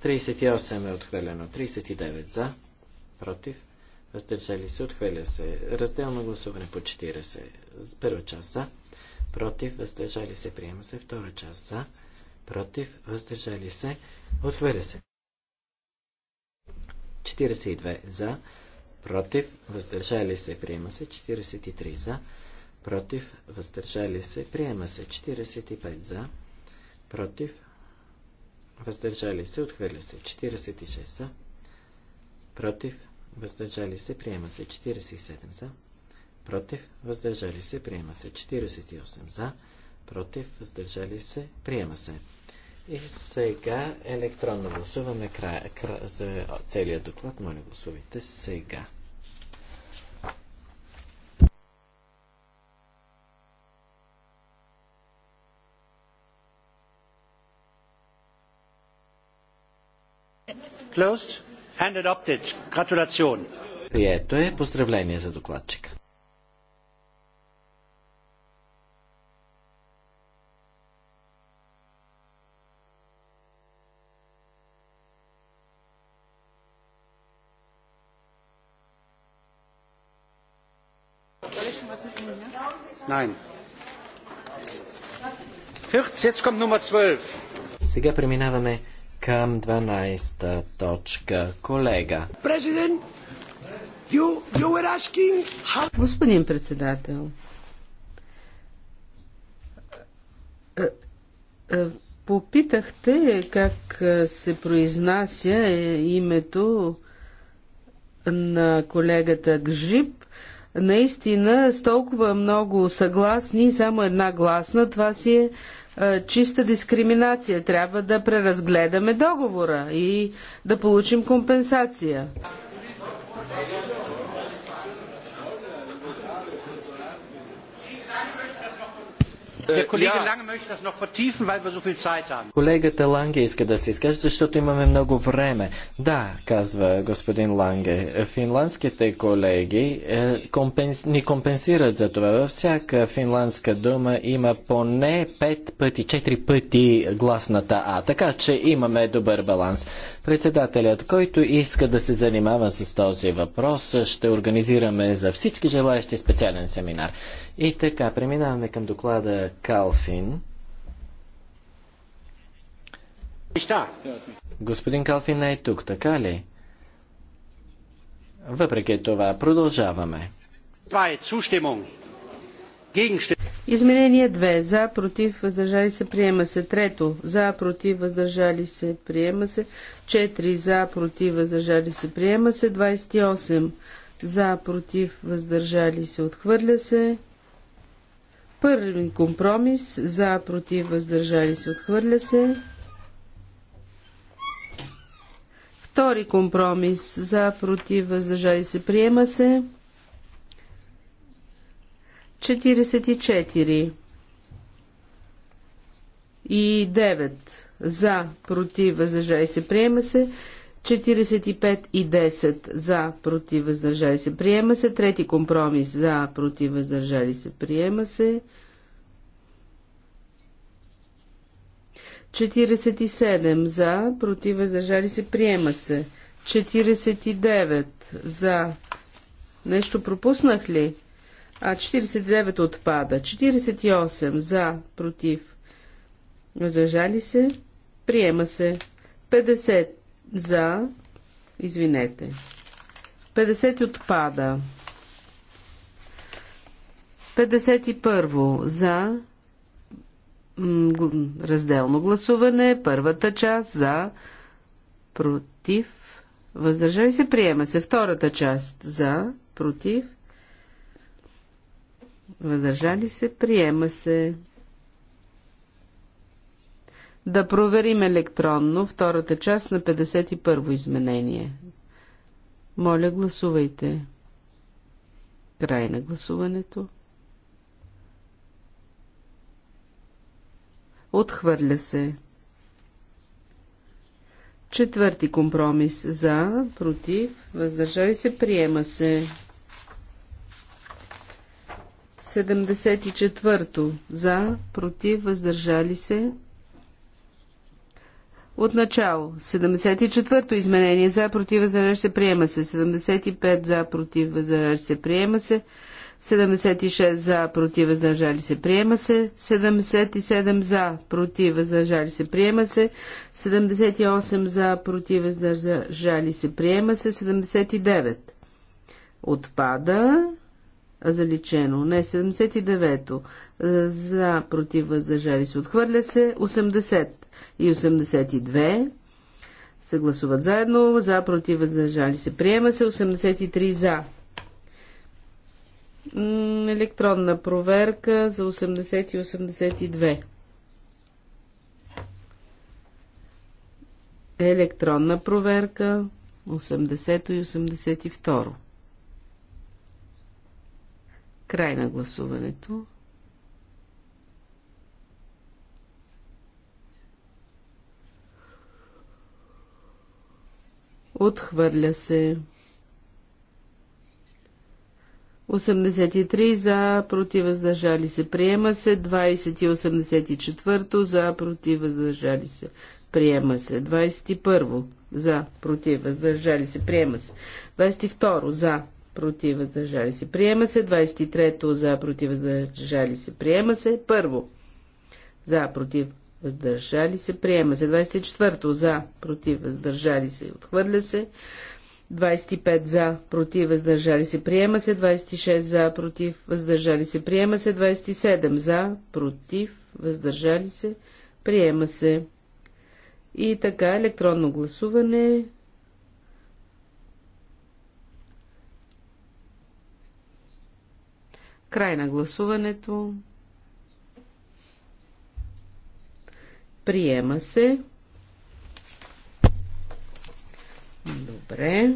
38 е отхвърлено, 39 за, против, въздържали се, отхвърля се. Разделно гласуване по 40. Първа част за, против, въздържали се, приема се. Втора част за, против, въздържали се, отхвърля се. 42 за, против, въздържали се, приема се. 43 за, против, въздържали се, приема се. 45 за, против, въздържали се, отхвърля се. 46 за, против, въздържали се, приема се. 47 за, против, въздържали се, приема се. 48 за, против, въздържали се, приема се. И сега електронно гласуваме края, кра, за целият доклад. Моля, гласувайте сега. Closed and adopted. Gratulation. Прието е. Поздравление за докладчика. Сега преминаваме към 12-та точка. Колега. Президент, Господин председател, е, е, попитахте как е, се произнася името на колегата Гжип. Наистина, с толкова много съгласни, само една гласна, това си е е, чиста дискриминация. Трябва да преразгледаме договора и да получим компенсация. Колегата Ланге иска да се изкаже, защото имаме много време. Да, казва господин Ланге. Финландските колеги е, компенс... ни компенсират за това. Във всяка финландска дума има поне 5 пъти, 4 пъти гласната А. Така че имаме добър баланс. Председателят, който иска да се занимава с този въпрос, ще организираме за всички желаящи специален семинар. И така, преминаваме към доклада Калфин. Господин Калфин не е тук, така ли? Въпреки това, продължаваме. Е Изменение 2. За, против, въздържали се, приема се. Трето. За, против, въздържали се, приема се. Четири. За, против, въздържали се, приема се. 28. За, против, въздържали се, отхвърля се. Първи компромис за, против, въздържали се, отхвърля се. Втори компромис за, против, въздържали се, приема се. 44 и 9 за, против, въздържали се, приема се. 45 и 10 за, против, въздържали се, приема се. Трети компромис за, против, въздържали се, приема се. 47 за, против, въздържали се, приема се. 49 за. Нещо пропуснах ли? А 49 отпада. 48 за, против, въздържали се, приема се. 50 за, извинете, 50 отпада. 51 за разделно гласуване, първата част за против, въздържали се, приема се втората част за против, въздържали се, приема се да проверим електронно втората част на 51-во изменение. Моля, гласувайте. Край на гласуването. Отхвърля се. Четвърти компромис. За, против, въздържали се, приема се. 74. то За, против, въздържали се, Отначало 74-то изменение за против въздържали се приема се. 75 за против въздържали се приема се. 76 за против въздържали се приема се. 77 за против въздържали се приема се. 78 за против въздържали се приема се. 79 отпада. Заличено. Не, 79-то. За против въздържали се отхвърля се. 80 и 82 се гласуват заедно, за, против, въздържали се. Приема се 83 за. Електронна проверка за 80 и 82. Електронна проверка 80 и 82. Край на гласуването. Отхвърля се. 83 за, против въздържали се, приема се. 20 и 84 за, против въздържали се, приема се. 21 за, против въздържали се, приема се. 22 за, против въздържали се, приема се. 23 за, против въздържали се, приема се. Първо за, против въздържали се, приема се. 24 за, против, въздържали се, отхвърля се. 25 за, против, въздържали се, приема се. 26 за, против, въздържали се, приема се. 27 за, против, въздържали се, приема се. И така, електронно гласуване. Край на гласуването. Приема се. Добре.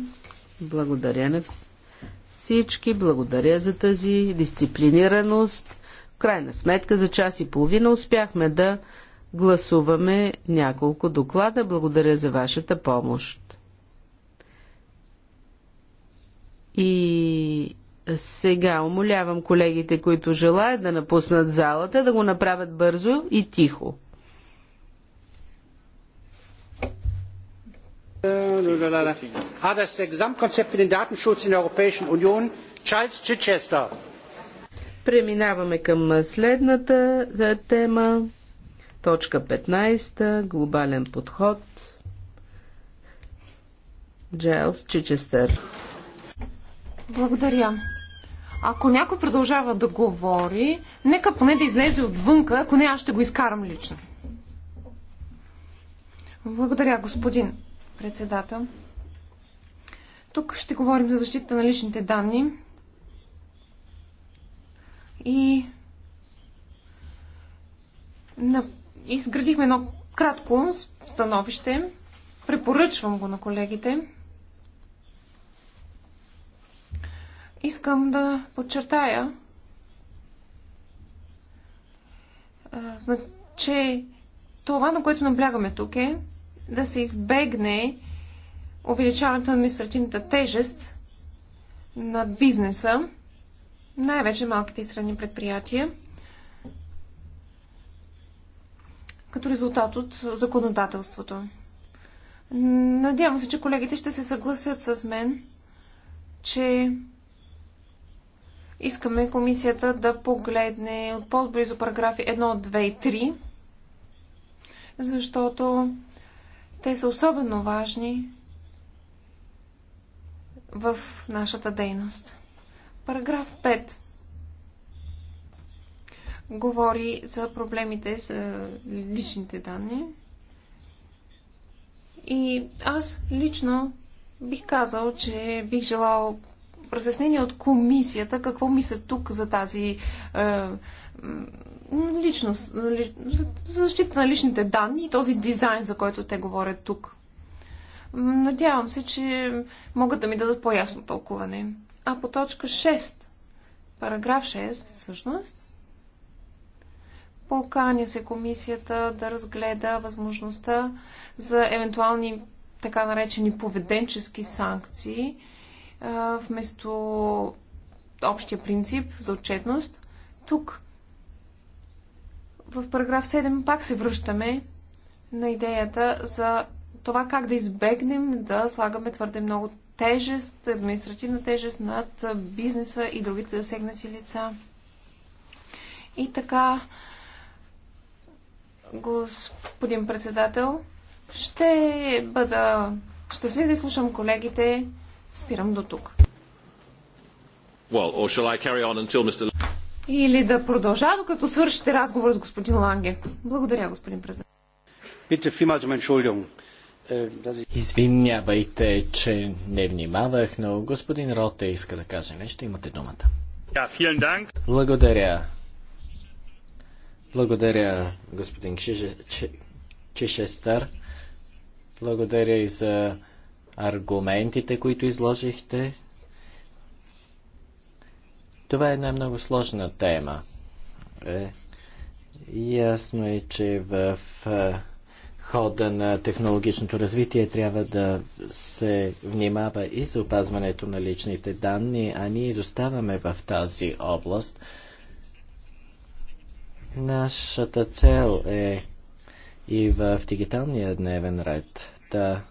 Благодаря на всички. Благодаря за тази дисциплинираност. В крайна сметка за час и половина успяхме да гласуваме няколко доклада. Благодаря за вашата помощ. И сега умолявам колегите, които желаят да напуснат залата, да го направят бързо и тихо. hat das Gesamtkonzept für den Datenschutz in der Europäischen Union Charles Chichester. Преминаваме към следната тема. Точка 15. Глобален подход. Джайлс Чичестър. Благодаря. Ако някой продължава да говори, нека поне да излезе отвънка, ако не аз ще го изкарам лично. Благодаря, господин председател. Тук ще говорим за защита на личните данни и на... изградихме едно кратко становище. Препоръчвам го на колегите. Искам да подчертая, че това, на което наблягаме тук е да се избегне увеличаването на административната тежест над бизнеса, най-вече малките и средни предприятия, като резултат от законодателството. Надявам се, че колегите ще се съгласят с мен, че искаме комисията да погледне от по-близо параграфи 1, 2 и 3, защото те са особено важни в нашата дейност. Параграф 5 говори за проблемите с е, личните данни. И аз лично бих казал, че бих желал разяснение от комисията какво мислят тук за тази е, лично, за защита на личните данни и този дизайн, за който те говорят тук. Надявам се, че могат да ми дадат по-ясно тълкуване. А по точка 6, параграф 6, всъщност, поканя се комисията да разгледа възможността за евентуални така наречени поведенчески санкции вместо общия принцип за отчетност. Тук в параграф 7 пак се връщаме на идеята за това как да избегнем да слагаме твърде много тежест, административна тежест над бизнеса и другите засегнати лица. И така, господин председател, ще бъда щастлив да слушам колегите. Спирам до тук. Well, or shall I carry on until Mr или да продължа, докато свършите разговор с господин Ланге. Благодаря, господин президент. Е, Извинявайте, че не внимавах, но господин Роте иска да каже нещо. Имате думата. Благодаря. Благодаря, господин Чешестър. Благодаря и за аргументите, които изложихте. Това е една много сложна тема. Е, ясно е, че в е, хода на технологичното развитие трябва да се внимава и за опазването на личните данни, а ние изоставаме в тази област. Нашата цел е и в дигиталния дневен ред да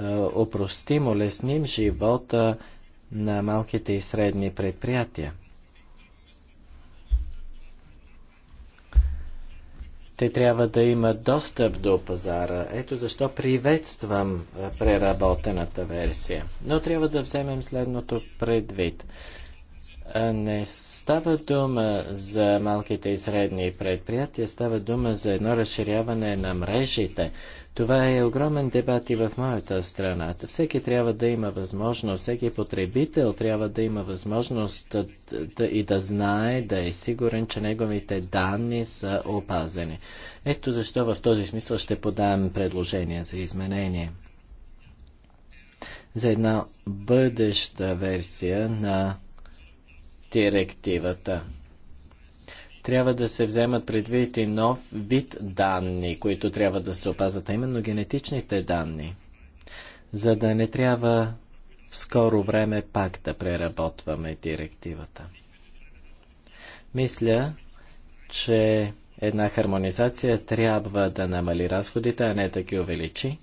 е, опростим, улесним живота на малките и средни предприятия. Те трябва да имат достъп до пазара. Ето защо приветствам преработената версия. Но трябва да вземем следното предвид не става дума за малките и средни предприятия, става дума за едно разширяване на мрежите. Това е огромен дебат и в моята страна. Всеки трябва да има възможност, всеки потребител трябва да има възможност да, и да знае, да е сигурен, че неговите данни са опазени. Ето защо в този смисъл ще подам предложение за изменение за една бъдеща версия на директивата. Трябва да се вземат предвид и нов вид данни, които трябва да се опазват, а именно генетичните данни, за да не трябва в скоро време пак да преработваме директивата. Мисля, че една хармонизация трябва да намали разходите, а не да ги увеличи.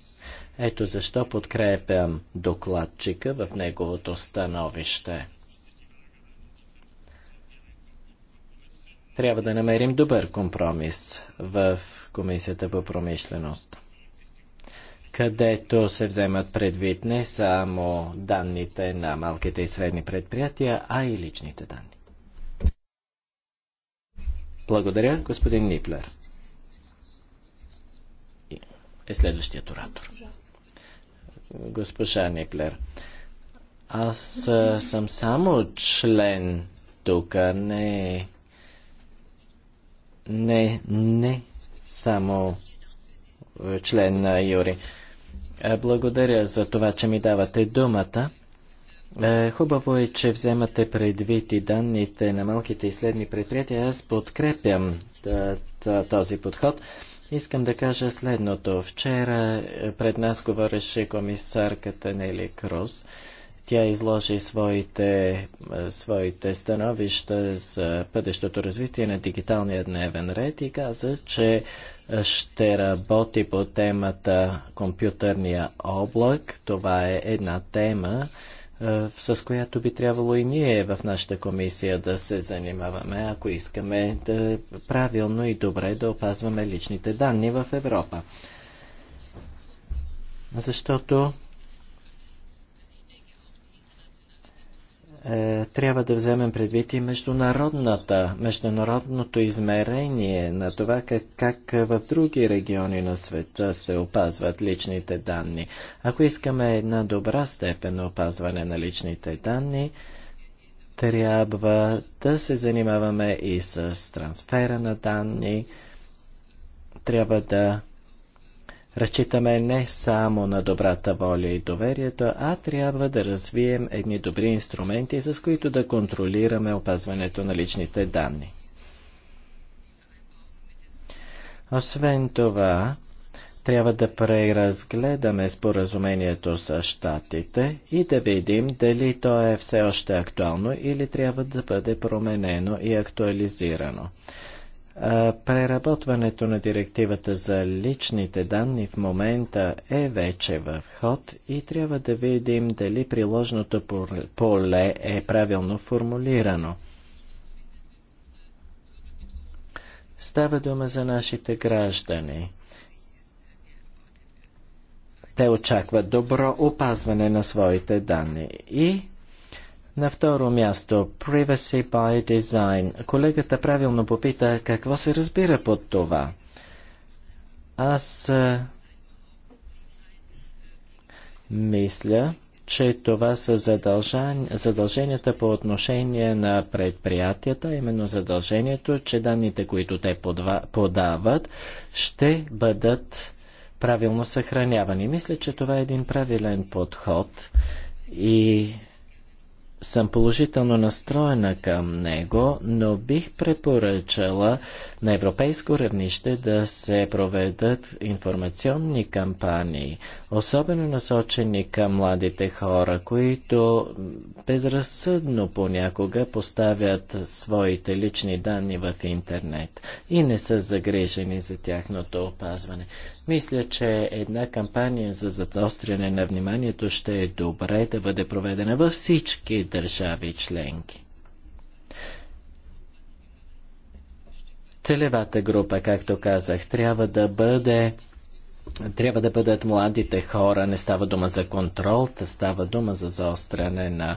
Ето защо подкрепям докладчика в неговото становище. Трябва да намерим добър компромис в Комисията по промишленост, където се вземат предвид не само данните на малките и средни предприятия, а и личните данни. Благодаря, господин Ниплер. Е следващият оратор. Госпожа Ниплер. Аз съм само член тук, не не, не само е, член на Юри. Е, благодаря за това, че ми давате думата. Е, хубаво е, че вземате предвид и данните на малките и следни предприятия. Аз подкрепям този подход. Искам да кажа следното. Вчера пред нас говореше комисарката Нели Крус. Тя изложи своите, е, своите становища за бъдещото развитие на дигиталния дневен ред и каза, че е, ще работи по темата компютърния облак. Това е една тема, е, с която би трябвало и ние в нашата комисия да се занимаваме, ако искаме да правилно и добре да опазваме личните данни в Европа. Защото Е, трябва да вземем предвид и международната, международното измерение на това как, как в други региони на света се опазват личните данни. Ако искаме една добра степен на опазване на личните данни, трябва да се занимаваме и с трансфера на данни, трябва да разчитаме не само на добрата воля и доверието, а трябва да развием едни добри инструменти, с които да контролираме опазването на личните данни. Освен това, трябва да преразгледаме споразумението с щатите и да видим дали то е все още актуално или трябва да бъде променено и актуализирано. Преработването на директивата за личните данни в момента е вече в ход и трябва да видим дали приложното поле е правилно формулирано. Става дума за нашите граждани. Те очакват добро опазване на своите данни и на второ място, Privacy by Design. Колегата правилно попита какво се разбира под това. Аз а, мисля, че това са задълженията по отношение на предприятията, именно задължението, че данните, които те подават, ще бъдат правилно съхранявани. Мисля, че това е един правилен подход и съм положително настроена към него, но бих препоръчала на европейско равнище да се проведат информационни кампании, особено насочени към младите хора, които безразсъдно понякога поставят своите лични данни в интернет и не са загрижени за тяхното опазване. Мисля, че една кампания за заостряне на вниманието ще е добре да бъде проведена във всички държави членки. Целевата група, както казах, трябва да бъде трябва да бъдат младите хора. Не става дума за контрол, да става дума за заостряне на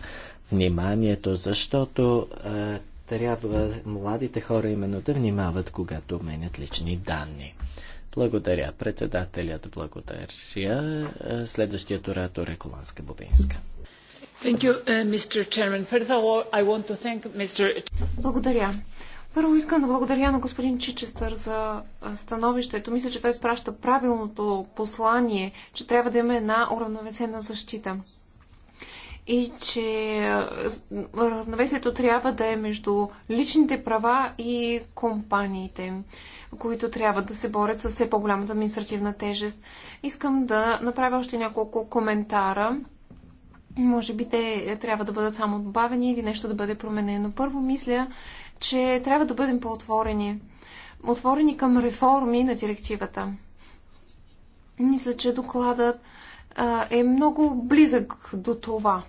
вниманието, защото е, трябва младите хора именно да внимават, когато обменят лични данни. Благодаря. Председателят благодаря. Следващият оратор е Коланска Бобинска. Uh, благодаря. Първо искам да благодаря на господин Чичестър за становището. Мисля, че той спраща правилното послание, че трябва да има една уравновесена защита. И че равновесието трябва да е между личните права и компаниите, които трябва да се борят с все по-голямата административна тежест. Искам да направя още няколко коментара може би те трябва да бъдат само добавени или нещо да бъде променено. Първо мисля, че трябва да бъдем по-отворени. Отворени към реформи на директивата. Мисля, че докладът е много близък до това.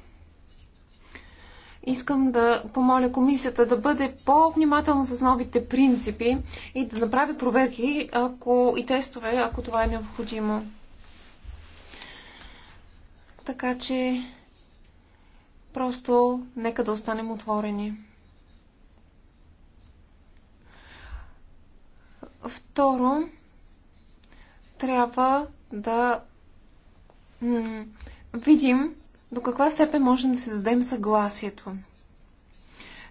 Искам да помоля комисията да бъде по-внимателна с новите принципи и да направи проверки ако, и тестове, ако това е необходимо. Така че Просто нека да останем отворени. Второ, трябва да видим до каква степен можем да си дадем съгласието.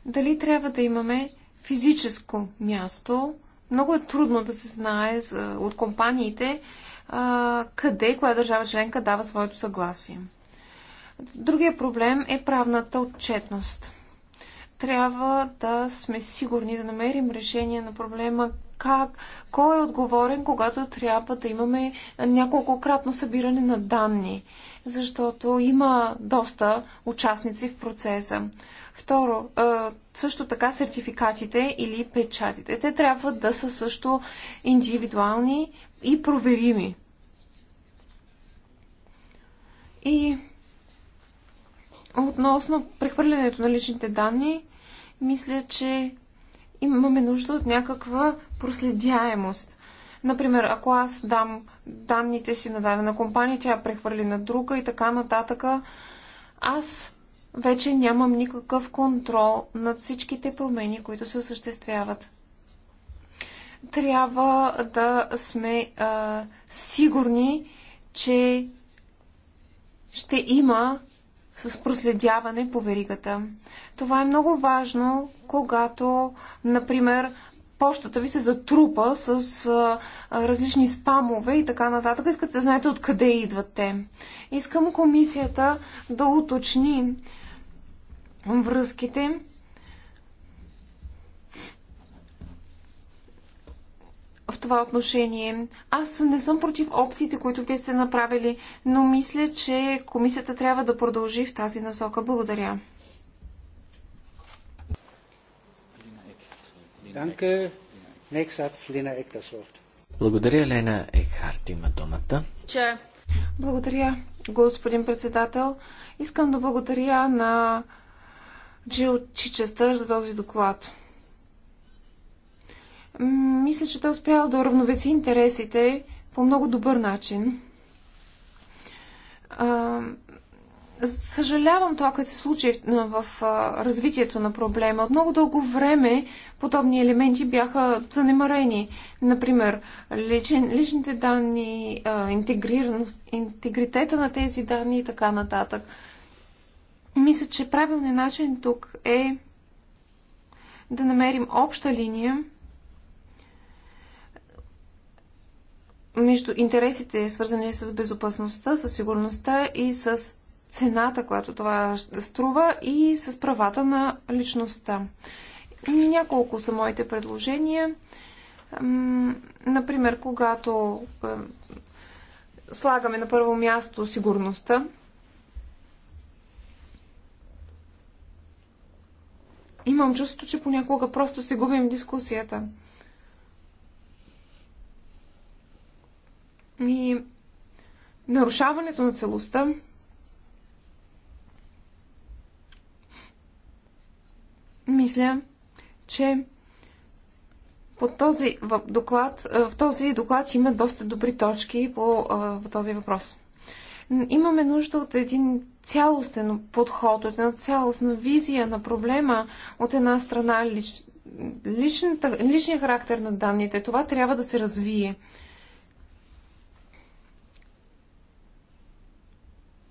Дали трябва да имаме физическо място? Много е трудно да се знае от компаниите къде, коя държава членка дава своето съгласие. Другия проблем е правната отчетност. Трябва да сме сигурни да намерим решение на проблема как, кой е отговорен, когато трябва да имаме няколкократно събиране на данни, защото има доста участници в процеса. Второ, също така сертификатите или печатите. Те трябва да са също индивидуални и проверими. И Относно прехвърлянето на личните данни, мисля, че имаме нужда от някаква проследяемост. Например, ако аз дам данните си на дадена компания, тя прехвърли на друга и така нататък, аз вече нямам никакъв контрол над всичките промени, които се осъществяват. Трябва да сме а, сигурни, че ще има с проследяване по веригата. Това е много важно, когато, например, почтата ви се затрупа с а, различни спамове и така нататък. Искате да знаете откъде идват те. Искам комисията да уточни връзките това отношение. Аз не съм против опциите, които вие сте направили, но мисля, че комисията трябва да продължи в тази насока. Благодаря. Благодаря, Лена Екхарт има думата. Че. Благодаря, господин председател. Искам да благодаря на Джил Чичестър за този доклад. Мисля, че той е успял да уравновеси интересите по много добър начин. Съжалявам това, което се случи в развитието на проблема. От много дълго време подобни елементи бяха занемарени. Например, личен, личните данни, интегритета на тези данни и така нататък. Мисля, че правилният начин тук е да намерим обща линия между интересите, свързани с безопасността, с сигурността и с цената, която това струва и с правата на личността. Няколко са моите предложения. Например, когато е, слагаме на първо място сигурността, имам чувството, че понякога просто си губим дискусията. И нарушаването на целостта мисля, че под този доклад, в този доклад има доста добри точки по в този въпрос. Имаме нужда от един цялостен подход, от една цялостна визия на проблема, от една страна лич, личната, личния характер на данните. Това трябва да се развие.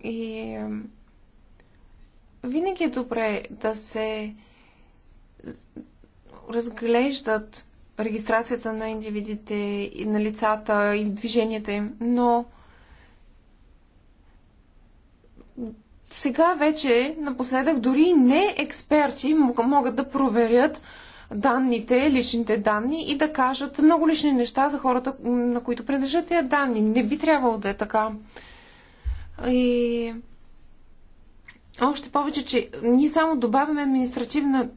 И винаги е добре да се разглеждат регистрацията на индивидите и на лицата и движенията им, но сега вече, напоследък, дори не експерти могат да проверят данните, личните данни и да кажат много лични неща за хората, на които принадлежат тези данни. Не би трябвало да е така. И още повече, че ние само добавяме административна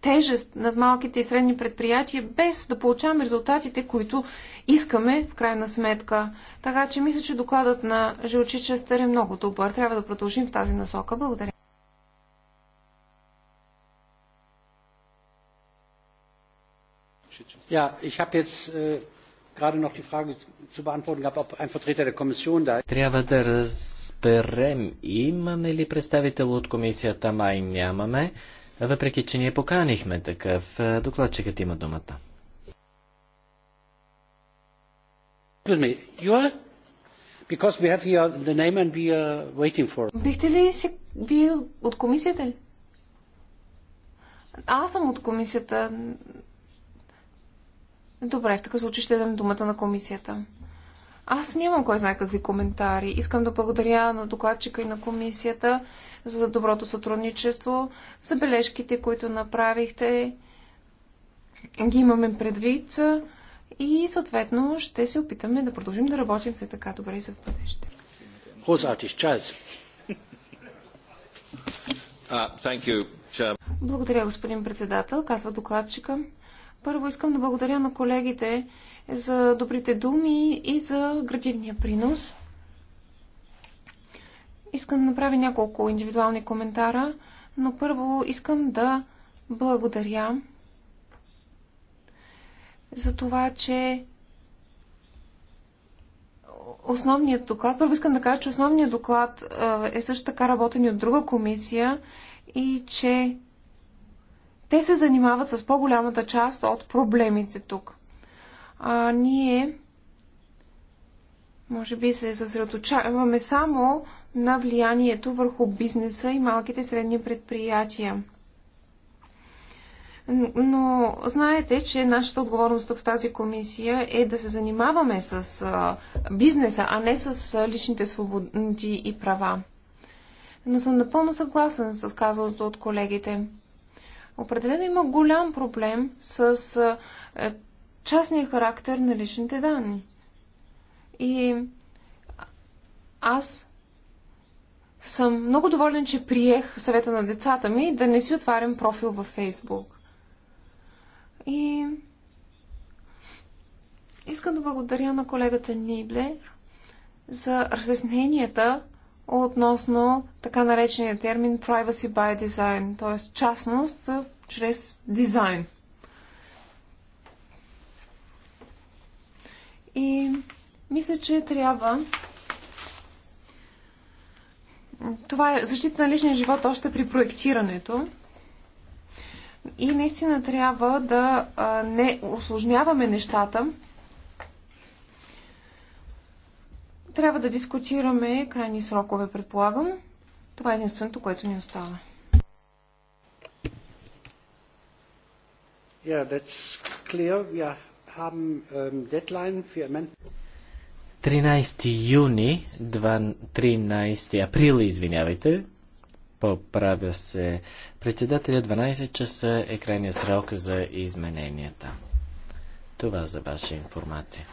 тежест над малките и средни предприятия, без да получаваме резултатите, които искаме в крайна сметка. Така че мисля, че докладът на Жилчичестър е много добър. Трябва да продължим в тази насока. Благодаря. Ja, ich habe jetzt äh, gerade noch die Frage zu beantworten gab, ob ein Vertreter der Kommission da Трябва да разберем, имаме ли представител от комисията, май нямаме, въпреки че ние поканихме такъв. Е, докладчикът има думата. Бихте ли си... Вие от комисията ли? Аз съм от комисията. Добре, в такъв случай ще дам думата на комисията. Аз нямам кой знае какви коментари. Искам да благодаря на докладчика и на комисията за доброто сътрудничество, за бележките, които направихте. Ги имаме предвид и съответно ще се опитаме да продължим да работим все така добре и за в бъдеще. Хозатиш, чайс! Uh, благодаря, господин председател, казва докладчика. Първо искам да благодаря на колегите за добрите думи и за градивния принос. Искам да направя няколко индивидуални коментара, но първо искам да благодаря за това, че основният доклад, първо искам да кажа, че основният доклад е също така работен от друга комисия и че те се занимават с по-голямата част от проблемите тук. А ние, може би, се съсредоточаваме само на влиянието върху бизнеса и малките и средни предприятия. Но знаете, че нашата отговорност в тази комисия е да се занимаваме с бизнеса, а не с личните свободи и права. Но съм напълно съгласен с казаното от колегите. Определено има голям проблем с е, частния характер на личните данни. И аз съм много доволен, че приех съвета на децата ми да не си отварям профил във Фейсбук. И искам да благодаря на колегата Нибле за разясненията, относно така наречения термин privacy by design, т.е. частност чрез дизайн. И мисля, че трябва. Това е защита на личния живот още при проектирането. И наистина трябва да не осложняваме нещата, Трябва да дискутираме крайни срокове, предполагам. Това е единственото, което ни остава. Yeah, that's clear. We um, 13 um, юни, 12, 13 април, извинявайте, поправя се председателя, 12 часа е крайния срок за измененията. Това за ваша информация.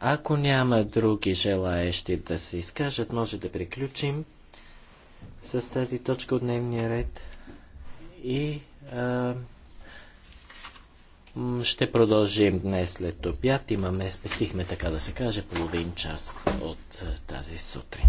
Ако няма други желаещи да се изкажат, може да приключим с тази точка от дневния ред и а, ще продължим днес след обяд. Имаме, спестихме така да се каже, половин час от тази сутрин.